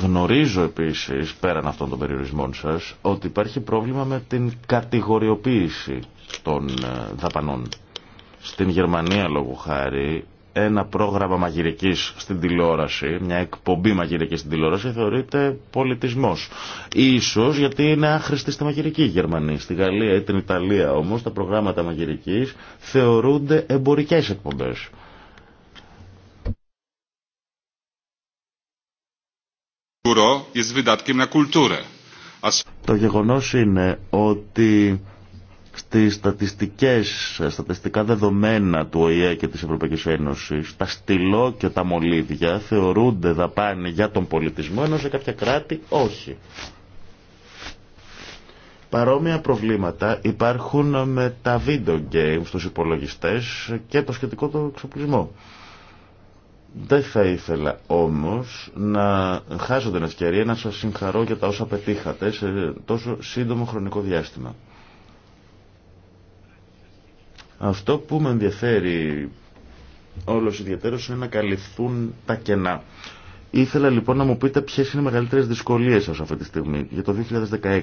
Γνωρίζω επίσης, πέραν αυτών των περιορισμών σας, ότι υπάρχει πρόβλημα με την κατηγοριοποίηση των ε, δαπανών. Στην Γερμανία, λόγω χάρη, ένα πρόγραμμα μαγειρική στην τηλεόραση, μια εκπομπή μαγειρική στην τηλεόραση, θεωρείται πολιτισμό. σω γιατί είναι άχρηστη στη μαγειρική η Γερμανία. Στη Γαλλία ή την Ιταλία όμω τα προγράμματα μαγειρική θεωρούνται εμπορικέ εκπομπέ. Το γεγονός είναι ότι στις στατιστικές, στατιστικά δεδομένα του ΟΗΕ και της Ευρωπαϊκής Ένωσης, τα στυλό και τα μολύβια θεωρούνται δαπάνη για τον πολιτισμό, ενώ σε κάποια κράτη όχι. Παρόμοια προβλήματα υπάρχουν με τα video games στους υπολογιστές και το σχετικό του εξοπλισμό. Δεν θα ήθελα όμως να χάσω την ευκαιρία να σας συγχαρώ για τα όσα πετύχατε σε τόσο σύντομο χρονικό διάστημα. Αυτό που με ενδιαφέρει όλος ιδιαίτερος είναι να καλυφθούν τα κενά. Ήθελα λοιπόν να μου πείτε ποιες είναι οι μεγαλύτερες δυσκολίες σας αυτή τη στιγμή για το 2016.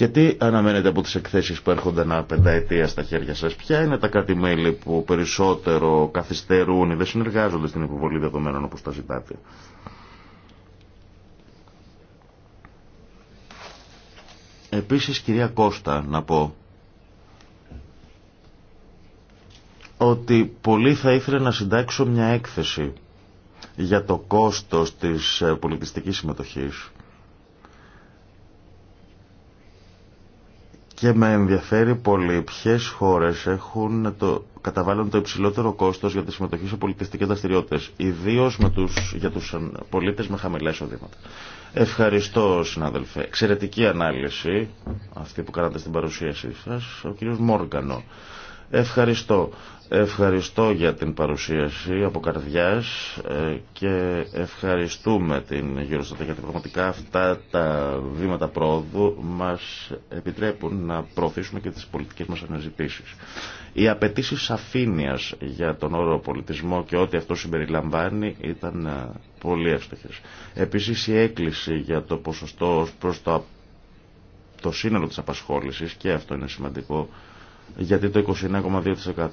Και τι αναμένετε από τις εκθέσεις που έρχονται ένα πενταετία στα χέρια σας. Ποια είναι τα κάτι μελη που περισσότερο καθυστερούν ή δεν συνεργάζονται στην υποβολή δεδομένων όπως τα ζητάτε. Επίσης κυρία Κώστα να πω ότι πολύ θα ήθελε να συντάξω μια έκθεση για το κόστος της πολιτιστικής συμμετοχής και με ενδιαφέρει πολύ ποιε χώρες έχουν το, καταβάλουν το υψηλότερο κόστος για τη συμμετοχή σε πολιτιστικέ δραστηριότητε, ιδίω τους, για τους πολίτες με χαμηλά εισοδήματα. Ευχαριστώ συνάδελφε. Εξαιρετική ανάλυση αυτή που κάνατε στην παρουσίασή σα, ο κύριος Μόργανο. Ευχαριστώ. Ευχαριστώ για την παρουσίαση από καρδιάς ε, και ευχαριστούμε την Eurostat γιατί πραγματικά αυτά τα βήματα πρόοδου μας επιτρέπουν να προωθήσουμε και τις πολιτικές μας αναζητήσεις. Οι απαιτήσει αφήνειας για τον όρο πολιτισμό και ό,τι αυτό συμπεριλαμβάνει ήταν ε, πολύ εύστοχες. Επίσης η έκκληση για το ποσοστό προς το, το σύνολο της απασχόλησης και αυτό είναι σημαντικό γιατί το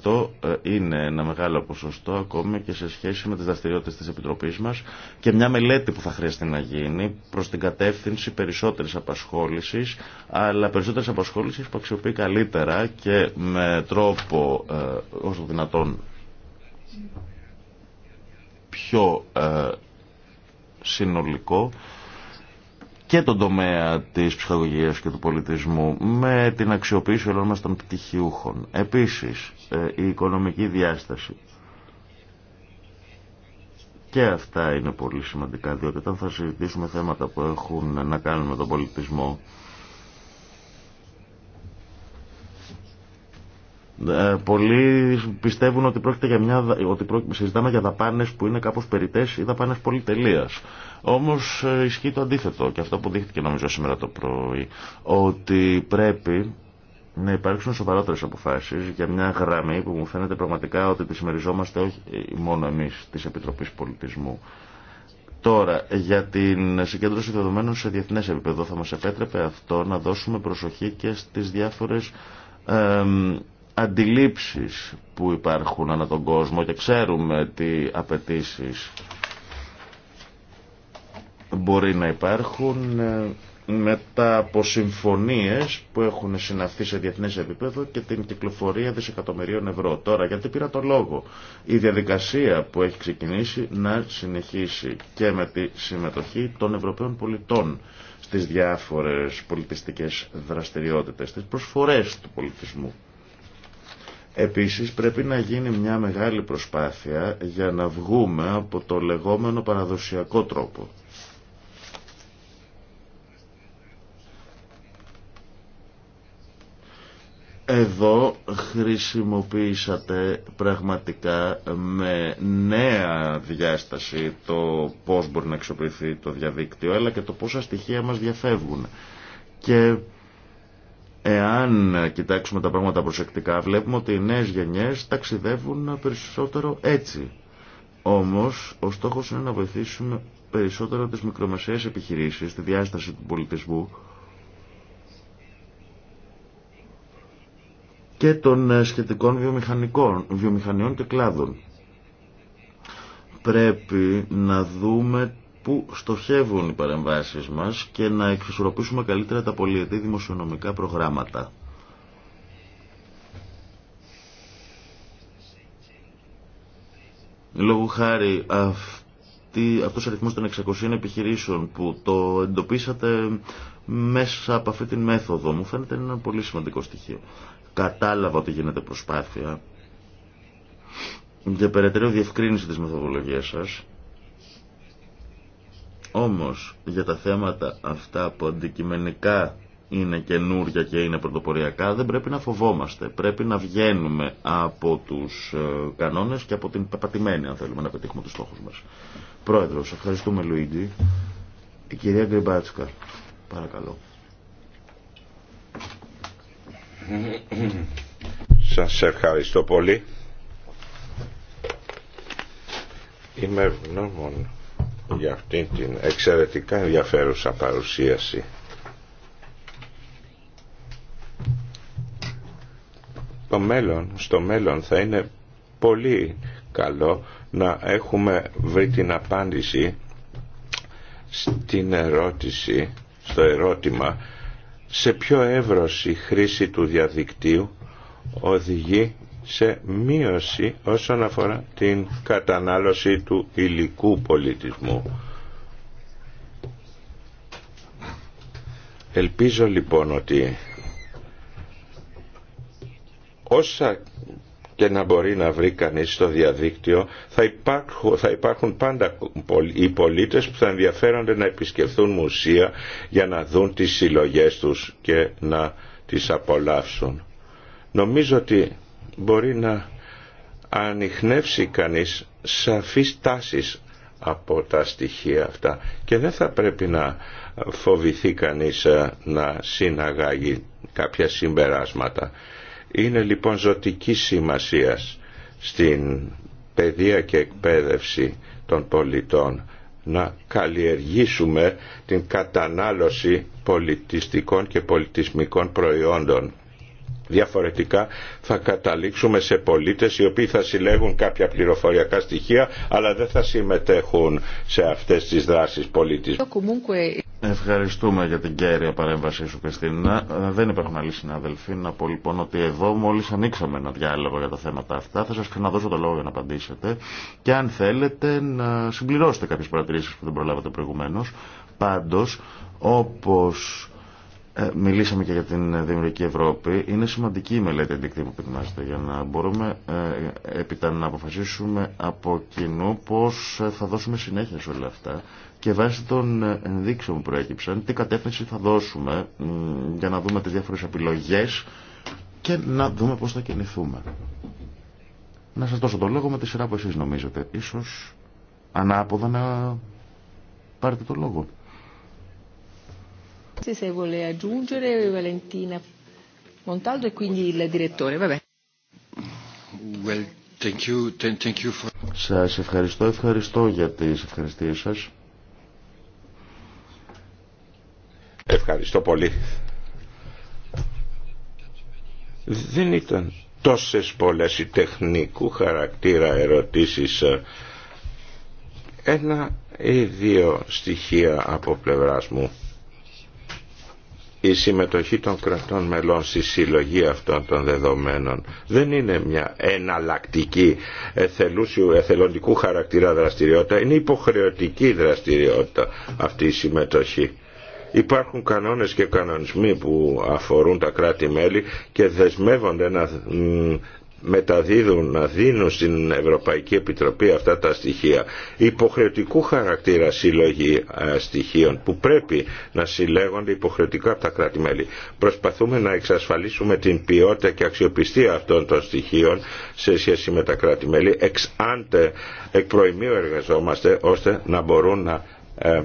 29,2% ε, είναι ένα μεγάλο ποσοστό ακόμη και σε σχέση με τις δραστηριότητες της Επιτροπής μας και μια μελέτη που θα χρειαστεί να γίνει προς την κατεύθυνση περισσότερης απασχόλησης αλλά περισσότερης απασχόλησης που αξιοποιεί καλύτερα και με τρόπο ε, όσο δυνατόν πιο ε, συνολικό και τον τομέα της ψυχαγωγίας και του πολιτισμού με την αξιοποίηση όλων μας των πτυχιούχων. Επίσης, ε, η οικονομική διάσταση. Και αυτά είναι πολύ σημαντικά, διότι όταν θα συζητήσουμε θέματα που έχουν να κάνουν με τον πολιτισμό, ε, πολλοί πιστεύουν ότι, πρόκειται για μια, ότι συζητάμε για δαπάνες που είναι κάπως περιτές ή δαπάνες πολυτελείας. Όμως ε, ισχύει το αντίθετο και αυτό που δείχτηκε νομίζω σήμερα το πρωί, ότι πρέπει να υπάρξουν σοβαρότερες αποφάσεις για μια γραμμή που μου φαίνεται πραγματικά ότι τη συμμεριζόμαστε όχι ε, μόνο εμείς της Επιτροπής Πολιτισμού. Τώρα, για την συγκέντρωση δεδομένων σε διεθνές επίπεδο θα μας επέτρεπε αυτό να δώσουμε προσοχή και στις διάφορες ε, αντιλήψεις που υπάρχουν ανά τον κόσμο και ξέρουμε τι απαιτήσει μπορεί να υπάρχουν ε, μετά από συμφωνίες που έχουν συναυθεί σε διεθνές επίπεδο και την κυκλοφορία δισεκατομμυρίων ευρώ. Τώρα, γιατί πήρα το λόγο. Η διαδικασία που έχει ξεκινήσει να συνεχίσει και με τη συμμετοχή των Ευρωπαίων πολιτών στις διάφορες πολιτιστικές δραστηριότητες, στις προσφορές του πολιτισμού. Επίσης πρέπει να γίνει μια μεγάλη προσπάθεια για να βγούμε από το λεγόμενο παραδοσιακό τρόπο Εδώ χρησιμοποίησατε πραγματικά με νέα διάσταση το πώς μπορεί να αξιοποιηθεί το διαδίκτυο αλλά και το πόσα στοιχεία μας διαφεύγουν. Και εάν κοιτάξουμε τα πράγματα προσεκτικά βλέπουμε ότι οι νέες γενιές ταξιδεύουν περισσότερο έτσι. Όμως ο στόχος είναι να βοηθήσουμε περισσότερο τις μικρομεσαίες επιχειρήσεις τη διάσταση του πολιτισμού και των ε, σχετικών βιομηχανικών, βιομηχανιών και κλάδων. Πρέπει να δούμε πού στοχεύουν οι παρεμβάσεις μας και να εξισορροπήσουμε καλύτερα τα πολιετή δημοσιονομικά προγράμματα. Λόγω χάρη αυτό ο αριθμό των 600 επιχειρήσεων που το εντοπίσατε μέσα από αυτή την μέθοδο μου φαίνεται ένα πολύ σημαντικό στοιχείο κατάλαβα ότι γίνεται προσπάθεια για περαιτέρω διευκρίνηση της μεθοδολογίας σας. Όμως, για τα θέματα αυτά που αντικειμενικά είναι καινούρια και είναι πρωτοποριακά, δεν πρέπει να φοβόμαστε. Πρέπει να βγαίνουμε από τους ε, κανόνες και από την πεπατημένη, αν θέλουμε να πετύχουμε τους στόχους μας. Πρόεδρος, ευχαριστούμε Λουίντι Η κυρία Γκριμπάτσκα, παρακαλώ. Σας ευχαριστώ πολύ. Είμαι ευγνώμων για αυτήν την εξαιρετικά ενδιαφέρουσα παρουσίαση. Το μέλλον, στο μέλλον θα είναι πολύ καλό να έχουμε βρει την απάντηση στην ερώτηση, στο ερώτημα σε πιο εύρος η χρήση του διαδικτύου οδηγεί σε μείωση όσον αφορά την κατανάλωση του υλικού πολιτισμού. Ελπίζω λοιπόν ότι όσα και να μπορεί να βρει κανείς στο διαδίκτυο θα υπάρχουν, θα υπάρχουν πάντα οι πολίτες που θα ενδιαφέρονται να επισκεφθούν μουσεία για να δουν τις συλλογές τους και να τις απολαύσουν. Νομίζω ότι μπορεί να ανοιχνεύσει κανείς σαφείς τάσεις από τα στοιχεία αυτά και δεν θα πρέπει να φοβηθεί κανείς ε, να συναγάγει κάποια συμπεράσματα. Είναι λοιπόν ζωτική σημασίας στην παιδεία και εκπαίδευση των πολιτών να καλλιεργήσουμε την κατανάλωση πολιτιστικών και πολιτισμικών προϊόντων Διαφορετικά θα καταλήξουμε σε πολίτες οι οποίοι θα συλλέγουν κάποια πληροφοριακά στοιχεία αλλά δεν θα συμμετέχουν σε αυτές τις δράσεις πολίτης. Ευχαριστούμε για την κέρια παρέμβασή σου Κριστίνα. Ε, δεν υπάρχουν άλλοι συναδελφοί. Να πω λοιπόν ότι εδώ μόλις ανοίξαμε ένα διάλογο για τα θέματα αυτά. Θα σας ξαναδώσω το λόγο για να απαντήσετε και αν θέλετε να συμπληρώσετε κάποιες παρατηρήσεις που δεν προλάβατε προηγουμένως. Πάντως όπως ε, μιλήσαμε και για την Δημιουργική Ευρώπη. Είναι σημαντική η μελέτη αντικτύπου που ετοιμάζεται για να μπορούμε ε, έπειτα να αποφασίσουμε από κοινού πώς ε, θα δώσουμε συνέχεια σε όλα αυτά και βάσει των ενδείξεων που προέκυψαν τι κατεύθυνση θα δώσουμε για να δούμε τις διάφορες επιλογές και να δούμε πώς θα κινηθούμε. Να σας δώσω το λόγο με τη σειρά που εσείς νομίζετε. Ίσως ανάποδα να πάρετε το λόγο. Se vuole aggiungere Valentina Montaldo e Σας ευχαριστώ, ευχαριστώ για τις ευχαριστίες σας. Ευχαριστώ πολύ. Δεν ήταν τόσες πολλές οι τεχνικού χαρακτήρα ερωτήσεις. Ένα ή δύο στοιχεία από πλευράς μου η συμμετοχή των κρατών μελών στη συλλογή αυτών των δεδομένων δεν είναι μια εναλλακτική εθελούσιου, εθελοντικού χαρακτήρα δραστηριότητα, είναι υποχρεωτική δραστηριότητα αυτή η συμμετοχή. Υπάρχουν κανόνες και κανονισμοί που αφορούν τα κράτη-μέλη και δεσμεύονται να μεταδίδουν, να δίνουν στην Ευρωπαϊκή Επιτροπή αυτά τα στοιχεία υποχρεωτικού χαρακτήρα συλλογή ε, στοιχείων που πρέπει να συλλέγονται υποχρεωτικά από τα κράτη-μέλη. Προσπαθούμε να εξασφαλίσουμε την ποιότητα και αξιοπιστία αυτών των στοιχείων σε σχέση με τα κράτη-μέλη. Εξ άντε, εκ εργαζόμαστε ώστε να μπορούν να ε,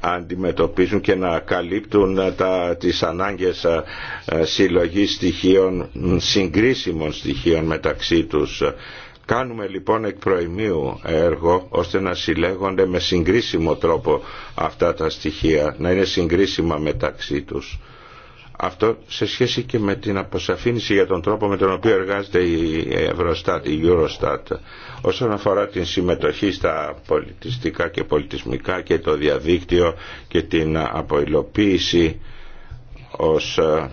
αντιμετωπίζουν και να καλύπτουν ε, τα, τις ανάγκες ε, ε, συλλογής στοιχείων, συγκρίσιμων στοιχείων μεταξύ τους. Κάνουμε λοιπόν εκ προημίου έργο ώστε να συλλέγονται με συγκρίσιμο τρόπο αυτά τα στοιχεία, να είναι συγκρίσιμα μεταξύ τους. Αυτό σε σχέση και με την αποσαφήνιση για τον τρόπο με τον οποίο εργάζεται η Eurostat, η Eurostat όσον αφορά την συμμετοχή στα πολιτιστικά και πολιτισμικά και το διαδίκτυο και την αποϊλοποίηση ως ε,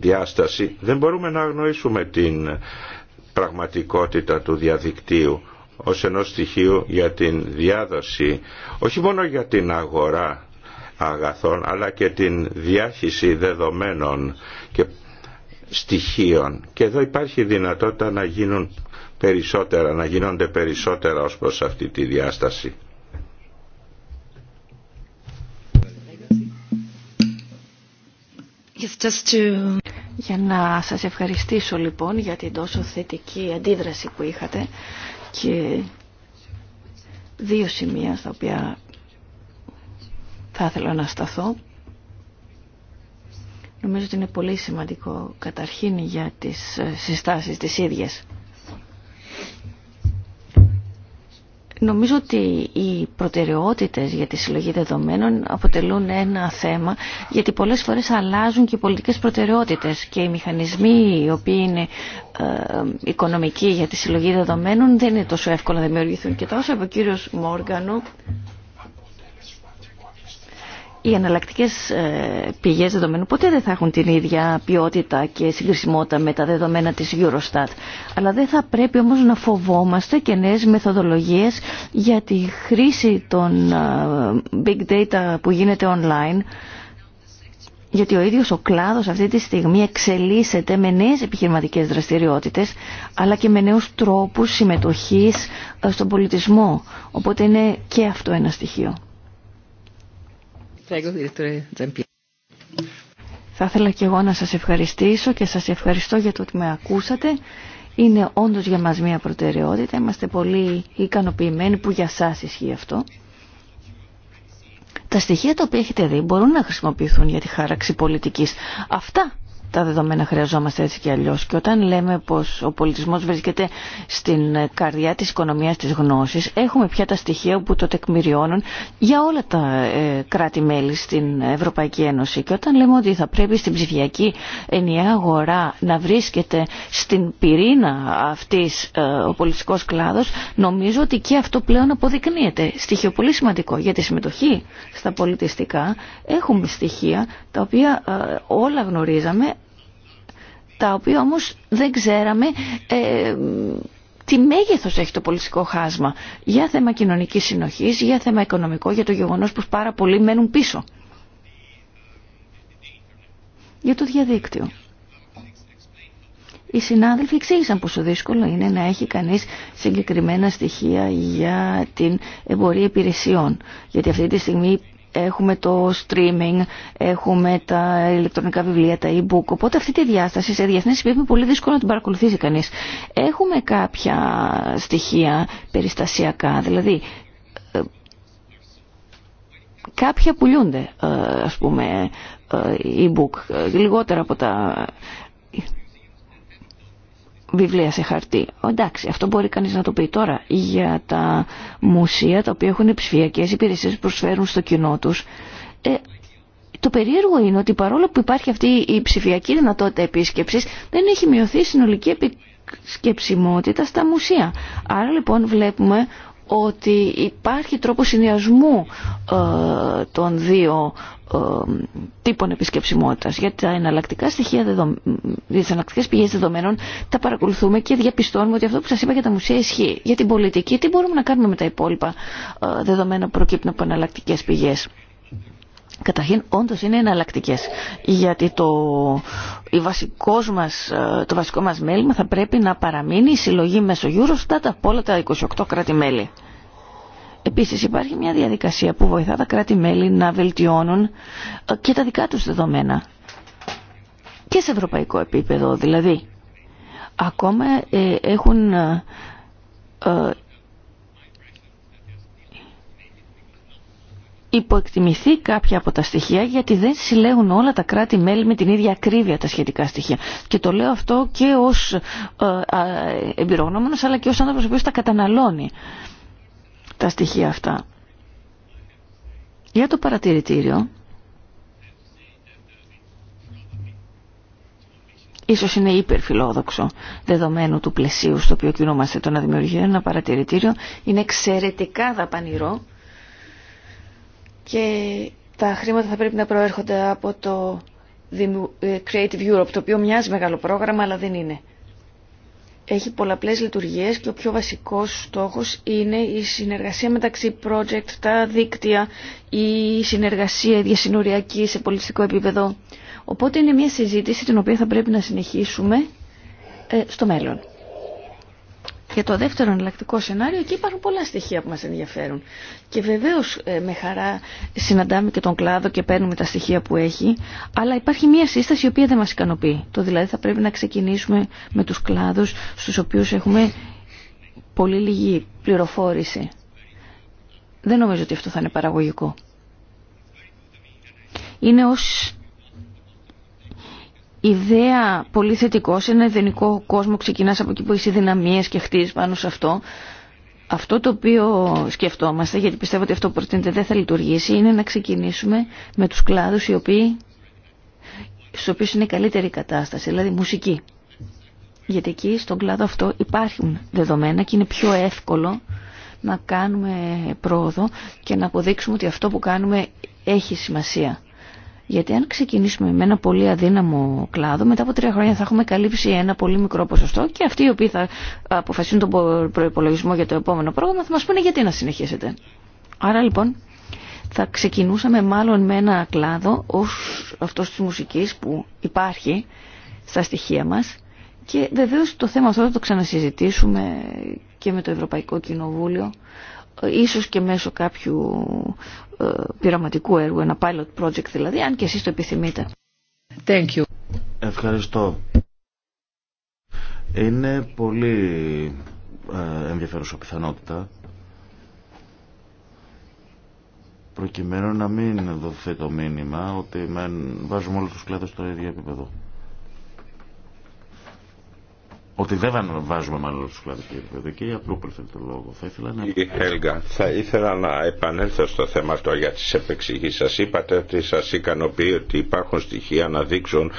διάσταση δεν μπορούμε να αγνοήσουμε την πραγματικότητα του διαδικτύου ως ενός στοιχείου για την διάδοση όχι μόνο για την αγορά αγαθών αλλά και την διάχυση δεδομένων και στοιχείων. Και εδώ υπάρχει δυνατότητα να γίνουν περισσότερα, να γίνονται περισσότερα ως προς αυτή τη διάσταση. Για να σας ευχαριστήσω λοιπόν για την τόσο θετική αντίδραση που είχατε και δύο σημεία στα οποία θα ήθελα να σταθώ. Νομίζω ότι είναι πολύ σημαντικό καταρχήν για τις ε, συστάσεις τις ίδιες. Νομίζω ότι οι προτεραιότητες για τη συλλογή δεδομένων αποτελούν ένα θέμα γιατί πολλές φορές αλλάζουν και οι πολιτικές προτεραιότητες και οι μηχανισμοί οι οποίοι είναι ε, οικονομικοί για τη συλλογή δεδομένων δεν είναι τόσο εύκολο να δημιουργηθούν. Και τόσο από ο κύριος Μόργανο οι εναλλακτικέ ε, πηγέ δεδομένου ποτέ δεν θα έχουν την ίδια ποιότητα και συγκρισιμότητα με τα δεδομένα τη Eurostat. Αλλά δεν θα πρέπει όμω να φοβόμαστε και νέε μεθοδολογίε για τη χρήση των ε, big data που γίνεται online. Γιατί ο ίδιος ο κλάδος αυτή τη στιγμή εξελίσσεται με νέες επιχειρηματικές δραστηριότητες αλλά και με νέους τρόπους συμμετοχής ε, στον πολιτισμό. Οπότε είναι και αυτό ένα στοιχείο. Θα ήθελα και εγώ να σας ευχαριστήσω και σας ευχαριστώ για το ότι με ακούσατε. Είναι όντως για μας μια προτεραιότητα. Είμαστε πολύ ικανοποιημένοι που για σας ισχύει αυτό. Τα στοιχεία τα οποία έχετε δει μπορούν να χρησιμοποιηθούν για τη χάραξη πολιτικής. Αυτά τα δεδομένα χρειαζόμαστε έτσι και αλλιώς. Και όταν λέμε πως ο πολιτισμός βρίσκεται στην ε, καρδιά της οικονομίας της γνώσης, έχουμε πια τα στοιχεία που το τεκμηριώνουν για όλα τα ε, κράτη-μέλη στην Ευρωπαϊκή Ένωση. Και όταν λέμε ότι θα πρέπει στην ψηφιακή ενιαία αγορά να βρίσκεται στην πυρήνα αυτής ε, ο πολιτιστικός κλάδος, νομίζω ότι και αυτό πλέον αποδεικνύεται. Στοιχείο πολύ σημαντικό για τη συμμετοχή στα πολιτιστικά. Έχουμε στοιχεία τα οποία όλα γνωρίζαμε τα οποία όμως δεν ξέραμε ε, τι μέγεθος έχει το πολιτικό χάσμα για θέμα κοινωνικής συνοχής, για θέμα οικονομικό, για το γεγονός πως πάρα πολλοί μένουν πίσω. Για το διαδίκτυο. Οι συνάδελφοι εξήγησαν πόσο δύσκολο είναι να έχει κανείς συγκεκριμένα στοιχεία για την εμπορία υπηρεσιών. Γιατί αυτή τη στιγμή Έχουμε το streaming, έχουμε τα ηλεκτρονικά βιβλία, τα e-book. Οπότε αυτή τη διάσταση σε διεθνέ επίπεδο πολύ δύσκολο να την παρακολουθήσει κανεί. Έχουμε κάποια στοιχεία περιστασιακά, δηλαδή ε, κάποια πουλιούνται, ε, ας πούμε, ε, e-book, λιγότερα από τα βιβλία σε χαρτί. Εντάξει, αυτό μπορεί κανείς να το πει τώρα για τα μουσεία τα οποία έχουν ψηφιακές υπηρεσίες που προσφέρουν στο κοινό τους. Ε, το περίεργο είναι ότι παρόλο που υπάρχει αυτή η ψηφιακή δυνατότητα επίσκεψης δεν έχει μειωθεί η συνολική επισκεψιμότητα στα μουσεία. Άρα λοιπόν βλέπουμε ότι υπάρχει τρόπο συνδυασμού ε, των δύο ε, τύπων επισκεψιμότητας. Γιατί τα εναλλακτικά στοιχεία, δεδο... τις εναλλακτικές πηγές δεδομένων τα παρακολουθούμε και διαπιστώνουμε ότι αυτό που σας είπα για τα μουσεία ισχύει. Για την πολιτική, τι μπορούμε να κάνουμε με τα υπόλοιπα ε, δεδομένα που προκύπτουν από εναλλακτικέ πηγές. Καταρχήν, όντω είναι εναλλακτικέ. Γιατί το, η βασικός μας, ε, το βασικό μας μέλημα θα πρέπει να παραμείνει η συλλογή μέσω Eurostat από όλα τα 28 κράτη-μέλη. Επίσης υπάρχει μια διαδικασία που βοηθά τα κράτη-μέλη να βελτιώνουν ε, και τα δικά τους δεδομένα. Και σε ευρωπαϊκό επίπεδο δηλαδή. Ακόμα ε, έχουν υποεκτιμηθεί κάποια από τα στοιχεία γιατί δεν συλλέγουν όλα τα κράτη-μέλη με την ίδια ακρίβεια τα σχετικά στοιχεία. Και το λέω αυτό και ως ε, εμπειρογνώμονας αλλά και ως άνθρωπος ο οποίος τα καταναλώνει τα στοιχεία αυτά. Για το παρατηρητήριο, ίσως είναι υπερφιλόδοξο δεδομένου του πλαισίου στο οποίο κινούμαστε το να δημιουργεί ένα παρατηρητήριο, είναι εξαιρετικά δαπανηρό και τα χρήματα θα πρέπει να προέρχονται από το ε, Creative Europe, το οποίο μοιάζει μεγάλο πρόγραμμα, αλλά δεν είναι. Έχει πολλαπλές λειτουργίες και ο πιο βασικός στόχος είναι η συνεργασία μεταξύ project, τα δίκτυα, η συνεργασία διασυνοριακή σε πολιτιστικό επίπεδο. Οπότε είναι μια συζήτηση την οποία θα πρέπει να συνεχίσουμε ε, στο μέλλον. Για το δεύτερο εναλλακτικό σενάριο εκεί υπάρχουν πολλά στοιχεία που μας ενδιαφέρουν. Και βεβαίως ε, με χαρά συναντάμε και τον κλάδο και παίρνουμε τα στοιχεία που έχει, αλλά υπάρχει μια σύσταση η οποία δεν μας ικανοποιεί. Το δηλαδή θα πρέπει να ξεκινήσουμε με τους κλάδους στους οποίους έχουμε πολύ λίγη πληροφόρηση. Δεν νομίζω ότι αυτό θα είναι παραγωγικό. Είναι ως ιδέα πολύ θετικό σε ένα ιδανικό κόσμο ξεκινάς από εκεί που έχει δυναμίε και χτίζει πάνω σε αυτό. Αυτό το οποίο σκεφτόμαστε, γιατί πιστεύω ότι αυτό που προτείνεται δεν θα λειτουργήσει, είναι να ξεκινήσουμε με τους κλάδους στου οποίου στους οποίους είναι η καλύτερη κατάσταση, δηλαδή μουσική. Γιατί εκεί στον κλάδο αυτό υπάρχουν δεδομένα και είναι πιο εύκολο να κάνουμε πρόοδο και να αποδείξουμε ότι αυτό που κάνουμε έχει σημασία. Γιατί αν ξεκινήσουμε με ένα πολύ αδύναμο κλάδο, μετά από τρία χρόνια θα έχουμε καλύψει ένα πολύ μικρό ποσοστό και αυτοί οι οποίοι θα αποφασίσουν τον προπολογισμό για το επόμενο πρόγραμμα θα μα πούνε γιατί να συνεχίσετε. Άρα λοιπόν θα ξεκινούσαμε μάλλον με ένα κλάδο ως αυτός της μουσικής που υπάρχει στα στοιχεία μας και βεβαίως το θέμα αυτό θα το ξανασυζητήσουμε και με το Ευρωπαϊκό Κοινοβούλιο ίσως και μέσω κάποιου ε, πειραματικού έργου, ένα pilot project δηλαδή, αν και εσείς το επιθυμείτε. Thank you. Ευχαριστώ. Είναι πολύ ε, ενδιαφέρουσα πιθανότητα προκειμένου να μην δοθεί το μήνυμα ότι με, βάζουμε όλους τους κλάδους στο ίδιο επίπεδο. Ότι δεν βάζουμε μάλλον του κλάδου, κύριε Πρόεδρε. Κύριε το λόγο. Θα ήθελα να. Η Χέλγα, θα ήθελα να επανέλθω στο θέμα αυτό για τι επεξηγήσει. Σα είπατε ότι σα ικανοποιεί ότι υπάρχουν στοιχεία να δείξουν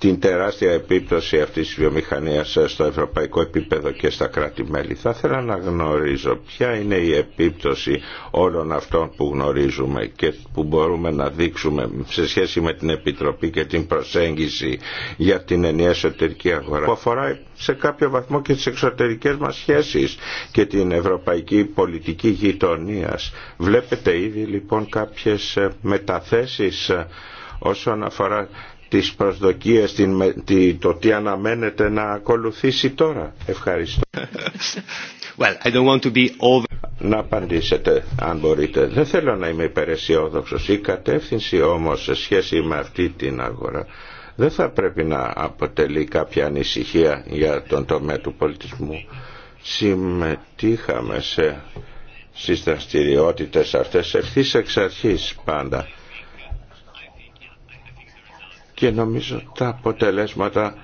την τεράστια επίπτωση αυτής της βιομηχανίας στο ευρωπαϊκό επίπεδο και στα κράτη-μέλη. Θα ήθελα να γνωρίζω ποια είναι η επίπτωση όλων αυτών που γνωρίζουμε και που μπορούμε να δείξουμε σε σχέση με την Επιτροπή και την προσέγγιση για την ενιαία εσωτερική αγορά που αφορά σε κάποιο βαθμό και τις εξωτερικές μας σχέσεις και την ευρωπαϊκή πολιτική γειτονίας. Βλέπετε ήδη λοιπόν κάποιες μεταθέσεις ε, όσον αφορά τις προσδοκίες, το τι αναμένεται να ακολουθήσει τώρα. Ευχαριστώ. Well, I don't want to be over... Να απαντήσετε αν μπορείτε. Δεν θέλω να είμαι υπεραισιόδοξος. Η κατεύθυνση όμως σε σχέση με αυτή την αγορά δεν θα πρέπει να αποτελεί κάποια ανησυχία για τον τομέα του πολιτισμού. Συμμετείχαμε σε στις δραστηριότητες αυτές ευθύς εξ αρχής πάντα και νομίζω τα αποτελέσματα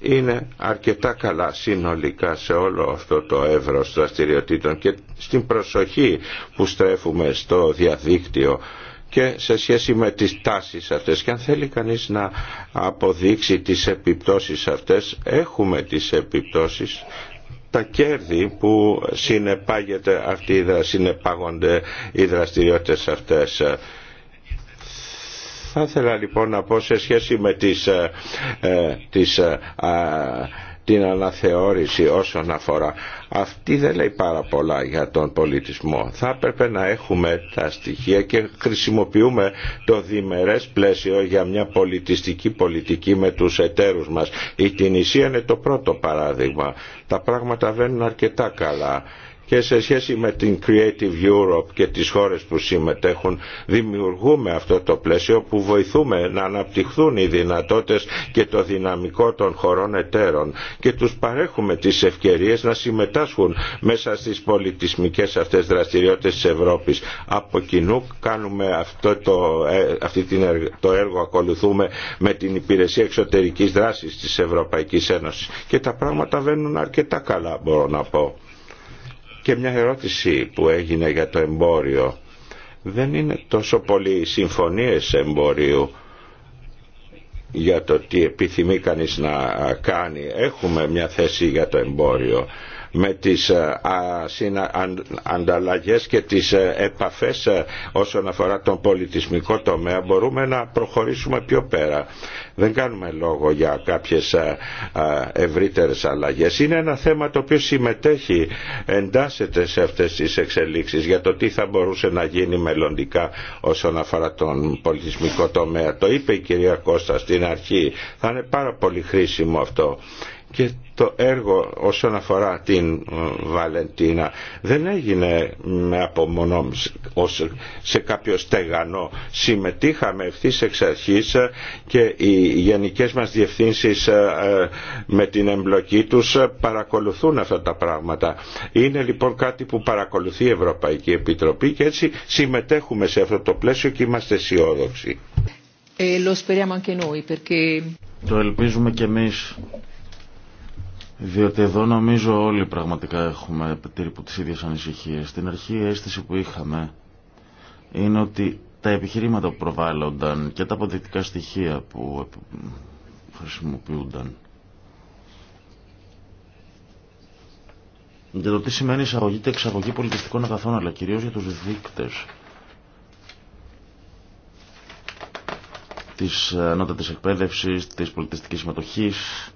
είναι αρκετά καλά συνολικά σε όλο αυτό το εύρος δραστηριοτήτων και στην προσοχή που στρέφουμε στο διαδίκτυο και σε σχέση με τις τάσεις αυτές και αν θέλει κανείς να αποδείξει τις επιπτώσεις αυτές έχουμε τις επιπτώσεις τα κέρδη που συνεπάγεται αυτή, συνεπάγονται οι δραστηριότητες αυτές θα ήθελα λοιπόν να πω σε σχέση με τις, ε, ε, ε, την αναθεώρηση όσον αφορά. Αυτή δεν λέει πάρα πολλά για τον πολιτισμό. Θα έπρεπε να έχουμε τα στοιχεία και χρησιμοποιούμε το διμερές πλαίσιο για μια πολιτιστική πολιτική με τους εταίρους μας. Η Τινησία είναι το πρώτο παράδειγμα. Τα πράγματα βαίνουν αρκετά καλά και σε σχέση με την Creative Europe και τις χώρες που συμμετέχουν δημιουργούμε αυτό το πλαίσιο που βοηθούμε να αναπτυχθούν οι δυνατότητες και το δυναμικό των χωρών εταίρων και τους παρέχουμε τις ευκαιρίες να συμμετάσχουν μέσα στις πολιτισμικές αυτές δραστηριότητες της Ευρώπης. Από κοινού κάνουμε αυτό το, ε, αυτή την, το έργο ακολουθούμε με την Υπηρεσία Εξωτερικής Δράσης της Ευρωπαϊκής Ένωσης και τα πράγματα βαίνουν αρκετά καλά μπορώ να πω. Και μια ερώτηση που έγινε για το εμπόριο. Δεν είναι τόσο πολύ οι συμφωνίες εμπορίου για το τι επιθυμεί κανείς να κάνει. Έχουμε μια θέση για το εμπόριο με τις ε, ανταλλαγές και τις ε, επαφές ε, όσον αφορά τον πολιτισμικό τομέα μπορούμε να προχωρήσουμε πιο πέρα. Δεν κάνουμε λόγο για κάποιες ευρύτερες αλλαγές. Είναι ένα θέμα το οποίο συμμετέχει, εντάσσεται σε αυτές τις εξελίξεις για το τι θα μπορούσε να γίνει μελλοντικά όσον αφορά τον πολιτισμικό τομέα. Το είπε η κυρία Κώστα στην αρχή. Θα είναι πάρα πολύ χρήσιμο αυτό και το έργο όσον αφορά την ε, Βαλεντίνα δεν έγινε με απομονώ σε κάποιο στεγανό. Συμμετείχαμε ευθύ εξ αρχής ε, και οι γενικές μας διευθύνσεις ε, με την εμπλοκή τους παρακολουθούν αυτά τα πράγματα. Είναι λοιπόν κάτι που παρακολουθεί η Ευρωπαϊκή Επιτροπή και έτσι συμμετέχουμε σε αυτό το πλαίσιο και είμαστε αισιόδοξοι. Το ελπίζουμε και εμείς διότι εδώ νομίζω όλοι πραγματικά έχουμε περίπου τις ίδιες ανησυχίες. Στην αρχή η αίσθηση που είχαμε είναι ότι τα επιχειρήματα που προβάλλονταν και τα αποδεικτικά στοιχεία που χρησιμοποιούνταν για το τι σημαίνει εισαγωγή και εξαγωγή πολιτιστικών αγαθών αλλά κυρίως για τους δείκτες της ανώτατης εκπαίδευσης, της πολιτιστικής συμμετοχής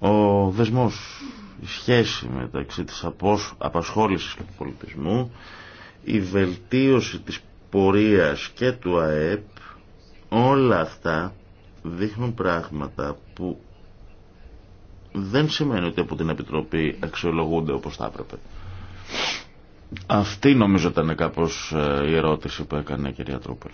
Ο δεσμός, η σχέση μεταξύ της απασχόλησης και του πολιτισμού, η βελτίωση της πορείας και του ΑΕΠ, όλα αυτά δείχνουν πράγματα που δεν σημαίνει ότι από την Επιτροπή αξιολογούνται όπως θα έπρεπε. Αυτή νομίζω ήταν κάπως ε, η ερώτηση που έκανε η κυρία Τρούπελ.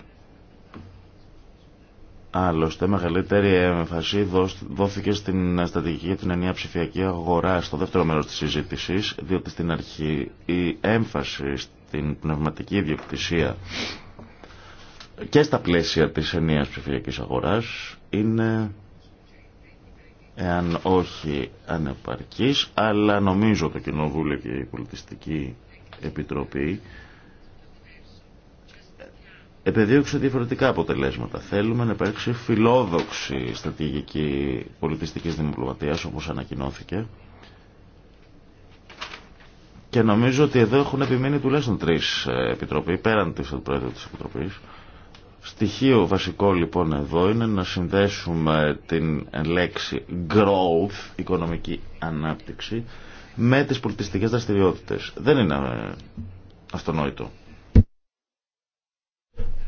Άλλωστε, μεγαλύτερη έμφαση δόθηκε στην στρατηγική για την ενιαία ψηφιακή αγορά στο δεύτερο μέρος της συζήτησης, διότι στην αρχή η έμφαση στην πνευματική ιδιοκτησία και στα πλαίσια της ενιαίας ψηφιακής αγοράς είναι εάν όχι ανεπαρκής αλλά νομίζω το Κοινοβούλιο και η Πολιτιστική Επιτροπή επεδίωξε διαφορετικά αποτελέσματα. Θέλουμε να υπάρξει φιλόδοξη στρατηγική πολιτιστικής δημοκρατίας όπως ανακοινώθηκε και νομίζω ότι εδώ έχουν επιμείνει τουλάχιστον τρεις ε, επιτροποί πέραν της Πρόεδρου της Επιτροπής Στοιχείο βασικό λοιπόν εδώ είναι να συνδέσουμε την λέξη growth, οικονομική ανάπτυξη, με τις πολιτιστικές δραστηριότητες. Δεν είναι ε, αυτονόητο.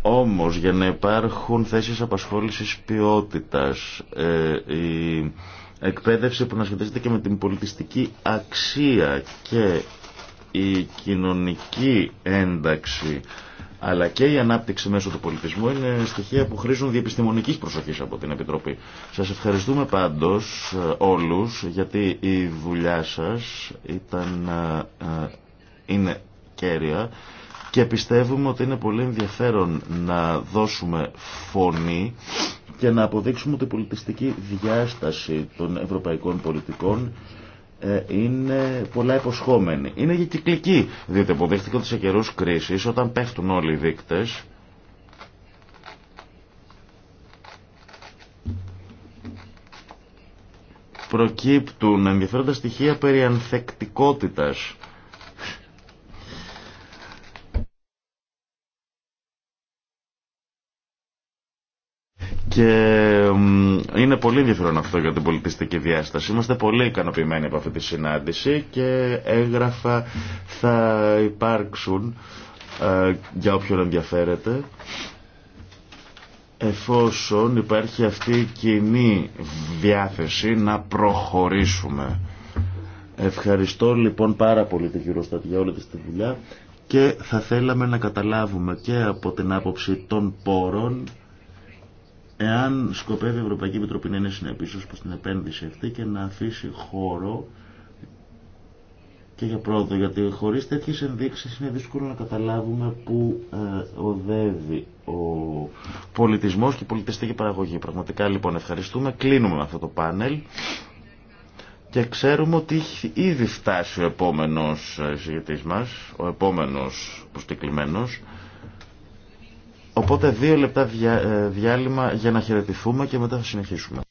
Όμως για να υπάρχουν θέσεις απασχόλησης ποιότητας, ε, η εκπαίδευση που να σχετίζεται και με την πολιτιστική αξία και η κοινωνική ένταξη αλλά και η ανάπτυξη μέσω του πολιτισμού είναι στοιχεία που χρήζουν διεπιστημονικής προσοχής από την Επιτροπή. Σας ευχαριστούμε πάντως ε, όλους γιατί η δουλειά σας ήταν, ε, είναι κέρια και πιστεύουμε ότι είναι πολύ ενδιαφέρον να δώσουμε φωνή και να αποδείξουμε ότι η πολιτιστική διάσταση των ευρωπαϊκών πολιτικών ε, είναι πολλά υποσχόμενη. Είναι και κυκλική, διότι αποδείχθηκε ότι σε καιρούς κρίσης, όταν πέφτουν όλοι οι δείκτες, προκύπτουν ενδιαφέροντα στοιχεία περί ανθεκτικότητας Και είναι πολύ ενδιαφέρον αυτό για την πολιτιστική διάσταση. Είμαστε πολύ ικανοποιημένοι από αυτή τη συνάντηση και έγραφα θα υπάρξουν ε, για όποιον ενδιαφέρεται εφόσον υπάρχει αυτή η κοινή διάθεση να προχωρήσουμε. Ευχαριστώ λοιπόν πάρα πολύ την Eurostat για όλη τη δουλειά και θα θέλαμε να καταλάβουμε και από την άποψη των πόρων εάν σκοπεύει η Ευρωπαϊκή Επιτροπή να είναι συνεπής προς την επένδυση αυτή και να αφήσει χώρο και για πρόοδο, γιατί χωρίς τέτοιες ενδείξεις είναι δύσκολο να καταλάβουμε πού ε, οδεύει ο πολιτισμός και η πολιτιστική παραγωγή. Πραγματικά λοιπόν ευχαριστούμε, κλείνουμε αυτό το πάνελ και ξέρουμε ότι έχει ήδη φτάσει ο επόμενος ε, συζητής μας, ο επόμενος προσκεκλημένος. Οπότε δύο λεπτά ε, διάλειμμα για να χαιρετηθούμε και μετά θα συνεχίσουμε.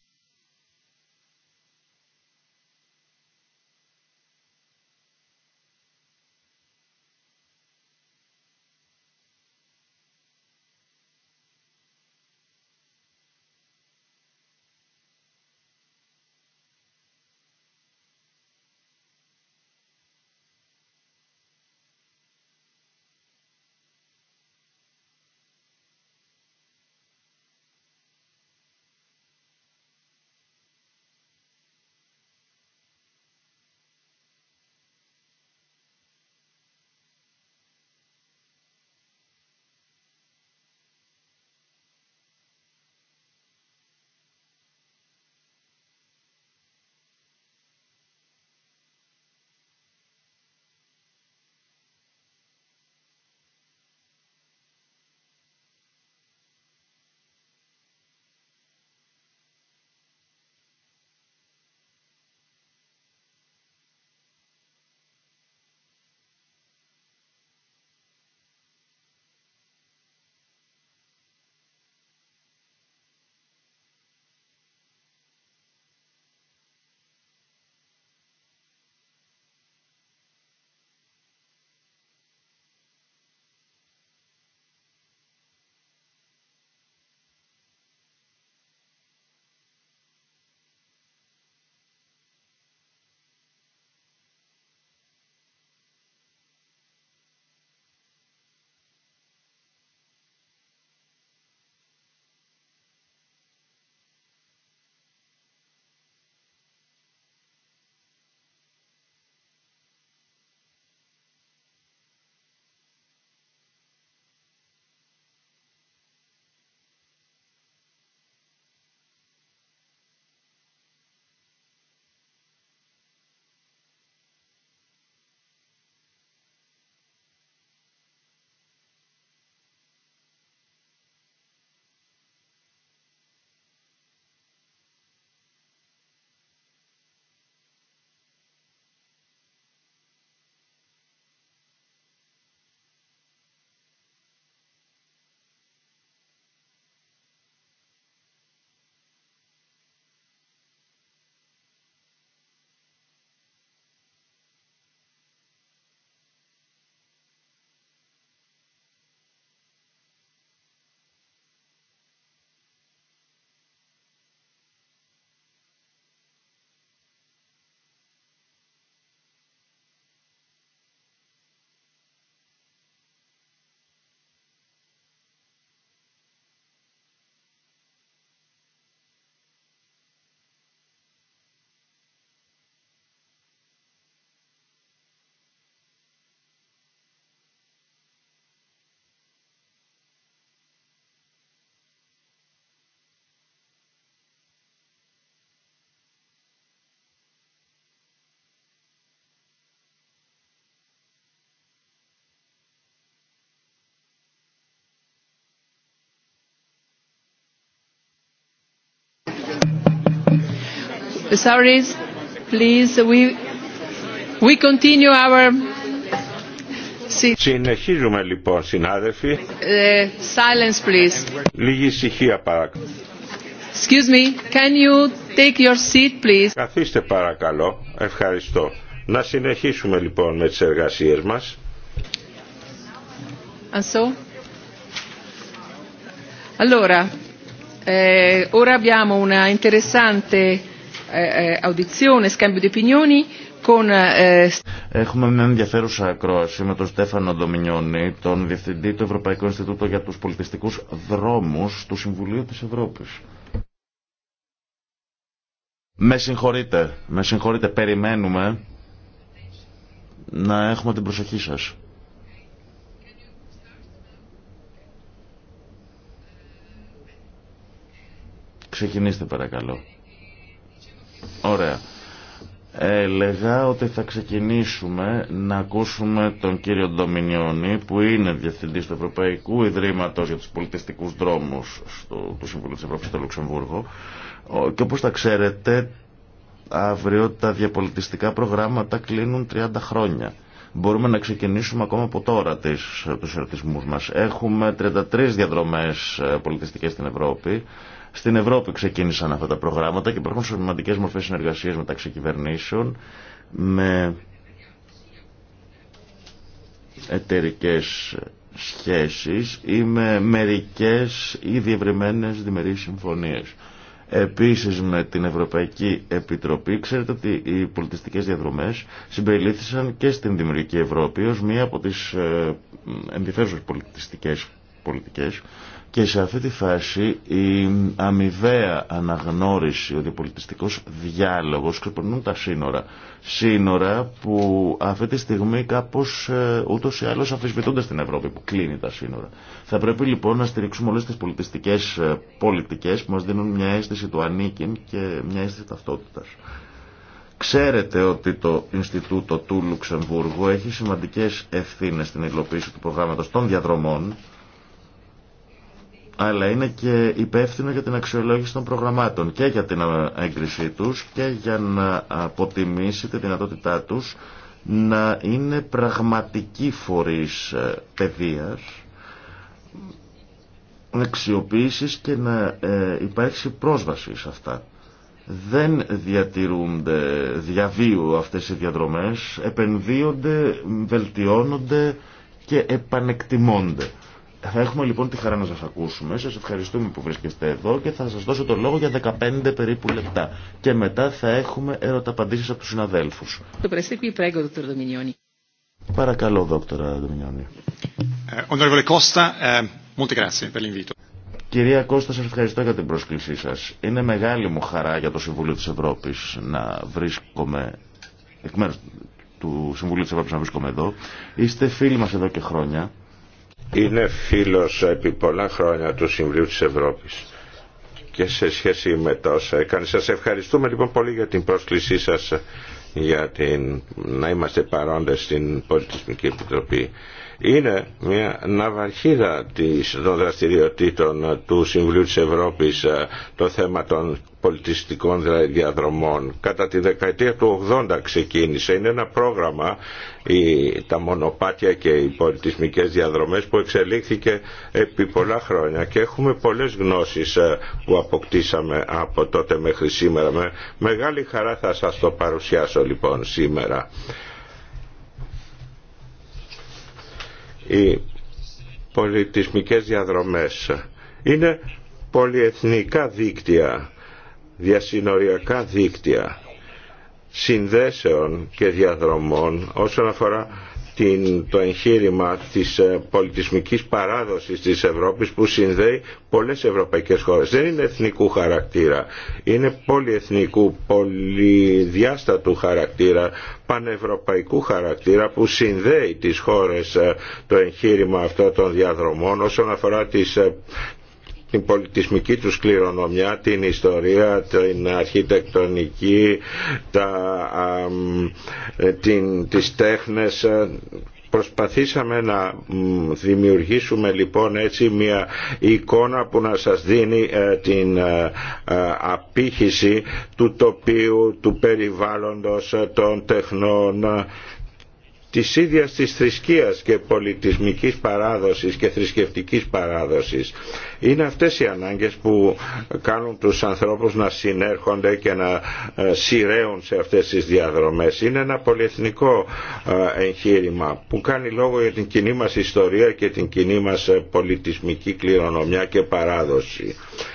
Sorry, please, we, we continue our... Συνεχίζουμε λοιπόν συνάδελφοι. Uh, silence please. Λίγη ησυχία παρακαλώ. Excuse me, can you take your seat please? Καθίστε παρακαλώ, ευχαριστώ. Να συνεχίσουμε λοιπόν με τις εργασίες μας. And so? Allora, eh, ora abbiamo una interessante ε, ε, eh, έχουμε μια ενδιαφέρουσα ακρόαση με τον Στέφανο Ντομινιόνι τον Διευθυντή του Ευρωπαϊκού Ινστιτούτου για τους Πολιτιστικούς Δρόμους του Συμβουλίου της Ευρώπης. Με συγχωρείτε, με συγχωρείτε, περιμένουμε να έχουμε την προσοχή σας. Ξεκινήστε παρακαλώ. Ωραία. Ε, Έλεγα ότι θα ξεκινήσουμε να ακούσουμε τον κύριο Ντομινιώνη που είναι διευθυντής του Ευρωπαϊκού Ιδρύματος για τους πολιτιστικούς δρόμους του Συμβουλίου της Ευρώπης στο Λουξεμβούργο και όπως τα ξέρετε αύριο τα διαπολιτιστικά προγράμματα κλείνουν 30 χρόνια. Μπορούμε να ξεκινήσουμε ακόμα από τώρα του τους ερωτισμούς μας. Έχουμε 33 διαδρομές ε, πολιτιστικές στην Ευρώπη στην Ευρώπη ξεκίνησαν αυτά τα προγράμματα και υπάρχουν σημαντικέ μορφέ συνεργασία μεταξύ κυβερνήσεων με εταιρικέ σχέσεις ή με μερικές ή διευρυμένε διμερείς συμφωνίες. Επίσης με την Ευρωπαϊκή Επιτροπή ξέρετε ότι οι πολιτιστικέ διαδρομές συμπεριλήθησαν και στην Δημιουργική Ευρώπη ω μία από τι ε, ενδιαφέρουσες πολιτιστικέ πολιτικές και σε αυτή τη φάση η αμοιβαία αναγνώριση, ο διαπολιτιστικός διάλογος ξεπερνούν τα σύνορα. Σύνορα που αυτή τη στιγμή κάπως ε, ούτως ή άλλως αφισβητούνται στην Ευρώπη που κλείνει τα σύνορα. Θα πρέπει λοιπόν να στηρίξουμε όλες τις πολιτιστικές ε, πολιτικές που μας δίνουν μια αίσθηση του ανήκειν και μια αίσθηση ταυτότητας. Ξέρετε ότι το Ινστιτούτο του Λουξεμβούργου έχει σημαντικές ευθύνες στην υλοποίηση του προγράμματος των διαδρομών αλλά είναι και υπεύθυνο για την αξιολόγηση των προγραμμάτων και για την ε, έγκρισή τους και για να αποτιμήσει τη δυνατότητά τους να είναι πραγματικοί φορείς ε, παιδείας αξιοποίησης και να ε, υπάρξει πρόσβαση σε αυτά. Δεν διατηρούνται διαβίου αυτές οι διαδρομές, επενδύονται, βελτιώνονται και επανεκτιμώνται. Θα έχουμε λοιπόν τη χαρά να σας ακούσουμε. Σας ευχαριστούμε που βρίσκεστε εδώ και θα σας δώσω το λόγο για 15 περίπου λεπτά. Και μετά θα έχουμε ερωταπαντήσεις από τους συναδέλφους. Το Παρακαλώ, δόκτωρα Δομινιώνη. Ε, ε, Κυρία Κώστα, σας ευχαριστώ για την πρόσκλησή σας. Είναι μεγάλη μου χαρά για το Συμβούλιο της Ευρώπης να βρίσκομαι εκ μέρους του Συμβουλίου της Ευρώπης να βρίσκομαι εδώ. Είστε φίλοι μας εδώ και χρόνια είναι φίλος επί πολλά χρόνια του Συμβουλίου της Ευρώπης και σε σχέση με τα όσα έκανε. Σας ευχαριστούμε λοιπόν πολύ για την πρόσκλησή σας για την, να είμαστε παρόντες στην Πολιτισμική Επιτροπή είναι μια ναυαρχίδα των δραστηριοτήτων του Συμβουλίου της Ευρώπης ε, το θέμα των πολιτιστικών διαδρομών. Κατά τη δεκαετία του 80 ξεκίνησε. Είναι ένα πρόγραμμα η, τα μονοπάτια και οι πολιτισμικές διαδρομές που εξελίχθηκε επί πολλά χρόνια και έχουμε πολλές γνώσεις ε, που αποκτήσαμε από τότε μέχρι σήμερα. Με μεγάλη χαρά θα σας το παρουσιάσω λοιπόν σήμερα. οι πολιτισμικές διαδρομές. Είναι πολυεθνικά δίκτυα, διασυνοριακά δίκτυα συνδέσεων και διαδρομών όσον αφορά την, το εγχείρημα της ε, πολιτισμικής παράδοσης της Ευρώπης που συνδέει πολλές ευρωπαϊκές χώρες. Δεν είναι εθνικού χαρακτήρα, είναι πολυεθνικού, πολυδιάστατου χαρακτήρα, πανευρωπαϊκού χαρακτήρα που συνδέει τις χώρες ε, το εγχείρημα αυτό των διαδρομών όσον αφορά τις ε, την πολιτισμική τους κληρονομιά, την ιστορία, την αρχιτεκτονική, τα, ε, την, τις τέχνες, Προσπαθήσαμε να δημιουργήσουμε λοιπόν έτσι μια εικόνα που να σας δίνει ε, την ε, απήχηση του τοπίου, του περιβάλλοντος, των τεχνών της ίδιας της θρησκείας και πολιτισμικής παράδοσης και θρησκευτικής παράδοσης. Είναι αυτές οι ανάγκες που κάνουν τους ανθρώπους να συνέρχονται και να ε, σειραίουν σε αυτές τις διαδρομές. Είναι ένα πολυεθνικό ε, εγχείρημα που κάνει λόγο για την κοινή μας ιστορία και την κοινή μας ε, πολιτισμική κληρονομιά και παράδοση.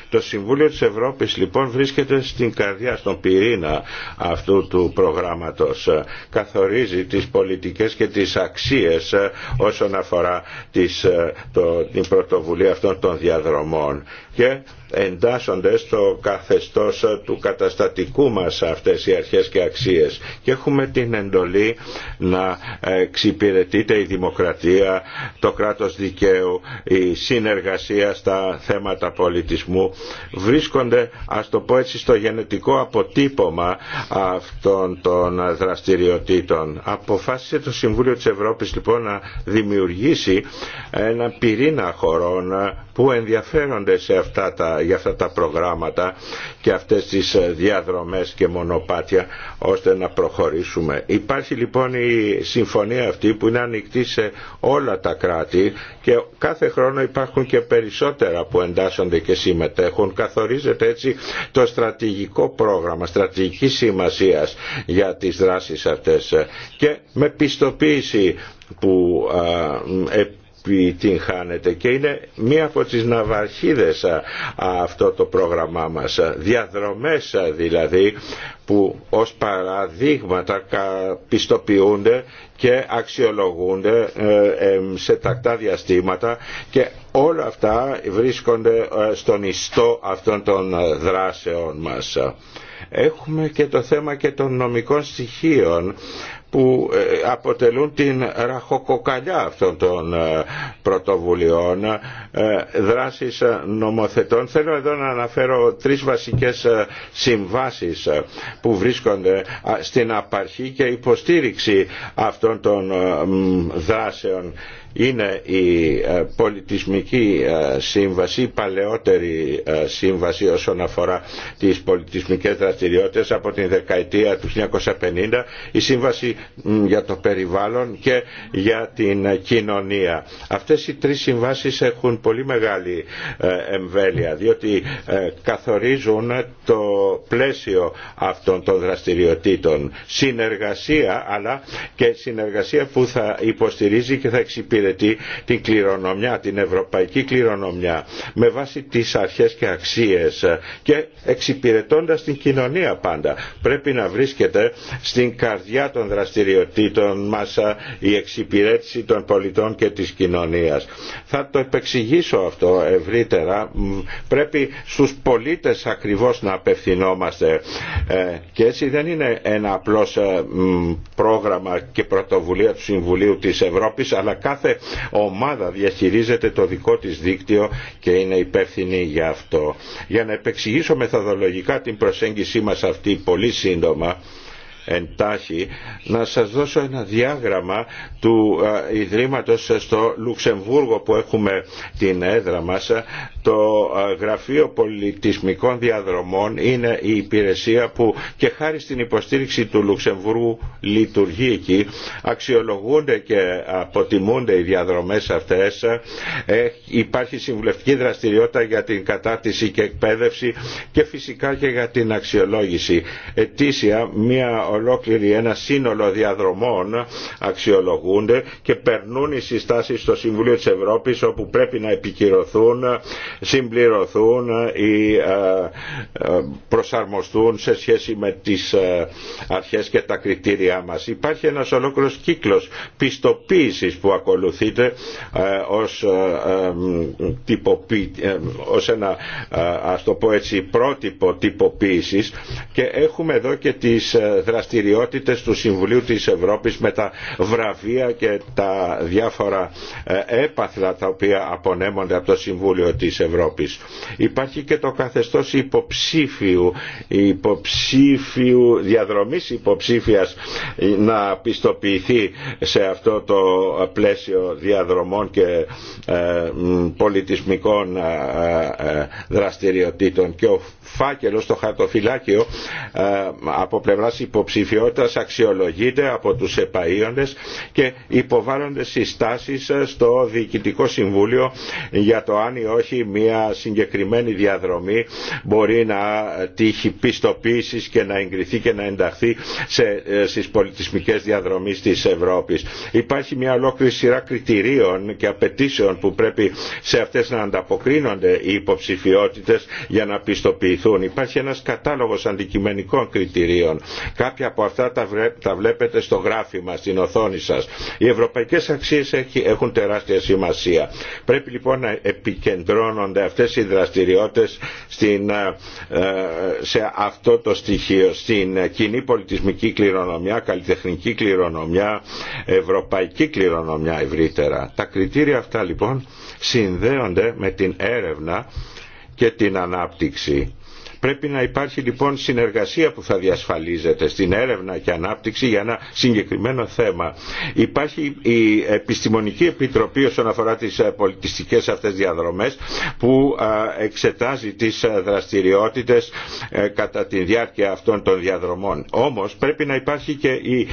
Το Συμβούλιο της Ευρώπης λοιπόν βρίσκεται στην καρδιά, στον πυρήνα αυτού του προγράμματος. Καθορίζει τις πολιτικές και τις αξίες ε, όσον αφορά τις, ε, το, την πρωτοβουλία αυτών των διαδρομών και εντάσσονται στο καθεστώς του καταστατικού μας αυτές οι αρχές και αξίες και έχουμε την εντολή να εξυπηρετείται η δημοκρατία, το κράτος δικαίου, η συνεργασία στα θέματα πολιτισμού βρίσκονται ας το πω έτσι στο γενετικό αποτύπωμα αυτών των δραστηριοτήτων. Αποφάσισε το Συμβούλιο της Ευρώπης λοιπόν να δημιουργήσει ένα πυρήνα χωρών που ενδιαφέρονται σε αυτά τα, για αυτά τα προγράμματα και αυτές τις διαδρομές και μονοπάτια ώστε να προχωρήσουμε. Υπάρχει λοιπόν η συμφωνία αυτή που είναι ανοιχτή σε όλα τα κράτη και κάθε χρόνο υπάρχουν και περισσότερα που εντάσσονται και συμμετέχουν συμμετέχουν. Καθορίζεται έτσι το στρατηγικό πρόγραμμα στρατηγική σημασία για τις δράσεις αυτές και με πιστοποίηση που ε, την χάνεται και είναι μία από τις ναυαρχίδες αυτό το πρόγραμμά μας διαδρομές δηλαδή που ως παραδείγματα πιστοποιούνται και αξιολογούνται ε, σε τακτά διαστήματα και όλα αυτά βρίσκονται ε, στον ιστό αυτών των ε, δράσεων μας. Έχουμε και το θέμα και των νομικών στοιχείων που ε, αποτελούν την ραχοκοκαλιά αυτών των ε, πρωτοβουλειών ε, δράσεις νομοθετών. Θέλω εδώ να αναφέρω τρεις βασικές συμβάσεις που βρίσκονται στην απαρχή και υποστήριξη αυτών των δράσεων είναι η ε, πολιτισμική ε, σύμβαση, η παλαιότερη ε, σύμβαση όσον αφορά τις πολιτισμικές δραστηριότητες από την δεκαετία του 1950, η σύμβαση για το περιβάλλον και για την κοινωνία. Αυτές οι τρεις συμβάσεις έχουν πολύ μεγάλη εμβέλεια, διότι καθορίζουν το πλαίσιο αυτών των δραστηριοτήτων. Συνεργασία, αλλά και συνεργασία που θα υποστηρίζει και θα εξυπηρετεί την κληρονομιά, την ευρωπαϊκή κληρονομιά με βάση τις αρχές και αξίες και εξυπηρετώντας την κοινωνία πάντα. Πρέπει να βρίσκεται στην καρδιά των δραστηριοτήτων μας η εξυπηρέτηση των πολιτών και της κοινωνίας. Θα το επεξηγήσω αυτό ευρύτερα. Πρέπει στους πολίτες ακριβώς να απευθυνόμαστε ε, και έτσι δεν είναι ένα απλό ε, πρόγραμμα και πρωτοβουλία του Συμβουλίου της Ευρώπης αλλά κάθε ομάδα διαχειρίζεται το δικό της δίκτυο και είναι υπεύθυνη για αυτό. Για να επεξηγήσω μεθοδολογικά την προσέγγιση μας αυτή πολύ σύντομα, εντάχει να σας δώσω ένα διάγραμμα του Ιδρύματος στο Λουξεμβούργο που έχουμε την έδρα μας το Γραφείο Πολιτισμικών Διαδρομών είναι η υπηρεσία που και χάρη στην υποστήριξη του Λουξεμβούργου λειτουργεί εκεί αξιολογούνται και αποτιμούνται οι διαδρομές αυτές υπάρχει συμβουλευτική δραστηριότητα για την κατάρτιση και εκπαίδευση και φυσικά και για την αξιολόγηση. Ετήσια μια ολόκληρη ένα σύνολο διαδρομών αξιολογούνται και περνούν οι συστάσει στο Συμβουλίο της Ευρώπης όπου πρέπει να επικυρωθούν, συμπληρωθούν ή ε, ε, προσαρμοστούν σε σχέση με τις ε, αρχές και τα κριτήριά μας. Υπάρχει ένας ολόκληρος κύκλος πιστοποίησης που ακολουθείται ως, ένα ας το πω έτσι πρότυπο τυποποίησης και έχουμε εδώ και τις δραστηριότητες δραστηριότητες του Συμβουλίου της Ευρώπης με τα βραβεία και τα διάφορα ε, έπαθλα τα οποία απονέμονται από το Συμβούλιο της Ευρώπης. Υπάρχει και το καθεστώς υποψήφιου, υποψήφιου διαδρομής υποψήφιας να πιστοποιηθεί σε αυτό το πλαίσιο διαδρομών και ε, πολιτισμικών ε, δραστηριοτήτων και ο φάκελο, στο χαρτοφυλάκιο ε, από πλευράς υποψηφιότητας αξιολογείται από τους επαΐοντες και υποβάλλονται συστάσεις στο Διοικητικό Συμβούλιο για το αν ή όχι μια συγκεκριμένη διαδρομή μπορεί να τύχει πιστοποίησης και να εγκριθεί και να ενταχθεί σε, ε, στις πολιτισμικές διαδρομές της Ευρώπης. Υπάρχει μια ολόκληρη σειρά κριτηρίων και απαιτήσεων που πρέπει σε αυτές να ανταποκρίνονται οι υποψηφιότητες για να πιστοποιηθούν Υπάρχει ένας κατάλογος αντικειμενικών κριτηρίων. Κάποια από αυτά τα βλέπετε στο γράφημα στην οθόνη σας. Οι ευρωπαϊκές αξίες έχουν τεράστια σημασία. Πρέπει λοιπόν να επικεντρώνονται αυτές οι δραστηριότητες ε, ε, σε αυτό το στοιχείο, στην κοινή πολιτισμική κληρονομιά, καλλιτεχνική κληρονομιά, ευρωπαϊκή κληρονομιά ευρύτερα. Τα κριτήρια αυτά λοιπόν συνδέονται με την έρευνα και την ανάπτυξη Πρέπει να υπάρχει λοιπόν συνεργασία που θα διασφαλίζεται στην έρευνα και ανάπτυξη για ένα συγκεκριμένο θέμα. Υπάρχει η Επιστημονική Επιτροπή όσον αφορά τις ε, πολιτιστικές αυτές διαδρομές που ε, εξετάζει τις ε, δραστηριότητες κατά τη διάρκεια αυτών των διαδρομών. Όμως πρέπει να υπάρχει και η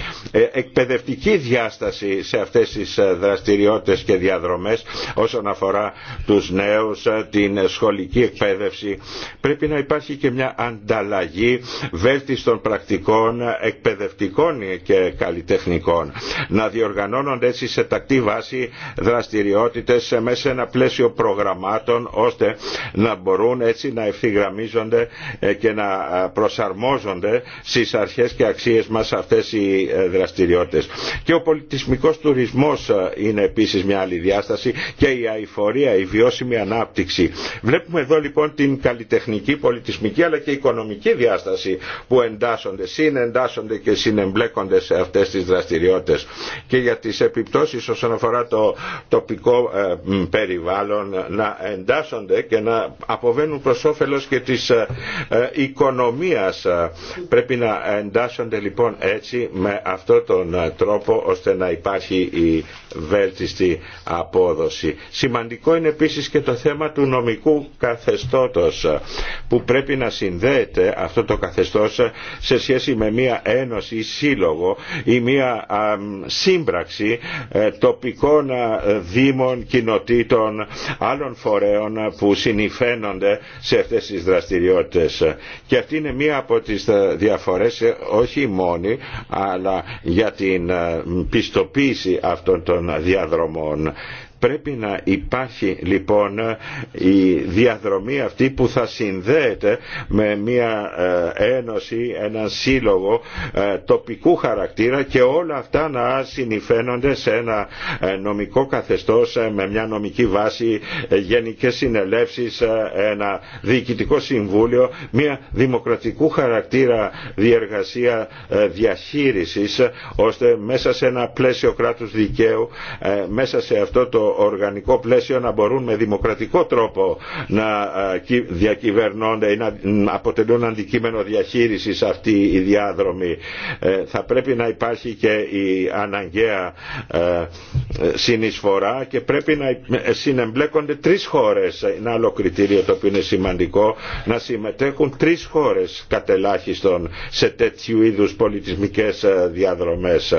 εκπαιδευτική διάσταση σε αυτές τις δραστηριότητες και διαδρομές όσον αφορά τους νέους, την σχολική εκπαίδευση. Πρέπει να υπάρχει και μια ανταλλαγή βέλτιστων πρακτικών εκπαιδευτικών και καλλιτεχνικών. Να διοργανώνονται έτσι σε τακτή βάση δραστηριότητες μέσα σε ένα πλαίσιο προγραμμάτων ώστε να μπορούν έτσι να ευθυγραμμίζονται ε, και να ε, προσαρμόζονται στις αρχές και αξίες μας αυτές οι ε, δραστηριότητες. Και ο πολιτισμικός τουρισμός είναι επίσης μια άλλη διάσταση και η αηφορία, η βιώσιμη ανάπτυξη. Βλέπουμε εδώ λοιπόν την καλλιτεχνική πολιτισμική πολιτισμική αλλά και οικονομική διάσταση που εντάσσονται, συνεντάσσονται και συνεμπλέκονται σε αυτές τις δραστηριότητες και για τις επιπτώσεις όσον αφορά το τοπικό ε, περιβάλλον να εντάσσονται και να αποβαίνουν προς όφελος και της ε, ε, οικονομίας. Πρέπει να εντάσσονται λοιπόν έτσι με αυτόν τον τρόπο ώστε να υπάρχει η βέλτιστη απόδοση. Σημαντικό είναι επίσης και το θέμα του νομικού καθεστώτος που πρέπει να συνδέεται αυτό το καθεστώς σε σχέση με μια ένωση ή σύλλογο ή μια σύμπραξη ε, τοπικών ε, δήμων, κοινοτήτων, άλλων φορέων που συνηφαίνονται σε αυτές τις δραστηριότητες. Και αυτή είναι μία από τις ε, διαφορές όχι μόνη αλλά για την πιστοποίηση αυτών των διαδρομών Πρέπει να υπάρχει λοιπόν η διαδρομή αυτή που θα συνδέεται με μια ε, ένωση, ένα σύλλογο ε, τοπικού χαρακτήρα και όλα αυτά να συνηφαίνονται σε ένα ε, νομικό καθεστώς με μια νομική βάση, γενικές συνελεύσεις, ένα διοικητικό συμβούλιο, μια δημοκρατικού χαρακτήρα διεργασία διαχείρισης ώστε μέσα σε ένα πλαίσιο κράτους δικαίου, μέσα σε αυτό το οργανικό πλαίσιο να μπορούν με δημοκρατικό τρόπο να διακυβερνώνται ή να αποτελούν αντικείμενο διαχείρισης αυτη η διαδρομη ε, Θα πρέπει να υπάρχει και η αναγκαία ε, συνεισφορά και πρέπει να ε, συνεμπλέκονται τρεις χώρες, ένα άλλο κριτήριο το οποίο είναι σημαντικό, να συμμετέχουν τρεις χώρες κατελάχιστον σε τέτοιου είδους πολιτισμικές διαδρομές.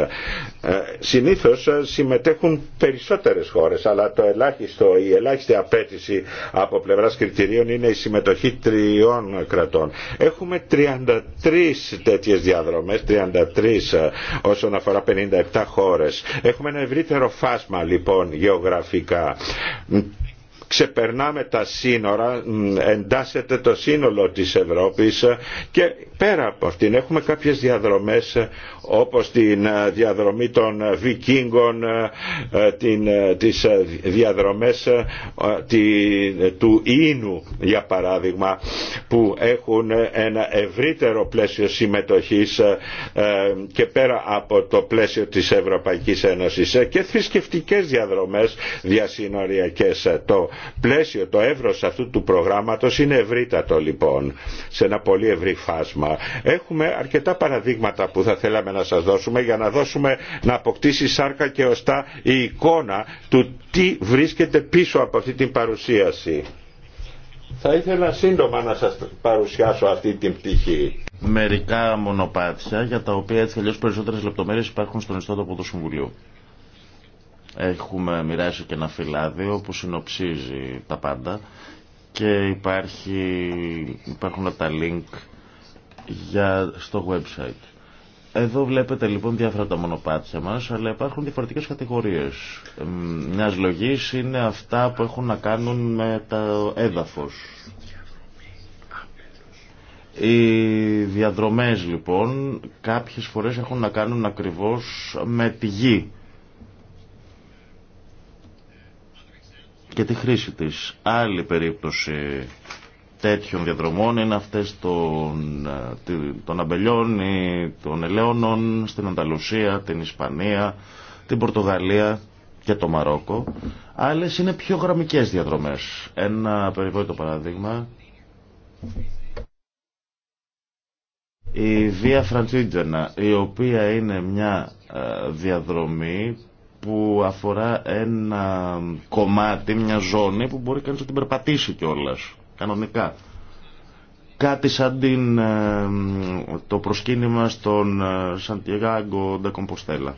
Συνήθως συμμετέχουν περισσότερες χώρες αλλά το ελάχιστο, η ελάχιστη απέτηση από πλευράς κριτηρίων είναι η συμμετοχή τριών κρατών. Έχουμε 33 τέτοιες διαδρομές, 33 ε, όσον αφορά 57 χώρες. Έχουμε ένα ευρύτερο φάσμα λοιπόν γεωγραφικά ξεπερνάμε τα σύνορα, εντάσσεται το σύνολο της Ευρώπης και πέρα από αυτήν έχουμε κάποιες διαδρομές όπως την ε, διαδρομή των Βικίνγκων, ε, την, ε, τις διαδρομές του Ίνου για παράδειγμα που έχουν ένα ευρύτερο πλαίσιο συμμετοχής και πέρα από το πλαίσιο της Ευρωπαϊκής Ένωσης και θρησκευτικές διαδρομές διασυνοριακές το πλαίσιο, το εύρος αυτού του προγράμματος είναι ευρύτατο λοιπόν, σε ένα πολύ ευρύ φάσμα. Έχουμε αρκετά παραδείγματα που θα θέλαμε να σας δώσουμε για να δώσουμε να αποκτήσει σάρκα και ωστά η εικόνα του τι βρίσκεται πίσω από αυτή την παρουσίαση. Θα ήθελα σύντομα να σας παρουσιάσω αυτή την πτυχή. Μερικά μονοπάτια για τα οποία έτσι αλλιώς περισσότερες λεπτομέρειες υπάρχουν στον ιστότοπο του Συμβουλίου. Έχουμε μοιράσει και ένα φυλάδιο που συνοψίζει τα πάντα και υπάρχει, υπάρχουν τα link για, στο website. Εδώ βλέπετε λοιπόν διάφορα τα μονοπάτια μας, αλλά υπάρχουν διαφορετικές κατηγορίες. Μιας λογής είναι αυτά που έχουν να κάνουν με το έδαφος. Οι διαδρομές λοιπόν κάποιες φορές έχουν να κάνουν ακριβώς με τη γη και τη χρήση της. Άλλη περίπτωση τέτοιων διαδρομών είναι αυτές των, ε, των αμπελιών ή των ελαιώνων στην Ανταλουσία, την Ισπανία, την Πορτογαλία και το Μαρόκο. Άλλες είναι πιο γραμμικές διαδρομές. Ένα περιβόητο παράδειγμα η Via Francigena, η οποία είναι μια ε, διαδρομή που αφορά ένα κομμάτι, μια ζώνη που μπορεί κανείς να την περπατήσει κιόλα, κανονικά. Κάτι σαν την, ε, το προσκύνημα στον ε, Σαντιεγάγκο Ντακομποστέλα.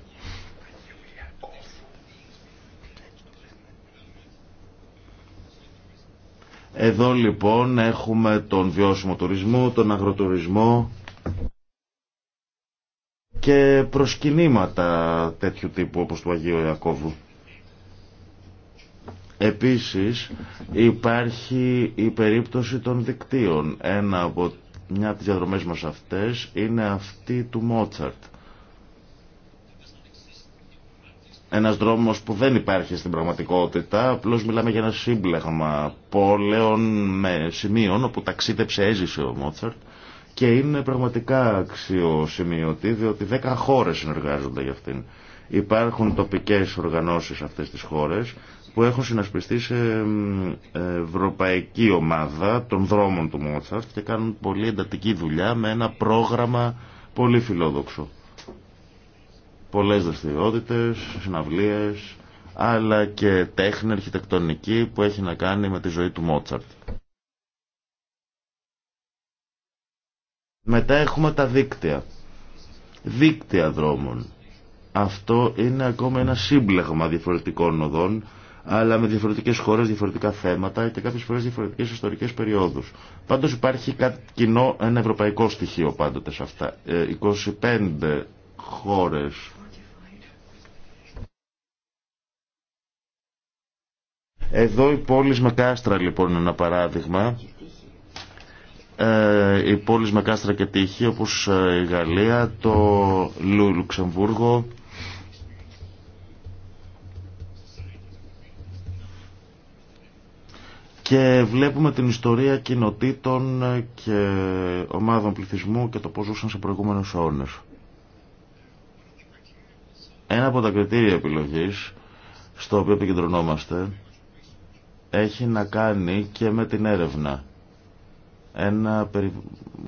Εδώ λοιπόν έχουμε τον βιώσιμο τουρισμό, τον αγροτουρισμό και προσκυνήματα τέτοιου τύπου όπως του Αγίου Ιακώβου. Επίσης υπάρχει η περίπτωση των δικτύων. Ένα από, μια από τις διαδρομές μας αυτές είναι αυτή του Μότσαρτ. Ένας δρόμος που δεν υπάρχει στην πραγματικότητα, απλώς μιλάμε για ένα σύμπλεγμα πόλεων με σημείων όπου ταξίδεψε, έζησε ο Μότσαρτ και είναι πραγματικά αξιοσημείωτη διότι 10 χώρες συνεργάζονται για αυτήν. Υπάρχουν τοπικές οργανώσεις σε αυτές τις χώρες που έχουν συνασπιστεί σε ευρωπαϊκή ομάδα των δρόμων του Μότσαρτ και κάνουν πολύ εντατική δουλειά με ένα πρόγραμμα πολύ φιλόδοξο. Πολλές δραστηριότητε, συναυλίες, αλλά και τέχνη αρχιτεκτονική που έχει να κάνει με τη ζωή του Μότσαρτ. Μετά έχουμε τα δίκτυα. Δίκτυα δρόμων. Αυτό είναι ακόμα ένα σύμπλεγμα διαφορετικών οδών, αλλά με διαφορετικές χώρες, διαφορετικά θέματα και κάποιες φορε διαφορετικε ιστορικε περιόδους. Πάντως υπάρχει κάτι κοινό, ένα ευρωπαϊκό στοιχείο πάντοτε σε αυτά. 25 ε, χώρες Εδώ η πόλη με κάστρα λοιπόν είναι ένα παράδειγμα ε, οι πόλεις με κάστρα και τύχη όπως ε, η Γαλλία, το Λουξεμβούργο, Και βλέπουμε την ιστορία κοινοτήτων ε, και ομάδων πληθυσμού και το πώς ζούσαν σε προηγούμενους αιώνες. Ένα από τα κριτήρια επιλογής στο οποίο επικεντρωνόμαστε έχει να κάνει και με την έρευνα. Ένα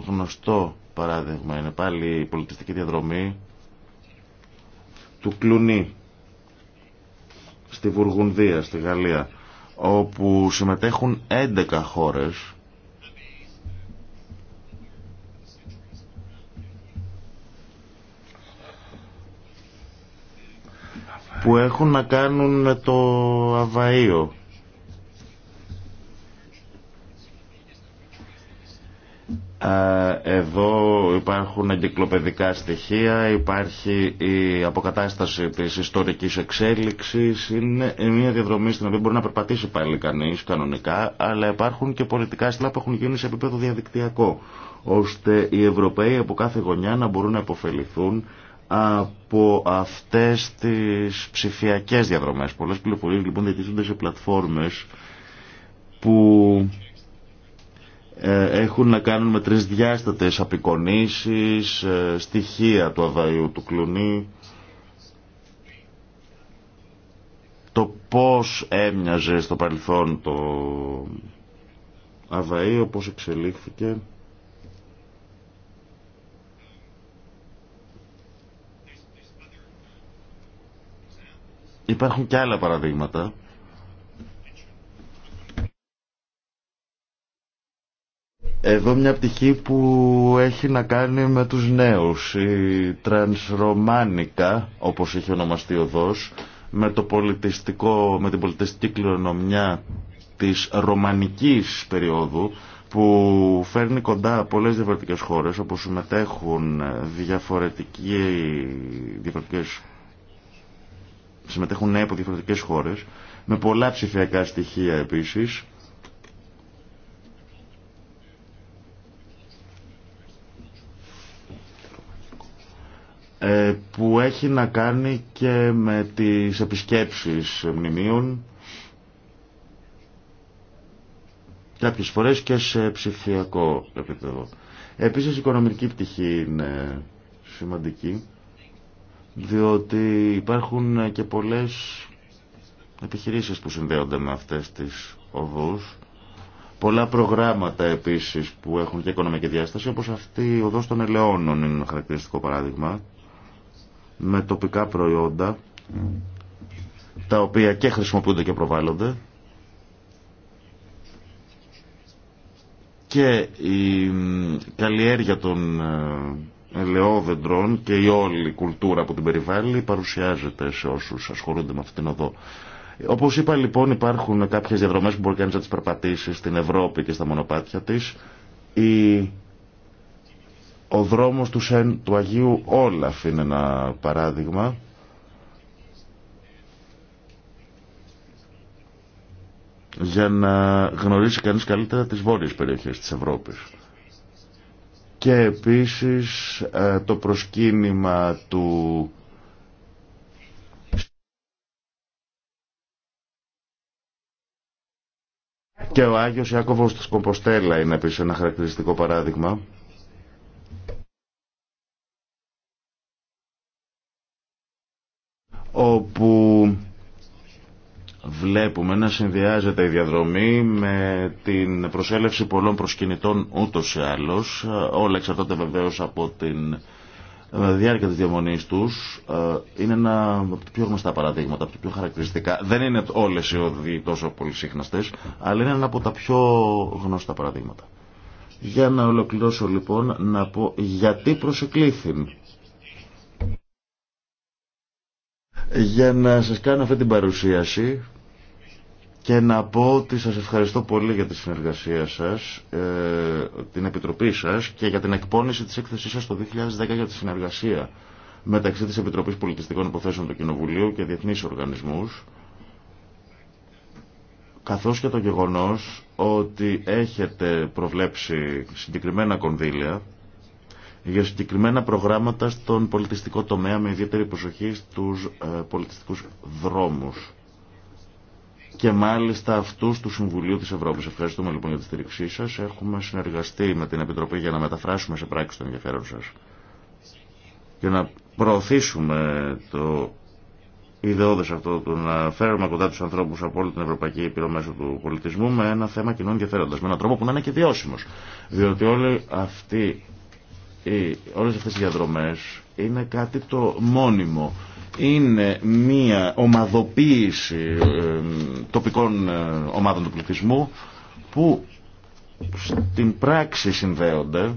γνωστό παράδειγμα είναι πάλι η πολιτιστική διαδρομή του Κλουνί στη Βουργουνδία, στη Γαλλία όπου συμμετέχουν 11 χώρες που έχουν να κάνουν το αβαΐο Εδώ υπάρχουν εγκυκλοπαιδικά στοιχεία, υπάρχει η αποκατάσταση της ιστορικής εξέλιξης, είναι μια διαδρομή στην οποία μπορεί να περπατήσει πάλι κανείς κανονικά, αλλά υπάρχουν και πολιτικά στυλά που έχουν γίνει σε επίπεδο διαδικτυακό, ώστε οι Ευρωπαίοι από κάθε γωνιά να μπορούν να υποφεληθούν από αυτές τις ψηφιακές διαδρομές. Πολλές πληροφορίες λοιπόν διατηρούνται σε πλατφόρμες που ε, έχουν να κάνουν με τρεις διάστατες απεικονίσεις, ε, στοιχεία του αδαίου του κλουνί, το πώς έμοιαζε στο παρελθόν το Αδαΐο πώς εξελίχθηκε. Υπάρχουν και άλλα παραδείγματα Εδώ μια πτυχή που έχει να κάνει με τους νέους. Η τρανσρομάνικα, όπως έχει ονομαστεί οδός, με, το πολιτιστικό, με την πολιτιστική κληρονομιά της ρωμανικής περίοδου, που φέρνει κοντά πολλές διαφορετικές χώρες, όπου συμμετέχουν διαφορετικές συμμετέχουν νέοι από διαφορετικές χώρες, με πολλά ψηφιακά στοιχεία επίσης, Ε, που έχει να κάνει και με τις επισκέψεις μνημείων κάποιες φορές και σε ψηφιακό επίπεδο. Επίσης η οικονομική πτυχή είναι σημαντική διότι υπάρχουν και πολλές επιχειρήσεις που συνδέονται με αυτές τις οδούς πολλά προγράμματα επίσης που έχουν και οικονομική διάσταση όπως αυτή η οδός των ελαιώνων είναι ένα χαρακτηριστικό παράδειγμα με τοπικά προϊόντα τα οποία και χρησιμοποιούνται και προβάλλονται και η καλλιέργεια των ε, ελαιόδεντρων και η όλη κουλτούρα που την περιβάλλει παρουσιάζεται σε όσους ασχολούνται με αυτήν την οδό. Όπως είπα λοιπόν υπάρχουν κάποιες διαδρομές που μπορεί κανείς να τις περπατήσει στην Ευρώπη και στα μονοπάτια της. Η ο δρόμος του, του Αγίου Όλαφ είναι ένα παράδειγμα. για να γνωρίσει κανείς καλύτερα τις βόρειες περιοχές της Ευρώπης. Και επίσης ε, το προσκύνημα του Και ο Άγιος Ιάκωβος της Κομποστέλα είναι επίσης ένα χαρακτηριστικό παράδειγμα. όπου βλέπουμε να συνδυάζεται η διαδρομή με την προσέλευση πολλών προσκυνητών ούτως ή άλλως. Όλα εξαρτάται βεβαίως από την ε, διάρκεια της διαμονής τους. Ε, είναι ένα από τα πιο γνωστά παραδείγματα, από τα πιο χαρακτηριστικά. Δεν είναι όλες οι οδοί τόσο πολύ σύχναστες, αλλά είναι ένα από τα πιο γνωστά παραδείγματα. Για να ολοκληρώσω λοιπόν να πω γιατί προσεκλήθη για να σας κάνω αυτή την παρουσίαση και να πω ότι σας ευχαριστώ πολύ για τη συνεργασία σας, ε, την Επιτροπή σας και για την εκπόνηση της έκθεσής σας το 2010 για τη συνεργασία μεταξύ της Επιτροπής Πολιτιστικών Υποθέσεων του Κοινοβουλίου και διεθνείς οργανισμούς καθώς και το γεγονός ότι έχετε προβλέψει συγκεκριμένα κονδύλια για συγκεκριμένα προγράμματα στον πολιτιστικό τομέα με ιδιαίτερη προσοχή στους ε, πολιτιστικούς δρόμους και μάλιστα αυτούς του Συμβουλίου της Ευρώπης. Ευχαριστούμε λοιπόν για τη στήριξή σας. Έχουμε συνεργαστεί με την Επιτροπή για να μεταφράσουμε σε πράξη το ενδιαφέρον σας και να προωθήσουμε το ιδεώδες αυτό του να φέρουμε κοντά τους ανθρώπους από όλη την Ευρωπαϊκή Ήπειρο μέσω του πολιτισμού με ένα θέμα κοινών ενδιαφέροντας, με έναν τρόπο που να είναι και βιώσιμος. Διότι όλοι αυτοί όλες αυτές οι διαδρομές είναι κάτι το μόνιμο. Είναι μία ομαδοποίηση τοπικών ε, ομάδων του πληθυσμού που στην πράξη συνδέονται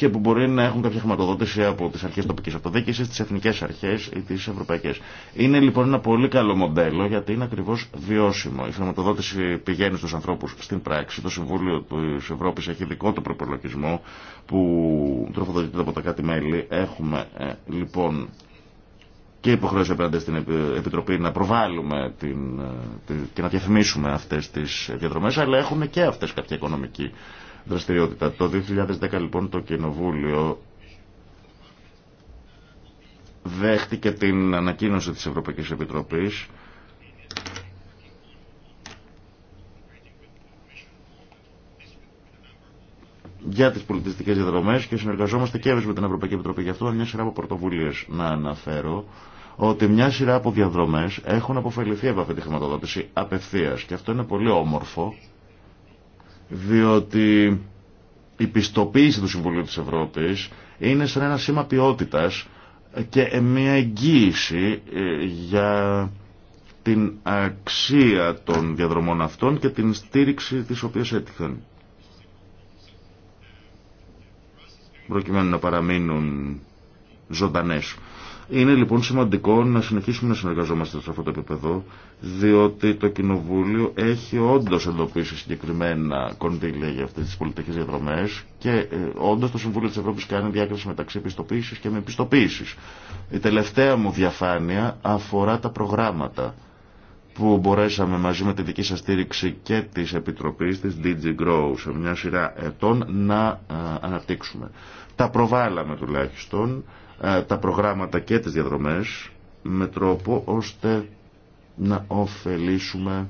και που μπορεί να έχουν κάποια χρηματοδότηση από τι αρχέ τοπική αυτοδιοίκηση, τι εθνικέ αρχέ ή τι ευρωπαϊκέ. Είναι λοιπόν ένα πολύ καλό μοντέλο γιατί είναι ακριβώ βιώσιμο. Η χρηματοδότηση πηγαίνει στου ανθρώπου στην πράξη. Το Συμβούλιο τη Ευρώπη έχει δικό του προπολογισμό που τροφοδοτείται από τα κάτι μέλη. Έχουμε ε, λοιπόν και υποχρέωση απέναντι στην Επιτροπή να προβάλλουμε την, ε, και να διαφημίσουμε αυτές τις διαδρομές, αλλά έχουμε και αυτές κάποια οικονομική δραστηριότητα. Το 2010 λοιπόν το Κοινοβούλιο δέχτηκε την ανακοίνωση της Ευρωπαϊκής Επιτροπής για τις πολιτιστικές διαδρομές και συνεργαζόμαστε και με την Ευρωπαϊκή Επιτροπή. Γι' αυτό μια σειρά από πρωτοβουλίες να αναφέρω ότι μια σειρά από διαδρομές έχουν αποφεληθεί από αυτή τη χρηματοδότηση απευθείας και αυτό είναι πολύ όμορφο διότι η πιστοποίηση του Συμβουλίου της Ευρώπης είναι σαν ένα σήμα ποιότητας και μια εγγύηση ε, για την αξία των διαδρομών αυτών και την στήριξη της οποίας έτυχαν. Προκειμένου να παραμείνουν ζωντανές. Είναι λοιπόν σημαντικό να συνεχίσουμε να συνεργαζόμαστε σε αυτό το επίπεδο, διότι το Κοινοβούλιο έχει όντω εντοπίσει συγκεκριμένα κονδύλια για αυτέ τι πολιτικέ διαδρομέ και ε, όντω το Συμβούλιο τη Ευρώπη κάνει διάκριση μεταξύ επιστοποίηση και με επιστοποίηση. Η τελευταία μου διαφάνεια αφορά τα προγράμματα που μπορέσαμε μαζί με τη δική σας στήριξη και της Επιτροπής της DG Grow σε μια σειρά ετών να ε, αναπτύξουμε. Τα προβάλαμε τουλάχιστον ε, τα προγράμματα και τις διαδρομές με τρόπο ώστε να ωφελήσουμε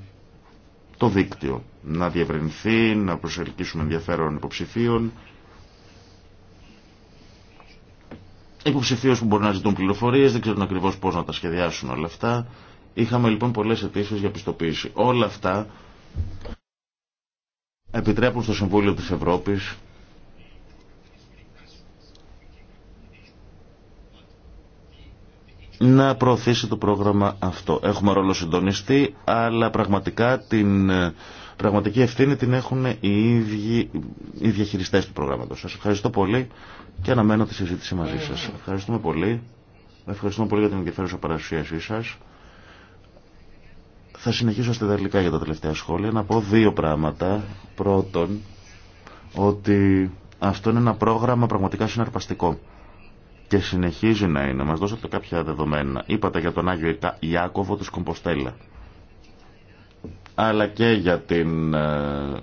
το δίκτυο, να διευρυνθεί, να προσελκύσουμε ενδιαφέρον υποψηφίων, υποψηφίου που μπορεί να ζητούν πληροφορίε, δεν ξέρουν ακριβώ πώ να τα σχεδιάσουν όλα αυτά. Είχαμε λοιπόν πολλέ αιτήσει για πιστοποίηση. Όλα αυτά επιτρέπουν στο Συμβούλιο τη Ευρώπη να προωθήσει το πρόγραμμα αυτό. Έχουμε ρόλο συντονιστή, αλλά πραγματικά την ε, πραγματική ευθύνη την έχουν οι ίδιοι οι διαχειριστές του προγράμματος. Σας ευχαριστώ πολύ και αναμένω τη συζήτηση μαζί σας. Ευχαριστούμε πολύ. Ευχαριστούμε πολύ για την ενδιαφέρουσα παρουσίασή σας. Θα συνεχίσω στα τελικά για τα τελευταία σχόλια να πω δύο πράγματα. Πρώτον, ότι αυτό είναι ένα πρόγραμμα πραγματικά συναρπαστικό και συνεχίζει να είναι. Μας δώσατε κάποια δεδομένα. Είπατε για τον Άγιο Ιάκωβο της Κομποστέλα. Αλλά και για την ε,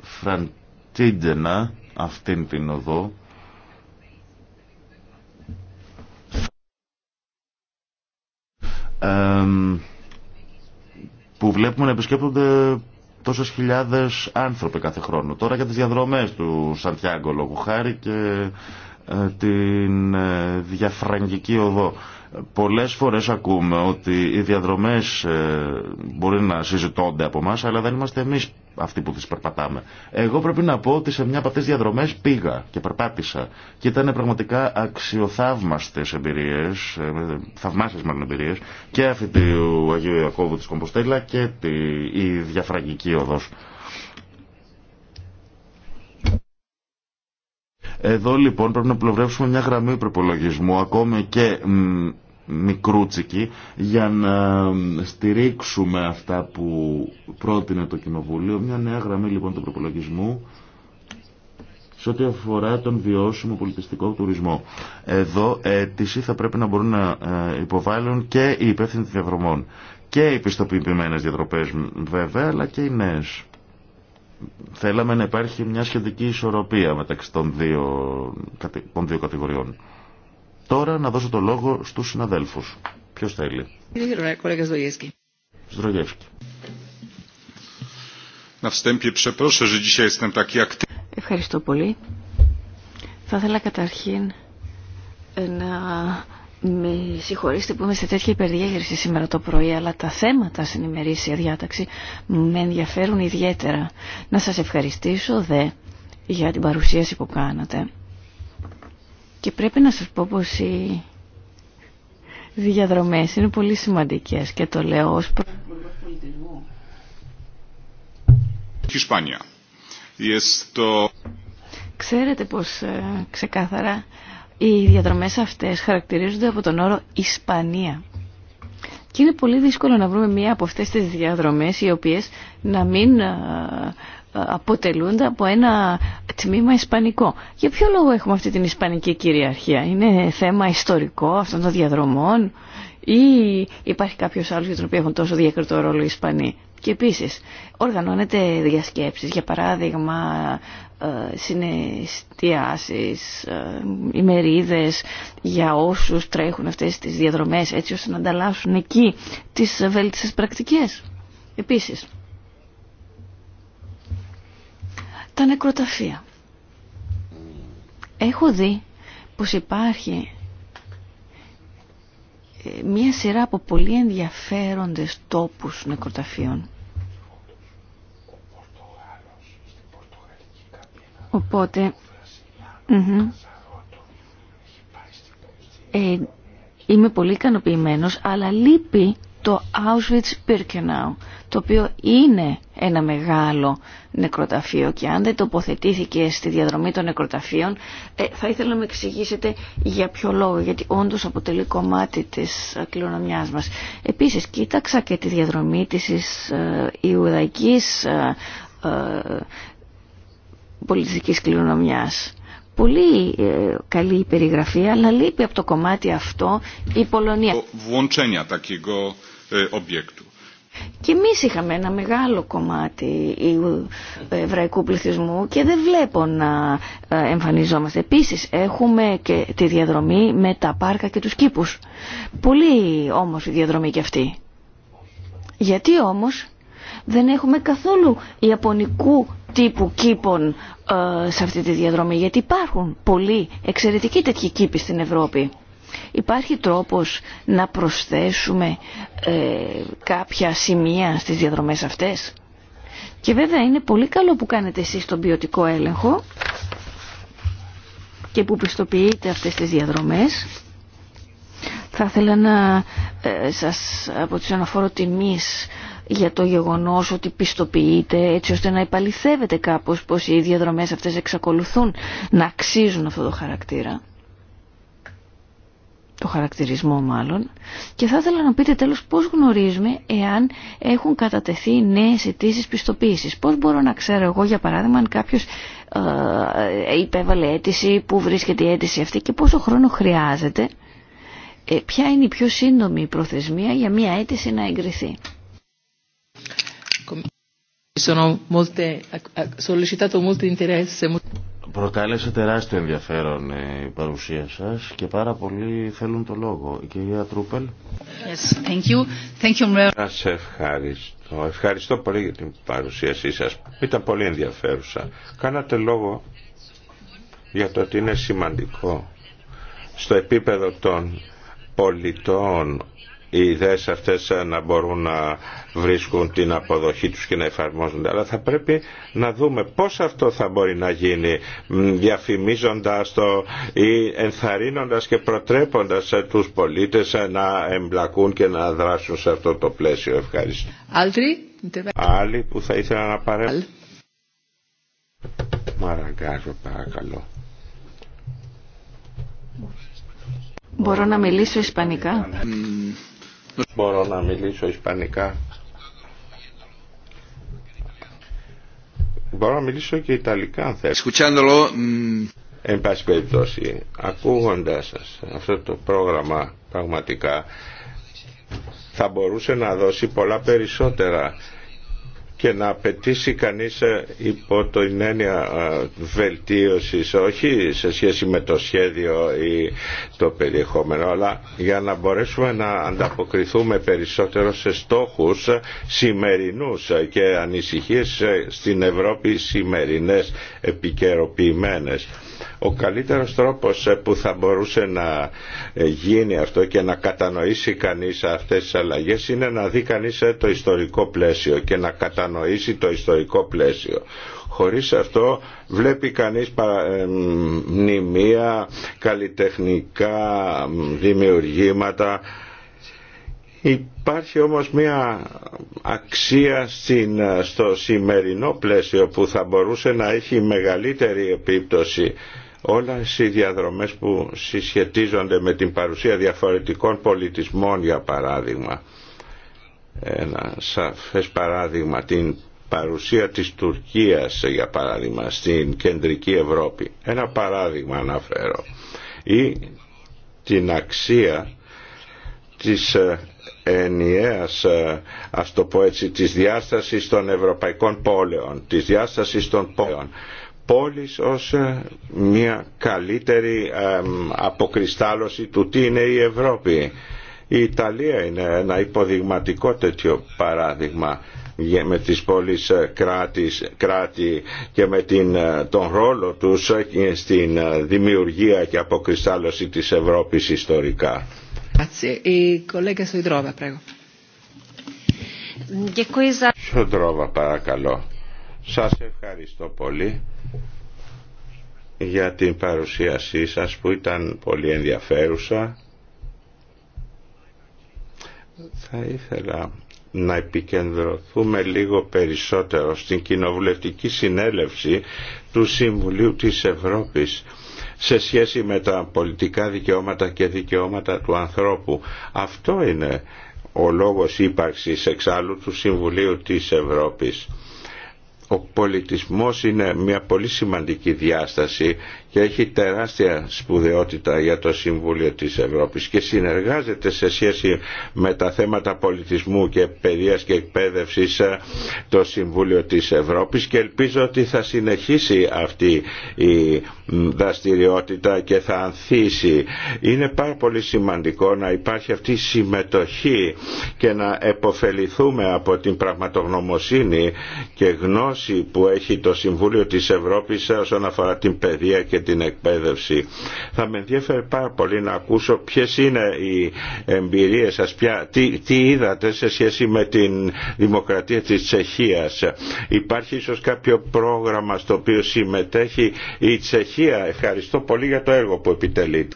Φραντίντζενα... αυτήν την οδό, που βλέπουμε να επισκέπτονται τόσες χιλιάδες άνθρωποι κάθε χρόνο. Τώρα για τις διαδρομές του Σαντιάγκο λόγου χάρη και ε, την ε, διαφραγγική οδό. Πολλές φορές ακούμε ότι οι διαδρομές ε, μπορεί να συζητώνται από εμά, αλλά δεν είμαστε εμείς αυτοί που τις περπατάμε. Εγώ πρέπει να πω ότι σε μια από αυτές τις διαδρομές πήγα και περπάτησα και ήταν πραγματικά αξιοθαύμαστες εμπειρίες, θαυμάσιες μάλλον εμπειρίες και αυτή του Αγίου Ιακώβου της Κομποστέλα και τη, η διαφραγική οδός. Εδώ λοιπόν πρέπει να πλευρεύσουμε μια γραμμή προπολογισμού, ακόμη και μικρούτσικη για να στηρίξουμε αυτά που πρότεινε το Κοινοβούλιο. Μια νέα γραμμή λοιπόν του προπολογισμού σε ό,τι αφορά τον βιώσιμο πολιτιστικό τουρισμό. Εδώ αίτηση θα πρέπει να μπορούν να ε, υποβάλλουν και οι υπεύθυνοι διαδρομών και οι πιστοποιημένες διαδροπές βέβαια αλλά και οι νέες θέλαμε να υπάρχει μια σχετική ισορροπία μεταξύ των δύο, κατηγοριών. Τώρα να δώσω το λόγο στους συναδέλφους. Ποιος θέλει. Ευχαριστώ πολύ. Θα ήθελα καταρχήν να με συγχωρήστε που είμαι σε τέτοια υπερδιέγερση σήμερα το πρωί, αλλά τα θέματα στην ημερήσια διάταξη με ενδιαφέρουν ιδιαίτερα. Να σας ευχαριστήσω δε για την παρουσίαση που κάνατε. Και πρέπει να σας πω πως οι διαδρομές είναι πολύ σημαντικές και το λέω ως πρώτο. Ξέρετε πως ε, ξεκάθαρα οι διαδρομές αυτές χαρακτηρίζονται από τον όρο Ισπανία. Και είναι πολύ δύσκολο να βρούμε μία από αυτές τις διαδρομές οι οποίες να μην ε, ε, αποτελούνται από ένα τμήμα ισπανικό. Για ποιο λόγο έχουμε αυτή την ισπανική κυριαρχία. Είναι θέμα ιστορικό αυτών των διαδρομών ή υπάρχει κάποιος άλλος για τον οποίο έχουν τόσο διακριτό ρόλο οι Ισπανοί. Και επίσης οργανώνεται διασκέψεις, για παράδειγμα συναισθιάσεις, ε, ημερίδες για όσους τρέχουν αυτές τις διαδρομές έτσι ώστε να ανταλλάσσουν εκεί τις βέλτιστες πρακτικές. Επίσης, τα νεκροταφεία. Έχω δει πως υπάρχει ε, μία σειρά από πολύ ενδιαφέροντες τόπους νεκροταφείων Οπότε, ε, είμαι πολύ ικανοποιημένο, αλλά λείπει το Auschwitz-Birkenau, το οποίο είναι ένα μεγάλο νεκροταφείο και αν δεν τοποθετήθηκε στη διαδρομή των νεκροταφείων, ε, θα ήθελα να με εξηγήσετε για ποιο λόγο, γιατί όντως αποτελεί κομμάτι της ε, κληρονομιάς μας. Επίσης, κοίταξα και τη διαδρομή της ε, Ιουδαϊκής ε, ε, πολιτιστικής κληρονομιάς. Πολύ ε, καλή η περιγραφή, αλλά λείπει από το κομμάτι αυτό η Πολωνία. Ε, και εμεί είχαμε ένα μεγάλο κομμάτι ε, εβραϊκού πληθυσμού και δεν βλέπω να εμφανιζόμαστε. Επίσης έχουμε και τη διαδρομή με τα πάρκα και τους κήπους. Πολύ η διαδρομή και αυτή. Γιατί όμως δεν έχουμε καθόλου ιαπωνικού τύπου κήπων ε, σε αυτή τη διαδρομή, γιατί υπάρχουν πολλοί εξαιρετικοί τέτοιοι κήποι στην Ευρώπη. Υπάρχει τρόπος να προσθέσουμε ε, κάποια σημεία στις διαδρομές αυτές. Και βέβαια είναι πολύ καλό που κάνετε εσείς τον ποιοτικό έλεγχο και που πιστοποιείτε αυτές τις διαδρομές. Θα ήθελα να ε, σας από για το γεγονός ότι πιστοποιείται έτσι ώστε να υπαλληθεύεται κάπως πως οι διαδρομές αυτές εξακολουθούν να αξίζουν αυτό το χαρακτήρα το χαρακτηρισμό μάλλον και θα ήθελα να πείτε τέλος πώς γνωρίζουμε εάν έχουν κατατεθεί νέες αιτήσει πιστοποίησης πώς μπορώ να ξέρω εγώ για παράδειγμα αν κάποιος ε, υπέβαλε αίτηση που βρίσκεται η αίτηση αυτή και πόσο χρόνο χρειάζεται ε, ποια είναι η πιο σύντομη προθεσμία για μια αίτηση να εγκριθεί Προκάλεσε τεράστιο ενδιαφέρον η παρουσία σας και πάρα πολλοί θέλουν το λόγο. Η κυρία Τρούπελ. Yes, ευχαριστώ. Ευχαριστώ πολύ για την παρουσίασή σας. Ήταν πολύ ενδιαφέρουσα. Κάνατε λόγο για το ότι είναι σημαντικό στο επίπεδο των πολιτών οι ιδέες αυτές ε, να μπορούν να βρίσκουν την αποδοχή τους και να εφαρμόζονται. Αλλά θα πρέπει να δούμε πώς αυτό θα μπορεί να γίνει διαφημίζοντας το ή ενθαρρύνοντας και προτρέποντας ε, τους πολίτες ε, να εμπλακούν και να δράσουν σε αυτό το πλαίσιο. Ευχαριστώ. Άλλοι που θα ήθελα να παρέμβουν. Μαραγκάζω παρακαλώ. Μπορώ να μιλήσω ισπανικά. Μπορώ να μιλήσω ισπανικά. Μπορώ να μιλήσω και ιταλικά αν θέλω. Mm. Εν πάση περιπτώσει, ακούγοντάς αυτό το πρόγραμμα πραγματικά θα μπορούσε να δώσει πολλά περισσότερα και να απαιτήσει κανείς ε, υπό το έννοια ε, βελτίωσης όχι σε σχέση με το σχέδιο ή το περιεχόμενο αλλά για να μπορέσουμε να ανταποκριθούμε περισσότερο σε στόχους σημερινούς και ανησυχίες ε, στην Ευρώπη σημερινές επικαιροποιημένες. Ο καλύτερος τρόπος ε, που θα μπορούσε να ε, γίνει αυτό και να κατανοήσει κανείς αυτές τις αλλαγές είναι να δει κανείς ε, το ιστορικό πλαίσιο και να κατανοήσει το ιστορικό πλαίσιο. Χωρίς αυτό βλέπει κανείς μνημεία, καλλιτεχνικά δημιουργήματα Υπάρχει όμως μια αξία στην, στο σημερινό πλαίσιο που θα μπορούσε να έχει μεγαλύτερη επίπτωση όλα οι διαδρομές που συσχετίζονται με την παρουσία διαφορετικών πολιτισμών για παράδειγμα ένα σαφές παράδειγμα την παρουσία της Τουρκίας για παράδειγμα στην κεντρική Ευρώπη ένα παράδειγμα αναφέρω ή την αξία της ε, ενιαίας ε, ας το πω έτσι της διάστασης των ευρωπαϊκών πόλεων της διάστασης των πόλεων πόλης ως ε, μια καλύτερη αποκριστάλλωση του τι είναι η Ευρώπη. Η Ιταλία είναι ένα υποδειγματικό τέτοιο παράδειγμα με τις πόλεις ε, κράτης, κράτη και με την, ε, τον ρόλο τους στην δημιουργία και αποκριστάλλωση της Ευρώπης ιστορικά. Σοντρόβα παρακαλώ. Σας ευχαριστώ πολύ για την παρουσίασή σας που ήταν πολύ ενδιαφέρουσα. Θα ήθελα να επικεντρωθούμε λίγο περισσότερο στην κοινοβουλευτική συνέλευση του Συμβουλίου της Ευρώπης σε σχέση με τα πολιτικά δικαιώματα και δικαιώματα του ανθρώπου. Αυτό είναι ο λόγος ύπαρξης εξάλλου του Συμβουλίου της Ευρώπης ο πολιτισμός είναι μια πολύ σημαντική διάσταση και έχει τεράστια σπουδαιότητα για το Συμβούλιο της Ευρώπης και συνεργάζεται σε σχέση με τα θέματα πολιτισμού και παιδείας και εκπαίδευσης ε, το Συμβούλιο της Ευρώπης και ελπίζω ότι θα συνεχίσει αυτή η δραστηριότητα και θα ανθίσει. Είναι πάρα πολύ σημαντικό να υπάρχει αυτή η συμμετοχή και να εποφεληθούμε από την πραγματογνωμοσύνη και γνώση γνώση που έχει το Συμβούλιο της Ευρώπης όσον αφορά την παιδεία και την εκπαίδευση. Θα με ενδιαφέρει πάρα πολύ να ακούσω ποιες είναι οι εμπειρίες σας, ποια, τι, τι είδατε σε σχέση με την δημοκρατία της Τσεχίας. Υπάρχει ίσως κάποιο πρόγραμμα στο οποίο συμμετέχει η Τσεχία. Ευχαριστώ πολύ για το έργο που επιτελεί.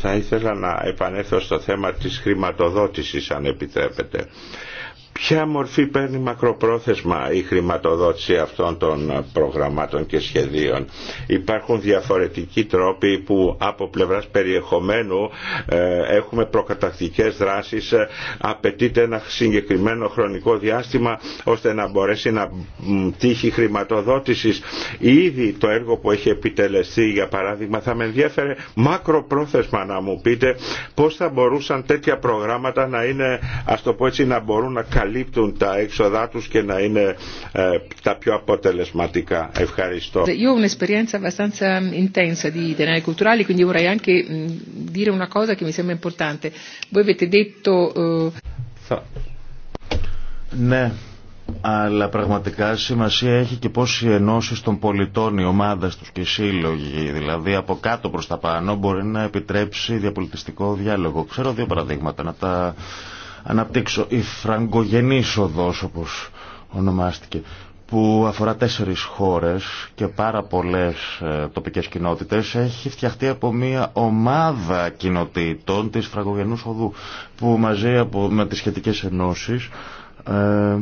Θα ήθελα να επανέλθω στο θέμα της χρηματοδότησης αν επιτρέπετε ποια μορφή παίρνει μακροπρόθεσμα η χρηματοδότηση αυτών των προγραμμάτων και σχεδίων. Υπάρχουν διαφορετικοί τρόποι που από πλευράς περιεχομένου ε, έχουμε προκατακτικές δράσεις, ε, απαιτείται ένα συγκεκριμένο χρονικό διάστημα ώστε να μπορέσει να τύχει χρηματοδότησης. Ήδη το έργο που έχει επιτελεστεί για παράδειγμα θα με ενδιαφέρε μακροπρόθεσμα να μου πείτε πώς θα μπορούσαν τέτοια προγράμματα να είναι, ας το πω έτσι, να μπορούν να καλύπτουν τα έξοδά τους και να είναι ε, τα πιο αποτελεσματικά. Ευχαριστώ. Ναι, αλλά πραγματικά σημασία έχει και πώς οι ενώσεις των πολιτών, οι ομάδες τους και οι σύλλογοι, δηλαδή από κάτω προς τα πάνω, μπορεί να επιτρέψει διαπολιτιστικό διάλογο. Ξέρω δύο παραδείγματα, να τα αναπτύξω. Η φραγκογενής οδός όπως ονομάστηκε που αφορά τέσσερις χώρες και πάρα πολλές ε, τοπικές κοινότητες έχει φτιαχτεί από μια ομάδα κοινοτήτων της φραγκογενούς οδού που μαζί από, με τις σχετικές ενώσεις ε,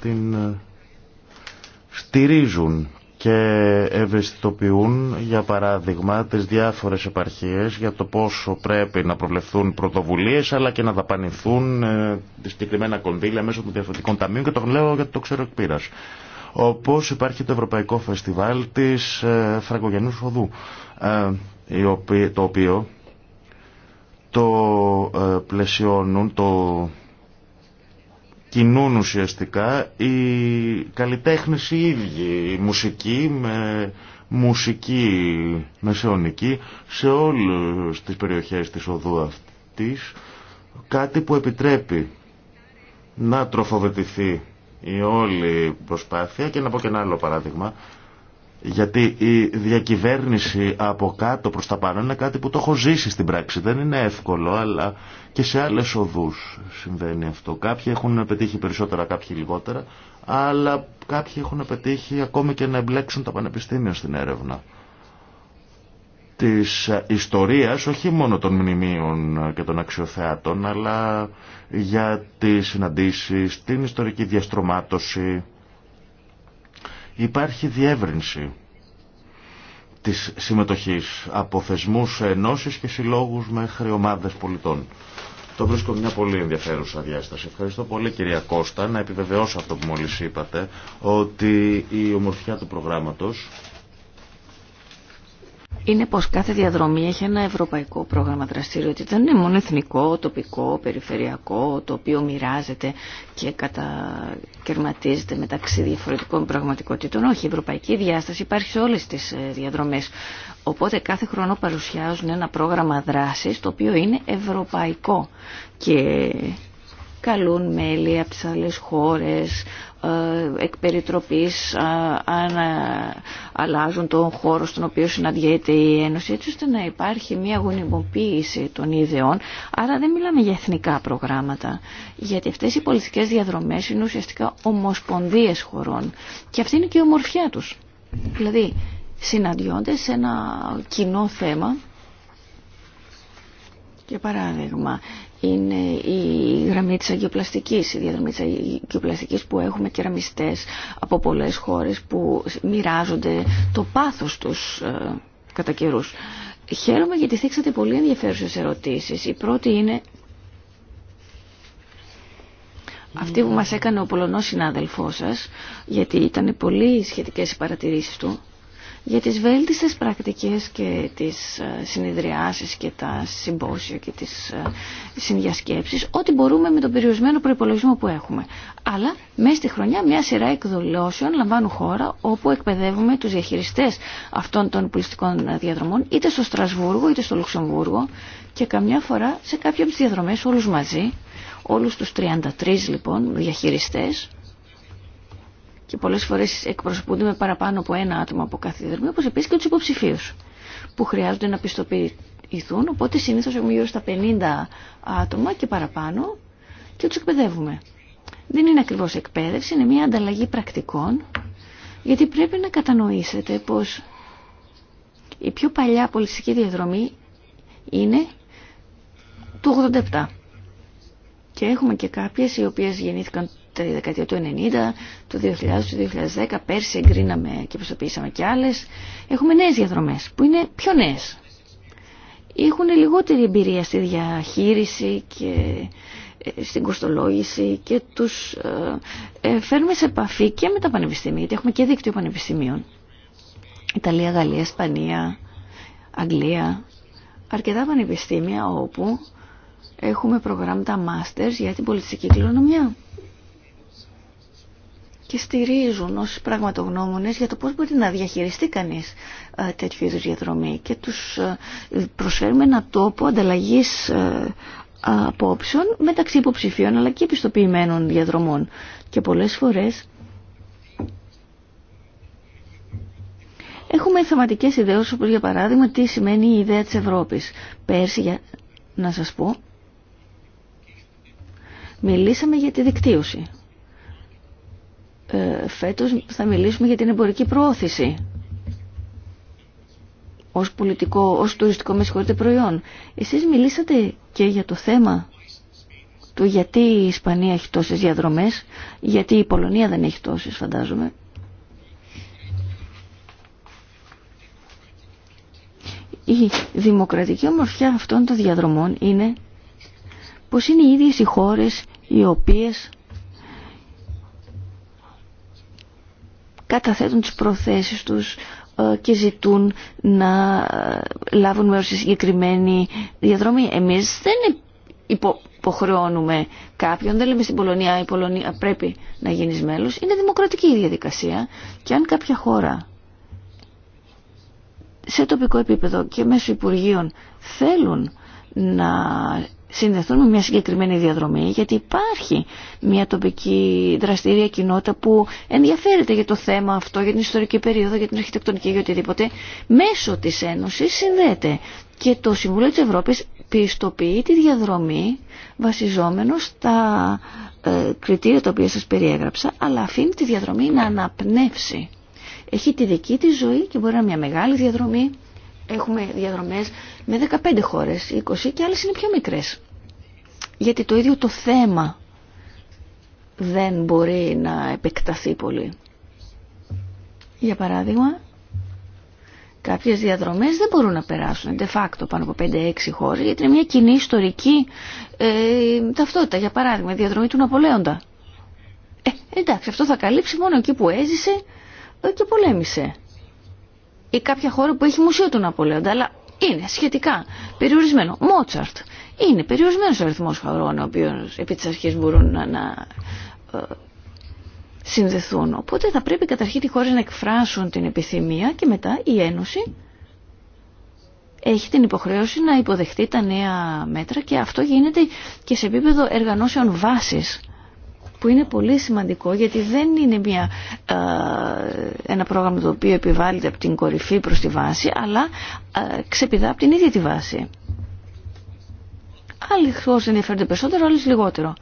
την ε, στηρίζουν και ευαισθητοποιούν για παράδειγμα τις διάφορες επαρχίες για το πόσο πρέπει να προβλεφθούν πρωτοβουλίες αλλά και να δαπανηθούν ε, συγκεκριμένα κονδύλια μέσω των διαφορετικών ταμείων και το λέω γιατί το ξέρω εκ πείρας. Όπως υπάρχει το Ευρωπαϊκό Φεστιβάλ της ε, Φραγκογενούς Οδού ε, το οποίο το ε, πλαισιώνουν, το κινούν ουσιαστικά οι καλλιτέχνες οι ίδιοι, η μουσική με μουσική μεσαιωνική σε όλες τις περιοχές της οδού αυτής κάτι που επιτρέπει να τροφοδοτηθεί η όλη προσπάθεια και να πω και ένα άλλο παράδειγμα γιατί η διακυβέρνηση από κάτω προς τα πάνω είναι κάτι που το έχω ζήσει στην πράξη. Δεν είναι εύκολο, αλλά και σε άλλες οδούς συμβαίνει αυτό. Κάποιοι έχουν πετύχει περισσότερα, κάποιοι λιγότερα, αλλά κάποιοι έχουν πετύχει ακόμη και να εμπλέξουν τα πανεπιστήμια στην έρευνα της ιστορίας, όχι μόνο των μνημείων και των αξιοθεάτων, αλλά για τις συναντήσεις, την ιστορική διαστρωμάτωση, Υπάρχει διεύρυνση της συμμετοχής από θεσμού ενώσεις και συλλόγους μέχρι ομάδες πολιτών. Το βρίσκω μια πολύ ενδιαφέρουσα διάσταση. Ευχαριστώ πολύ κυρία Κώστα να επιβεβαιώσω αυτό που μόλις είπατε ότι η ομορφιά του προγράμματος είναι πως κάθε διαδρομή έχει ένα ευρωπαϊκό πρόγραμμα δραστηριότητα. Δεν είναι μόνο εθνικό, τοπικό, περιφερειακό, το οποίο μοιράζεται και κατακαιρματίζεται μεταξύ διαφορετικών πραγματικότητων. Όχι, η ευρωπαϊκή διάσταση υπάρχει σε όλες τις ε, διαδρομές. Οπότε κάθε χρόνο παρουσιάζουν ένα πρόγραμμα δράσης το οποίο είναι ευρωπαϊκό και καλούν μέλη από τις άλλες χώρες, ε, εκ περιτροπής αν ε, αλλάζουν τον χώρο στον οποίο συναντιέται η Ένωση έτσι ώστε να υπάρχει μια γονιμοποίηση των ιδεών άρα δεν μιλάμε για εθνικά προγράμματα γιατί αυτές οι πολιτικές διαδρομές είναι ουσιαστικά ομοσπονδίες χωρών και αυτή είναι και η ομορφιά τους δηλαδή συναντιόνται σε ένα κοινό θέμα για παράδειγμα, είναι η γραμμή της αγιοπλαστικής, η διαδρομή της αγιοπλαστικής που έχουμε κεραμιστές από πολλές χώρες που μοιράζονται το πάθος τους ε, κατά καιρούς. Χαίρομαι γιατί θίξατε πολύ ενδιαφέρουσες ερωτήσεις. Η πρώτη είναι αυτή που μας έκανε ο Πολωνός συνάδελφός σας, γιατί ήταν πολύ σχετικές οι παρατηρήσεις του για τις βέλτιστες πρακτικές και τις ε, συνεδριάσεις και τα συμπόσια και τις ε, συνδιασκέψεις, ό,τι μπορούμε με τον περιορισμένο προϋπολογισμό που έχουμε. Αλλά μέσα στη χρονιά μια σειρά εκδηλώσεων λαμβάνουν χώρα όπου εκπαιδεύουμε τους διαχειριστές αυτών των πολιτιστικών διαδρομών είτε στο Στρασβούργο είτε στο Λουξεμβούργο και καμιά φορά σε κάποια από διαδρομές όλους μαζί, όλους τους 33 λοιπόν διαχειριστές και πολλές φορές εκπροσωπούνται με παραπάνω από ένα άτομο από κάθε δερμή, όπως επίσης και του υποψηφίου που χρειάζονται να πιστοποιηθούν, οπότε συνήθω έχουμε γύρω στα 50 άτομα και παραπάνω και του εκπαιδεύουμε. Δεν είναι ακριβώς εκπαίδευση, είναι μια ανταλλαγή πρακτικών, γιατί πρέπει να κατανοήσετε πω η πιο παλιά πολιτιστική διαδρομή είναι του 87 και έχουμε και κάποιες οι οποίες γεννήθηκαν τα δεκαετία του 90, του 2000, του 2010, πέρσι εγκρίναμε και προσωπήσαμε και άλλες. Έχουμε νέες διαδρομές που είναι πιο νέες. Έχουν λιγότερη εμπειρία στη διαχείριση και ε, στην κοστολόγηση και τους ε, ε, φέρνουμε σε επαφή και με τα πανεπιστήμια, γιατί έχουμε και δίκτυο πανεπιστημίων. Ιταλία, Γαλλία, Ισπανία, Αγγλία, αρκετά πανεπιστήμια όπου έχουμε προγράμματα μάστερς για την πολιτιστική κληρονομιά και στηρίζουν ως πραγματογνώμονες για το πώς μπορεί να διαχειριστεί κανείς ε, τέτοιου είδους διαδρομή και τους ε, προσφέρουμε ένα τόπο ανταλλαγής ε, απόψεων μεταξύ υποψηφίων αλλά και επιστοποιημένων διαδρομών και πολλές φορές Έχουμε θεματικές ιδέες όπως για παράδειγμα τι σημαίνει η ιδέα της Ευρώπης. Πέρσι, για να σας πω, Μιλήσαμε για τη δικτύωση. Ε, φέτος θα μιλήσουμε για την εμπορική προώθηση ως πολιτικό, ως τουριστικό με συγχωρείτε προϊόν. Εσείς μιλήσατε και για το θέμα του γιατί η Ισπανία έχει τόσες διαδρομές, γιατί η Πολωνία δεν έχει τόσες φαντάζομαι. Η δημοκρατική ομορφιά αυτών των διαδρομών είναι πως είναι οι ίδιες οι χώρες οι οποίες καταθέτουν τις προθέσεις τους ε, και ζητούν να ε, λάβουν μέρος σε συγκεκριμένη διαδρομή. Εμείς δεν υποχρεώνουμε κάποιον, δεν λέμε στην Πολωνία η Πολωνία πρέπει να γίνεις μέλος. Είναι δημοκρατική η διαδικασία και αν κάποια χώρα σε τοπικό επίπεδο και μέσω Υπουργείων θέλουν να συνδεθούν με μια συγκεκριμένη διαδρομή γιατί υπάρχει μια τοπική δραστήρια κοινότητα που ενδιαφέρεται για το θέμα αυτό, για την ιστορική περίοδο, για την αρχιτεκτονική, για οτιδήποτε μέσω της Ένωσης συνδέεται και το Συμβούλιο της Ευρώπης πιστοποιεί τη διαδρομή βασιζόμενο στα ε, κριτήρια τα οποία σας περιέγραψα αλλά αφήνει τη διαδρομή να αναπνεύσει. Έχει τη δική της ζωή και μπορεί να είναι μια μεγάλη διαδρομή. Έχουμε διαδρομές με 15 χώρες, 20 και άλλες είναι πιο μικρές. Γιατί το ίδιο το θέμα δεν μπορεί να επεκταθεί πολύ. Για παράδειγμα, κάποιες διαδρομές δεν μπορούν να περάσουν de facto πάνω από 5-6 χώρες γιατί είναι μια κοινή ιστορική ε, ταυτότητα. Για παράδειγμα, η διαδρομή του Ναπολέοντα. Ε, εντάξει, αυτό θα καλύψει μόνο εκεί που έζησε ε, και πολέμησε. Ή κάποια χώρα που έχει μουσείο του Ναπολέοντα, αλλά είναι σχετικά περιορισμένο. Μότσαρτ είναι περιορισμένος ο αριθμός χαρών, ο οποίος επί της αρχής μπορούν να, να ε, συνδεθούν. Οπότε θα πρέπει καταρχήν οι χώρες να εκφράσουν την επιθυμία και μετά η Ένωση έχει την υποχρέωση να υποδεχτεί τα νέα μέτρα και αυτό γίνεται και σε επίπεδο εργανώσεων βάσης που είναι πολύ σημαντικό γιατί δεν είναι μια, ε, ένα πρόγραμμα το οποίο επιβάλλεται από την κορυφή προς τη βάση αλλά ε, ξεπηδά από την ίδια τη βάση. Άλλοι χώρες ενδιαφέρονται περισσότερο, άλλοι λιγότερο.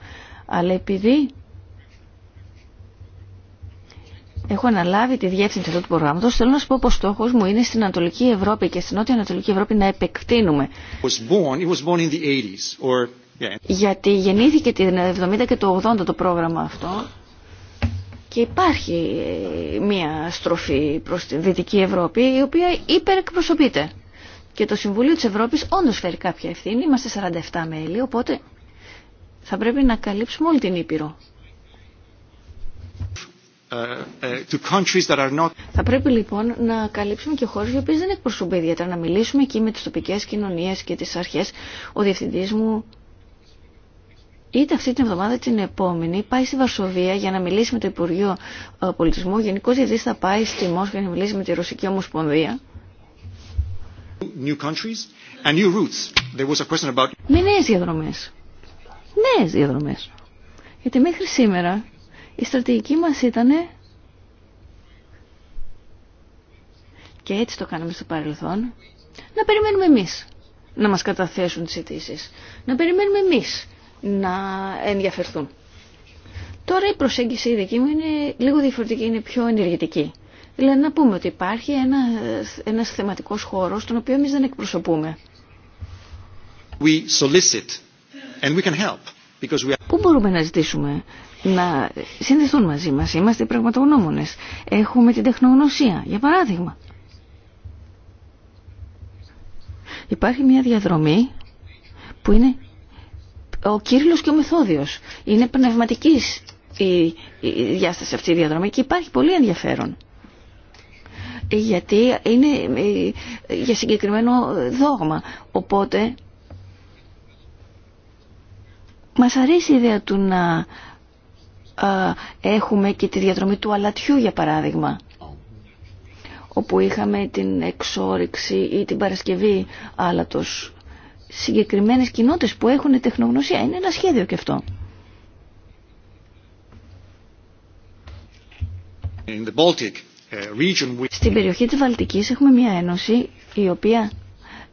Αλλά επειδή έχω αναλάβει τη διεύθυνση αυτού του προγράμματο, θέλω να σα πω πω στόχο μου είναι στην Ανατολική Ευρώπη και στην Νότια Ανατολική Ευρώπη να επεκτείνουμε. Γιατί γεννήθηκε την 70 και το 80 το πρόγραμμα αυτό και υπάρχει μία στροφή προς τη Δυτική Ευρώπη η οποία υπερεκπροσωπείται. Και το Συμβουλίο της Ευρώπης όντως φέρει κάποια ευθύνη, είμαστε 47 μέλη, οπότε θα πρέπει να καλύψουμε όλη την Ήπειρο. Ε, ε, not... Θα πρέπει λοιπόν να καλύψουμε και χώρες οι οποίες δεν εκπροσωπούν ιδιαίτερα, να μιλήσουμε εκεί με τις τοπικές κοινωνίες και τις αρχές. Ο διευθυντής μου είτε αυτή την εβδομάδα την επόμενη πάει στη Βαρσοβία για να μιλήσει με το Υπουργείο ε, Πολιτισμού. Γενικώ γιατί θα πάει στη Μόσχα για να μιλήσει με τη Ρωσική Ομοσπονδία. New countries and new Με νέε διαδρομέ. Νέε διαδρομέ. Γιατί μέχρι σήμερα η στρατηγική μα ήταν και έτσι το κάναμε στο παρελθόν να περιμένουμε εμεί να μας καταθέσουν τις αιτήσει. Να περιμένουμε εμείς να ενδιαφερθούν. Τώρα η προσέγγιση δική μου είναι λίγο διαφορετική, είναι πιο ενεργητική. Δηλαδή να πούμε ότι υπάρχει ένα, ένας θεματικός χώρος τον οποίο εμείς δεν εκπροσωπούμε. We solicit and we can help because we are... Πού μπορούμε να ζητήσουμε να συνδεθούν μαζί μας. Είμαστε πραγματογνώμονες. Έχουμε την τεχνογνωσία, για παράδειγμα. Υπάρχει μια διαδρομή που είναι ο Κύριλλος και ο Μεθόδιος. Είναι πνευματικής η, η διάσταση αυτή η διαδρομή και υπάρχει πολύ ενδιαφέρον. Γιατί είναι ε, για συγκεκριμένο δόγμα. Οπότε μας αρέσει η ιδέα του να ε, έχουμε και τη διαδρομή του αλατιού για παράδειγμα όπου είχαμε την εξόριξη ή την Παρασκευή άλατος συγκεκριμένες κοινότητες που έχουν τεχνογνωσία. Είναι ένα σχέδιο και αυτό. Uh, Στην περιοχή της Βαλτικής έχουμε μια ένωση η οποία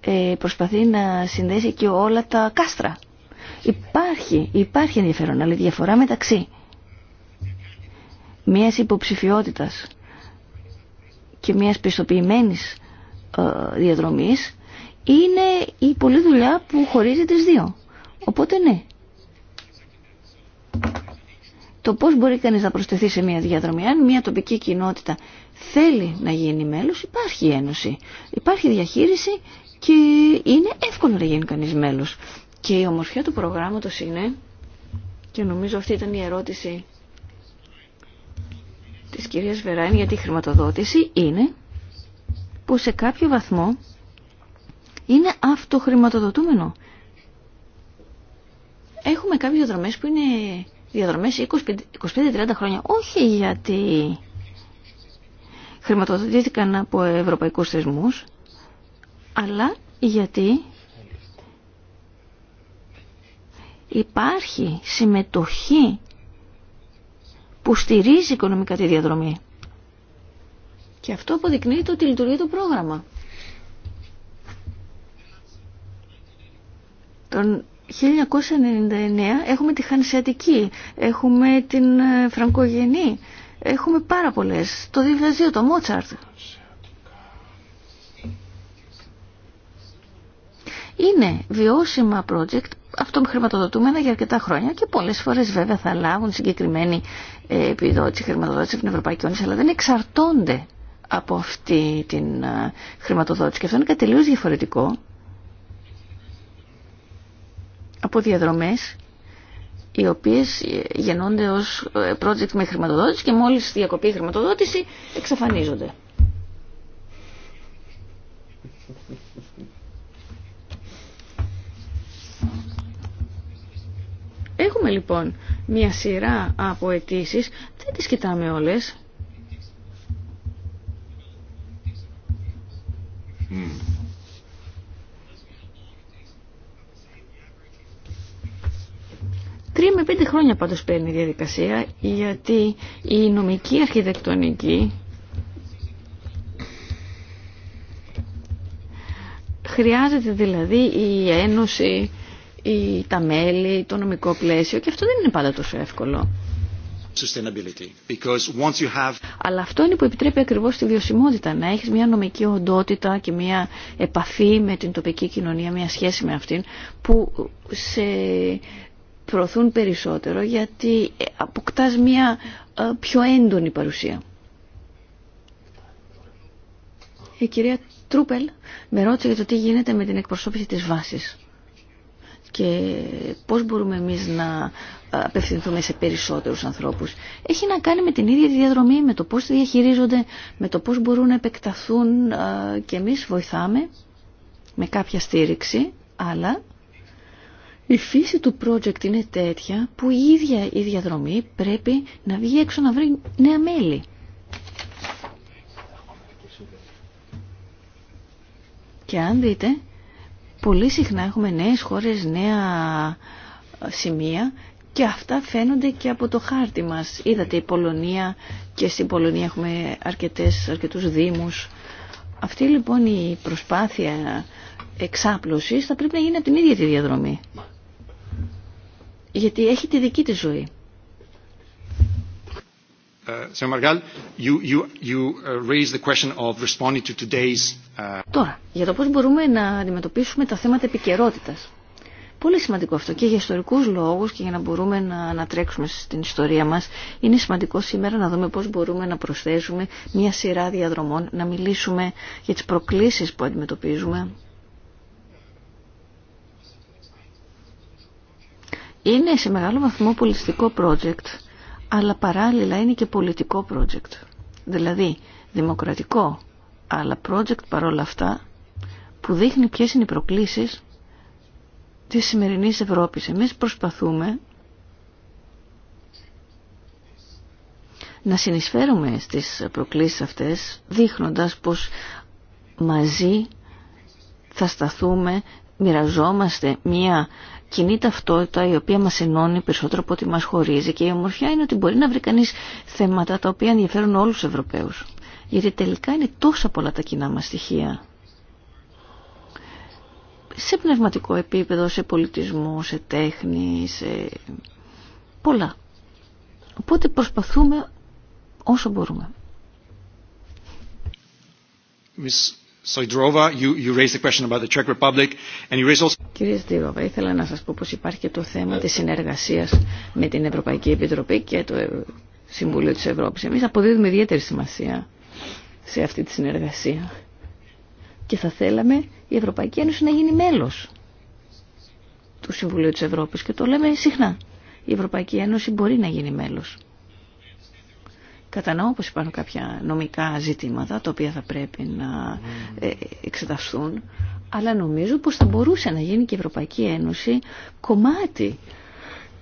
ε, προσπαθεί να συνδέσει και όλα τα κάστρα. Υπάρχει, υπάρχει ενδιαφέρον, αλλά η διαφορά μεταξύ μιας υποψηφιότητας και μιας πιστοποιημένης ε, διαδρομής είναι η πολλή δουλειά που χωρίζει στις δύο. Οπότε ναι. Το πώς μπορεί κανείς να προσθεθεί σε μια διαδρομή, αν μια τοπική κοινότητα θέλει να γίνει μέλος, υπάρχει ένωση, υπάρχει διαχείριση και είναι εύκολο να γίνει κανείς μέλος. Και η ομορφιά του προγράμματος είναι, και νομίζω αυτή ήταν η ερώτηση της κυρίας Βεράιν για τη χρηματοδότηση, είναι που σε κάποιο βαθμό είναι αυτοχρηματοδοτούμενο. Έχουμε κάποιες διαδρομές που είναι διαδρομές 25-30 χρόνια. Όχι γιατί χρηματοδοτήθηκαν από ευρωπαϊκούς θεσμούς, αλλά γιατί υπάρχει συμμετοχή που στηρίζει οικονομικά τη διαδρομή. Και αυτό αποδεικνύει το ότι λειτουργεί το πρόγραμμα. Τον 1999 έχουμε τη Χανσιατική, έχουμε την ε, Φραγκογενή, έχουμε πάρα πολλές. Το 2002 το Μότσαρτ. Είναι βιώσιμα project, αυτό χρηματοδοτούμενα για αρκετά χρόνια και πολλές φορές βέβαια θα λάβουν συγκεκριμένη ε, επιδότηση χρηματοδότηση από την Ευρωπαϊκή Ένωση, αλλά δεν εξαρτώνται από αυτή την ε, χρηματοδότηση. Και αυτό είναι κάτι διαφορετικό από διαδρομές οι οποίες γεννώνται ως ε, project με χρηματοδότηση και μόλις διακοπεί η χρηματοδότηση εξαφανίζονται. Έχουμε λοιπόν μια σειρά από αιτήσει, δεν τις κοιτάμε όλες. Τρία με πέντε χρόνια πάντως παίρνει η διαδικασία γιατί η νομική αρχιτεκτονική χρειάζεται δηλαδή η ένωση, η, τα μέλη, το νομικό πλαίσιο και αυτό δεν είναι πάντα τόσο εύκολο. have... Αλλά αυτό είναι που επιτρέπει ακριβώς τη βιωσιμότητα, να έχεις μια νομική οντότητα και μια επαφή με την τοπική κοινωνία, μια σχέση με αυτήν που σε προωθούν περισσότερο γιατί αποκτάς μια ε, πιο έντονη παρουσία. Η κυρία Τρούπελ με ρώτησε για το τι γίνεται με την εκπροσώπηση της βάσης και πώς μπορούμε εμείς να ε, απευθυνθούμε σε περισσότερους ανθρώπους. Έχει να κάνει με την ίδια τη διαδρομή, με το πώς διαχειρίζονται, με το πώς μπορούν να επεκταθούν ε, και εμείς βοηθάμε με κάποια στήριξη, αλλά η φύση του project είναι τέτοια που η ίδια η διαδρομή πρέπει να βγει έξω να βρει νέα μέλη. Και αν δείτε, πολύ συχνά έχουμε νέες χώρες, νέα σημεία και αυτά φαίνονται και από το χάρτη μας. Είδατε η Πολωνία και στην Πολωνία έχουμε αρκετές, αρκετούς δήμους. Αυτή λοιπόν η προσπάθεια εξάπλωσης θα πρέπει να γίνει από την ίδια τη διαδρομή γιατί έχει τη δική της ζωή. Τώρα, για το πώς μπορούμε να αντιμετωπίσουμε τα θέματα επικαιρότητα. Πολύ σημαντικό αυτό και για ιστορικούς λόγους και για να μπορούμε να ανατρέξουμε στην ιστορία μας. Είναι σημαντικό σήμερα να δούμε πώς μπορούμε να προσθέσουμε μια σειρά διαδρομών, να μιλήσουμε για τις προκλήσεις που αντιμετωπίζουμε είναι σε μεγάλο βαθμό πολιτιστικό project, αλλά παράλληλα είναι και πολιτικό project. Δηλαδή, δημοκρατικό, αλλά project παρόλα αυτά, που δείχνει ποιες είναι οι προκλήσεις της σημερινής Ευρώπης. Εμείς προσπαθούμε να συνεισφέρουμε στις προκλήσεις αυτές, δείχνοντας πως μαζί θα σταθούμε, μοιραζόμαστε μία κοινή ταυτότητα η οποία μας ενώνει περισσότερο από ό,τι μας χωρίζει και η ομορφιά είναι ότι μπορεί να βρει κανείς θέματα τα οποία ενδιαφέρουν όλους τους Ευρωπαίους. Γιατί τελικά είναι τόσα πολλά τα κοινά μας στοιχεία. Σε πνευματικό επίπεδο, σε πολιτισμό, σε τέχνη, σε πολλά. Οπότε προσπαθούμε όσο μπορούμε. Κύριε Στυροβα, ήθελα να σας πω πως υπάρχει και το θέμα της συνεργασίας με την Ευρωπαϊκή Επιτροπή και το Συμβούλιο της Ευρώπης. Εμείς αποδίδουμε ιδιαίτερη σημασία σε αυτή τη συνεργασία και θα θέλαμε η Ευρωπαϊκή Ένωση να γίνει μέλος του Συμβουλίου της Ευρώπης και το λέμε συχνά. Η Ευρωπαϊκή Ένωση μπορεί να γίνει μέλος. Κατανοώ πως υπάρχουν κάποια νομικά ζητήματα τα οποία θα πρέπει να mm. ε, εξεταστούν, αλλά νομίζω πως θα μπορούσε να γίνει και η Ευρωπαϊκή Ένωση κομμάτι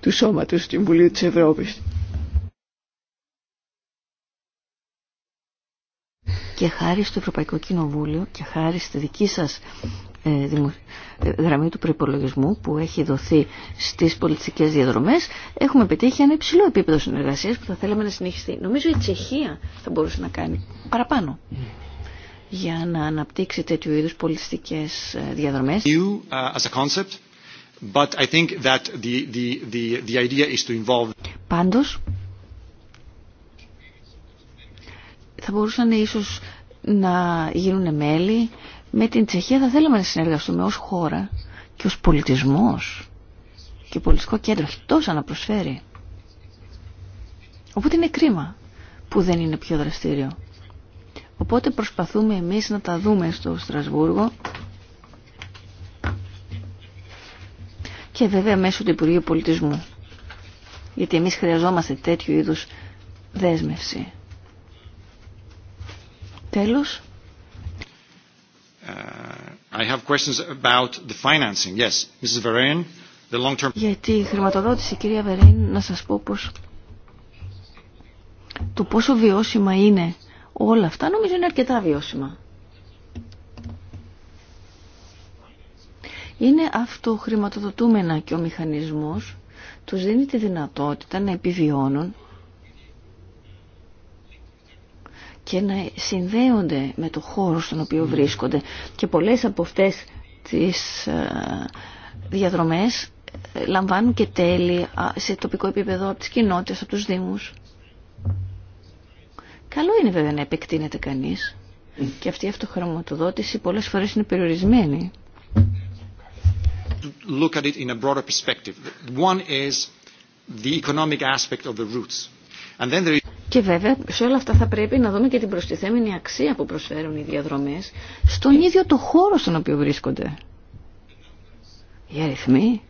του σώματος του Συμβουλίου της Ευρώπης. Και χάρη στο Ευρωπαϊκό Κοινοβούλιο και χάρη στη δική σας ε, ε, γραμμή του προπολογισμού που έχει δοθεί στις πολιτικές διαδρομές έχουμε πετύχει ένα υψηλό επίπεδο συνεργασίας που θα θέλαμε να συνεχιστεί. Νομίζω η Τσεχία θα μπορούσε να κάνει παραπάνω για να αναπτύξει τέτοιου είδους πολιτιστικές διαδρομές. Πάντως, θα μπορούσαν ίσως να γίνουν μέλη με την Τσεχία θα θέλαμε να συνεργαστούμε ως χώρα και ως πολιτισμός και πολιτικό κέντρο έχει τόσα να προσφέρει. Οπότε είναι κρίμα που δεν είναι πιο δραστήριο. Οπότε προσπαθούμε εμείς να τα δούμε στο Στρασβούργο και βέβαια μέσω του Υπουργείου Πολιτισμού. Γιατί εμείς χρειαζόμαστε τέτοιου είδους δέσμευση. Τέλος, Uh, I have Για τη χρηματοδότηση, κυρία Βερέν, να σας πω πως το πόσο βιώσιμα είναι όλα αυτά, νομίζω είναι αρκετά βιώσιμα. Είναι αυτοχρηματοδοτούμενα και ο μηχανισμός τους δίνει τη δυνατότητα να επιβιώνουν και να συνδέονται με το χώρο στον οποίο βρίσκονται. Και πολλές από αυτές τις ε, διαδρομές ε, λαμβάνουν και τέλη σε τοπικό επίπεδο από τις κοινότητες, από τους δήμους. Καλό είναι βέβαια να επεκτείνεται κανείς και αυτή η αυτοχρωματοδότηση πολλές φορές είναι περιορισμένη. Look at it in a broader perspective. One is the economic aspect of the routes. And then there is... Και βέβαια σε όλα αυτά θα πρέπει να δούμε και την προστιθέμενη αξία που προσφέρουν οι διαδρομές στον ίδιο το χώρο στον οποίο βρίσκονται. Οι αριθμοί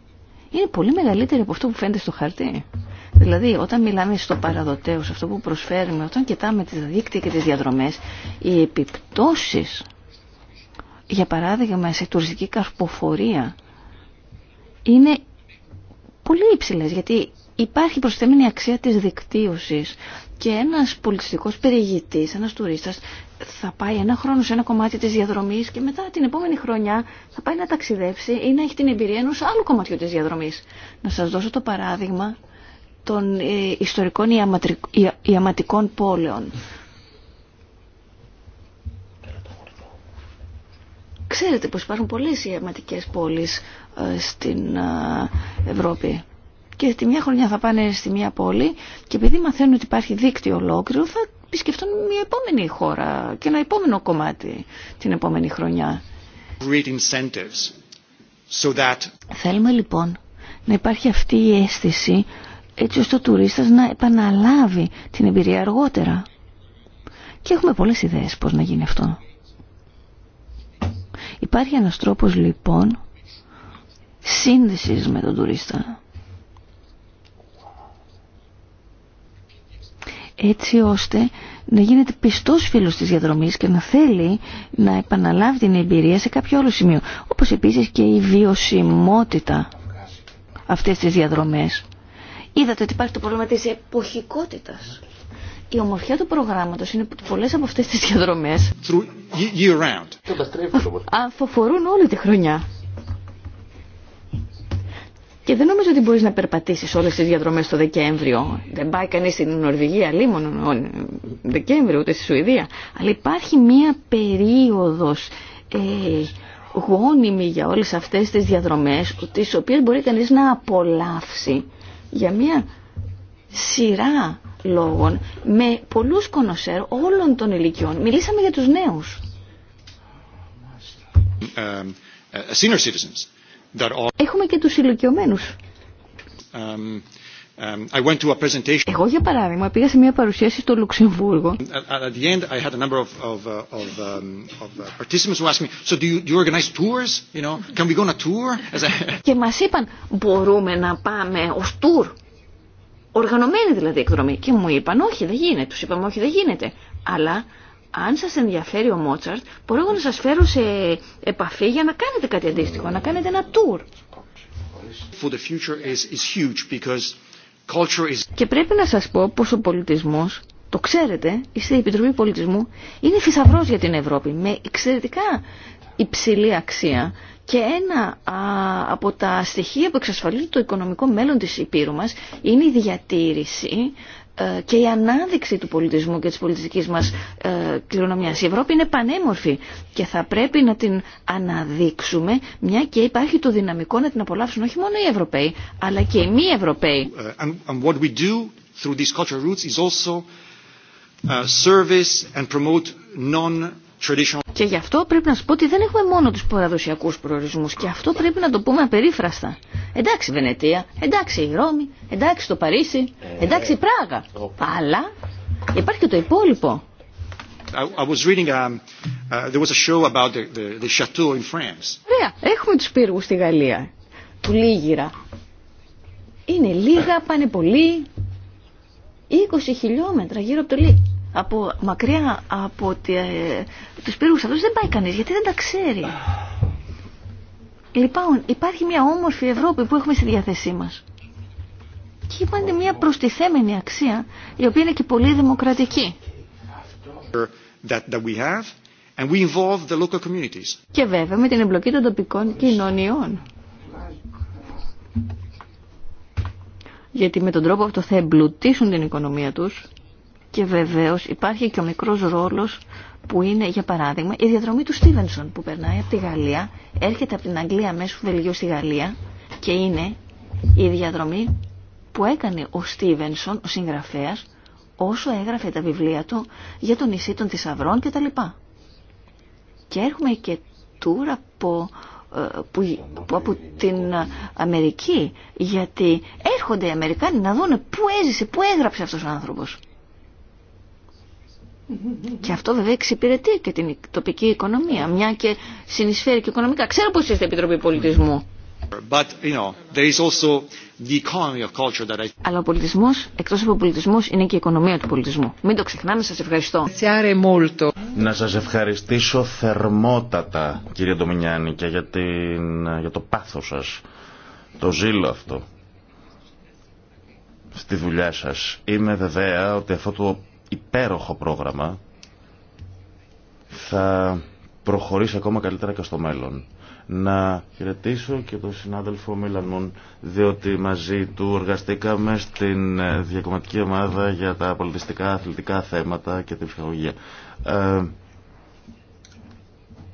είναι πολύ μεγαλύτεροι από αυτό που φαίνεται στο χαρτί. Δηλαδή, όταν μιλάμε στο παραδοτέο, σε αυτό που προσφέρουμε, όταν κοιτάμε τις δίκτυα και τις διαδρομές, οι επιπτώσεις, για παράδειγμα, σε τουριστική καρποφορία, είναι πολύ υψηλές, γιατί υπάρχει προσθέμενη αξία της δικτύωσης και ένας πολιτιστικός περιηγητής, ένας τουρίστας θα πάει ένα χρόνο σε ένα κομμάτι της διαδρομής και μετά την επόμενη χρονιά θα πάει να ταξιδέψει ή να έχει την εμπειρία ενός άλλου κομματιού της διαδρομής. Να σας δώσω το παράδειγμα των ε, ιστορικών ιαματικών πόλεων. Ξέρετε πως υπάρχουν πολλές ιαματικές πόλεις ε, στην ε, Ευρώπη και τη μια χρονιά θα πάνε στη μια πόλη και επειδή μαθαίνουν ότι υπάρχει δίκτυο ολόκληρο θα επισκεφτούν μια επόμενη χώρα και ένα επόμενο κομμάτι την επόμενη χρονιά. Θέλουμε λοιπόν να υπάρχει αυτή η αίσθηση έτσι ώστε ο τουρίστας να επαναλάβει την εμπειρία αργότερα. Και έχουμε πολλές ιδέες πώς να γίνει αυτό. Υπάρχει ένας τρόπος λοιπόν σύνδεσης με τον τουρίστα έτσι ώστε να γίνεται πιστός φίλος της διαδρομής και να θέλει να επαναλάβει την εμπειρία σε κάποιο άλλο σημείο. Όπως επίσης και η βιωσιμότητα αυτές τις διαδρομές. Είδατε ότι υπάρχει το πρόβλημα της εποχικότητας. Η ομορφιά του προγράμματος είναι ότι πολλές από αυτές τις διαδρομές αφοφορούν όλη τη χρονιά. Και δεν νομίζω ότι μπορείς να περπατήσεις όλες τι διαδρομές το Δεκέμβριο. Δεν πάει κανεί στην Νορβηγία Λίμον, Δεκέμβριο, ούτε στη Σουηδία. Αλλά υπάρχει μία περίοδος ε, γόνιμη για όλες αυτές τις διαδρομές, τις οποίες μπορεί κανείς να απολαύσει για μία σειρά λόγων με πολλούς κονοσέρ όλων των ηλικιών. Μιλήσαμε για του νέου. Um, Έχουμε και τους ηλικιωμένους. Um, um, Εγώ για παράδειγμα πήγα σε μια παρουσίαση στο Λουξεμβούργο. Και μας είπαν μπορούμε να πάμε ως tour. Οργανωμένη δηλαδή εκδρομή. Και μου είπαν όχι δεν γίνεται. Τους είπαμε όχι δεν γίνεται. Αλλά αν σας ενδιαφέρει ο Μότσαρτ, μπορώ να σας φέρω σε επαφή για να κάνετε κάτι αντίστοιχο, να κάνετε ένα τούρ. Και πρέπει να σας πω πως ο πολιτισμός, το ξέρετε, είστε η Επιτροπή Πολιτισμού, είναι θησαυρό για την Ευρώπη, με εξαιρετικά υψηλή αξία και ένα από τα στοιχεία που εξασφαλίζει το οικονομικό μέλλον της Υπήρου μας είναι η διατήρηση ε, και η ανάδειξη του πολιτισμού και της πολιτιστικής μας ε, κληρονομιάς. Η Ευρώπη είναι πανέμορφη και θα πρέπει να την αναδείξουμε μια και υπάρχει το δυναμικό να την απολαύσουν όχι μόνο οι Ευρωπαίοι αλλά και οι μη Ευρωπαίοι. Ε, through these cultural is also uh, service and και γι' αυτό πρέπει να σου πω ότι δεν έχουμε μόνο τους παραδοσιακούς προορισμούς και αυτό πρέπει να το πούμε απερίφραστα. Εντάξει Βενετία, εντάξει η Ρώμη, εντάξει το Παρίσι, ε, εντάξει η Πράγα. Αλλά υπάρχει και το υπόλοιπο. Ωραία, έχουμε τους πύργους στη Γαλλία, του Λίγυρα. Είναι λίγα, πάνε πολύ, 20 χιλιόμετρα γύρω από το Λίγυρα από, μακριά από τη, ε, τους πύργους αυτούς δεν πάει κανείς γιατί δεν τα ξέρει. Λοιπόν, υπάρχει μια όμορφη Ευρώπη που έχουμε στη διάθεσή μας. Και υπάρχει μια προστιθέμενη αξία η οποία είναι και πολύ δημοκρατική. Και βέβαια με την εμπλοκή των τοπικών κοινωνιών. Γιατί με τον τρόπο αυτό θα εμπλουτίσουν την οικονομία τους και βεβαίως υπάρχει και ο μικρός ρόλος που είναι, για παράδειγμα, η διαδρομή του Στίβενσον που περνάει από τη Γαλλία, έρχεται από την Αγγλία μέσω Βελγίου στη Γαλλία και είναι η διαδρομή που έκανε ο Στίβενσον, ο συγγραφέας, όσο έγραφε τα βιβλία του για τον νησί των θησαυρών κτλ. Και έρχομαι και τώρα από ε, που, που, από την Αμερική γιατί έρχονται οι Αμερικάνοι να δούνε πού έζησε, πού έγραψε αυτός ο άνθρωπος και αυτό βέβαια εξυπηρετεί και την τοπική οικονομία, μια και συνεισφέρει και οικονομικά. Ξέρω πως είστε Επιτροπή Πολιτισμού. Αλλά ο πολιτισμός, εκτός από ο πολιτισμός, είναι και η οικονομία του πολιτισμού. Μην το ξεχνάμε, σας ευχαριστώ. Να σας ευχαριστήσω θερμότατα, κύριε Ντομινιάννη, και για, για το πάθος σας, το ζήλο αυτό στη δουλειά σας. Είμαι βεβαία ότι αυτό το υπέροχο πρόγραμμα θα προχωρήσει ακόμα καλύτερα και στο μέλλον. Να χαιρετήσω και τον συνάδελφο Μίλαν διότι μαζί του εργαστήκαμε στην ε, διακομματική ομάδα για τα πολιτιστικά αθλητικά θέματα και την ψυχαγωγία. Ε,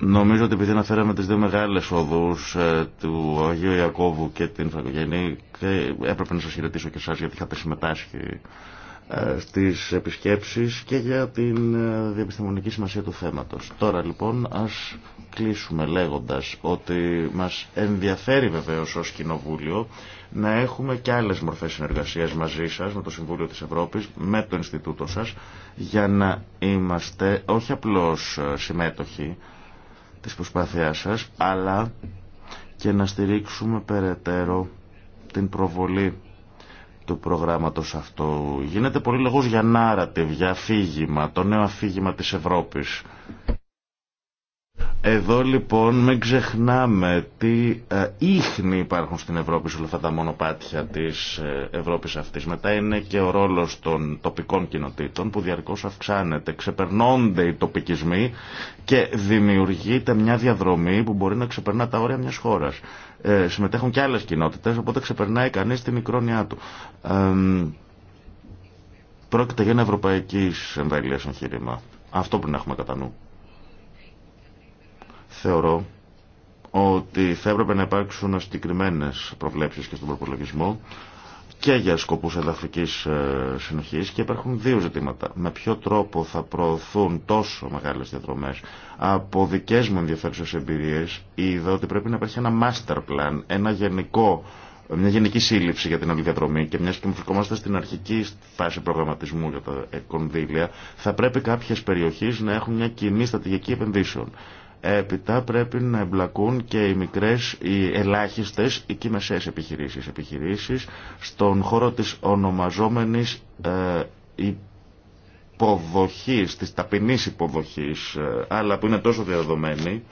νομίζω ότι επειδή αναφέραμε τις δύο μεγάλες οδούς ε, του Αγίου Ιακώβου και την Φραγκογενή, έπρεπε να σας χαιρετήσω και εσάς γιατί είχατε συμμετάσχει ε, στις επισκέψεις και για την ε, διαπιστημονική σημασία του θέματος. Τώρα λοιπόν ας κλείσουμε λέγοντας ότι μας ενδιαφέρει βεβαίως ως Κοινοβούλιο να έχουμε και άλλες μορφές συνεργασίας μαζί σας, με το Συμβούλιο της Ευρώπης, με το Ινστιτούτο σας, για να είμαστε όχι απλώς ε, συμμέτοχοι της προσπάθειάς σας, αλλά και να στηρίξουμε περαιτέρω την προβολή του προγράμματος αυτού. Γίνεται πολύ λεγός για narrative, για αφήγημα, το νέο αφήγημα της Ευρώπης. Εδώ λοιπόν μην ξεχνάμε τι ε, ίχνη υπάρχουν στην Ευρώπη σε όλα αυτά τα μονοπάτια της ε, Ευρώπης αυτής. Μετά είναι και ο ρόλος των τοπικών κοινοτήτων που διαρκώς αυξάνεται. Ξεπερνώνται οι τοπικισμοί και δημιουργείται μια διαδρομή που μπορεί να ξεπερνά τα όρια μιας χώρας. Ε, συμμετέχουν και άλλες κοινότητες, οπότε ξεπερνάει κανείς τη μικρόνιά του. πρόκειται για ένα ευρωπαϊκής εμβέλειας εγχείρημα. Αυτό πρέπει να έχουμε κατά νου. Θεωρώ ότι θα έπρεπε να υπάρξουν συγκεκριμένε προβλέψεις και στον προπολογισμό και για σκοπούς εδαφικής ε, συνοχής και υπάρχουν δύο ζητήματα. Με ποιο τρόπο θα προωθούν τόσο μεγάλες διαδρομές. Από δικές μου ενδιαφέρουσες εμπειρίες είδα ότι πρέπει να υπάρχει ένα master plan, ένα γενικό μια γενική σύλληψη για την διαδρομή και μια και βρισκόμαστε στην αρχική φάση προγραμματισμού για τα κονδύλια, θα πρέπει κάποιες περιοχές να έχουν μια κοινή στρατηγική επενδύσεων. Έπειτα πρέπει να εμπλακούν και οι μικρές, οι ελάχιστες, οι κυμεσές επιχειρήσεις. Επιχειρήσεις στον χώρο της ονομαζόμενης ε, υποδοχής, της ταπεινής υποδοχής, ε, αλλά που είναι τόσο διαδομένη.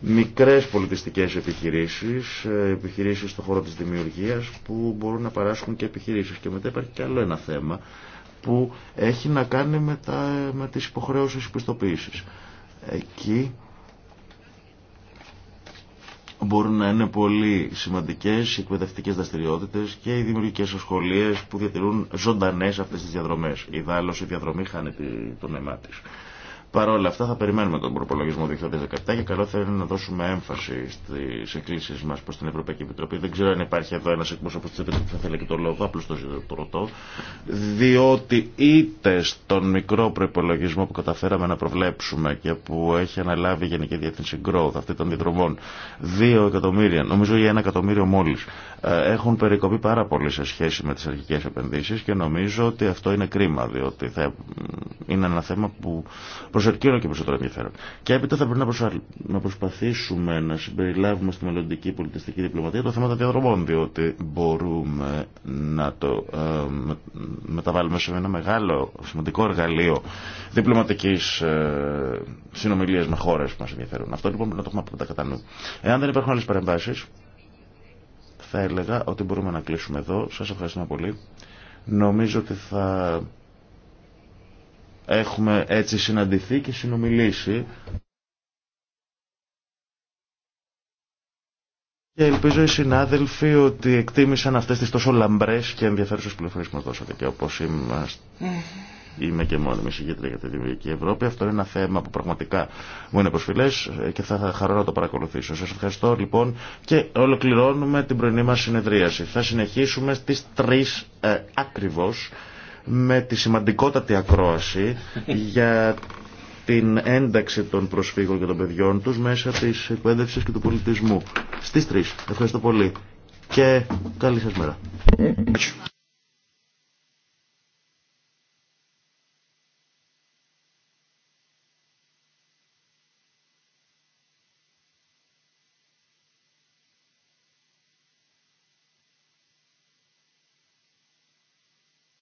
Μικρές πολιτιστικές επιχειρήσεις, ε, επιχειρήσεις στον χώρο της δημιουργίας που μπορούν να παράσχουν και επιχειρήσεις. Και μετά υπάρχει και άλλο ένα θέμα που έχει να κάνει με, τα, με τις υποχρεώσεις Εκεί μπορούν να είναι πολύ σημαντικές οι εκπαιδευτικές δραστηριότητες και οι δημιουργικές ασχολίες που διατηρούν ζωντανές αυτές τις διαδρομές. Η δάλωση διαδρομή χάνει το νεμά της. Παρ' όλα αυτά θα περιμένουμε τον προπολογισμό 2017 και καλό θα είναι να δώσουμε έμφαση στι εκκλήσει μα προ την Ευρωπαϊκή Επιτροπή. Δεν ξέρω αν υπάρχει εδώ ένα εκπρόσωπο τη Επιτροπή που θα θέλει και το λόγο, απλώ το ρωτώ. Διότι είτε στον μικρό προπολογισμό που καταφέραμε να προβλέψουμε και που έχει αναλάβει η Γενική Διεύθυνση Growth, αυτή των διδρομών, 2 εκατομμύρια, νομίζω για 1 εκατομμύριο μόλι, ε, έχουν περικοπεί πάρα πολύ σε σχέση με τι αρχικέ επενδύσει και νομίζω ότι αυτό είναι κρίμα, διότι είναι ένα θέμα που προσελκύει όλο και περισσότερο ενδιαφέρον. Και έπειτα θα πρέπει να, προσπαθήσουμε να συμπεριλάβουμε στη μελλοντική πολιτιστική διπλωματία το θέμα των διαδρομών, διότι μπορούμε να το ε, μεταβάλουμε σε ένα μεγάλο σημαντικό εργαλείο διπλωματική ε, συνομιλία με χώρε που μα ενδιαφέρουν. Αυτό λοιπόν πρέπει να το έχουμε από κατά νου. Εάν δεν υπάρχουν άλλε παρεμβάσει, θα έλεγα ότι μπορούμε να κλείσουμε εδώ. Σα ευχαριστούμε πολύ. Νομίζω ότι θα Έχουμε έτσι συναντηθεί και συνομιλήσει. Και ελπίζω οι συνάδελφοι ότι εκτίμησαν αυτές τις τόσο λαμπρές και ενδιαφέρουσες πληροφορίες που μας δώσατε και όπως είμαστε... Είμαι και μόνιμη συγκέντρια για τη Δημιουργική Ευρώπη. Αυτό είναι ένα θέμα που πραγματικά μου είναι προσφυλέ και θα χαρώ να το παρακολουθήσω. Σα ευχαριστώ λοιπόν και ολοκληρώνουμε την πρωινή μα συνεδρίαση. Θα συνεχίσουμε στι 3 ε, ακριβώ με τη σημαντικότατη ακρόαση για την ένταξη των προσφύγων και των παιδιών τους μέσα της εκπαίδευση και του πολιτισμού. Στις τρεις, Ευχαριστώ πολύ και καλή σας μέρα.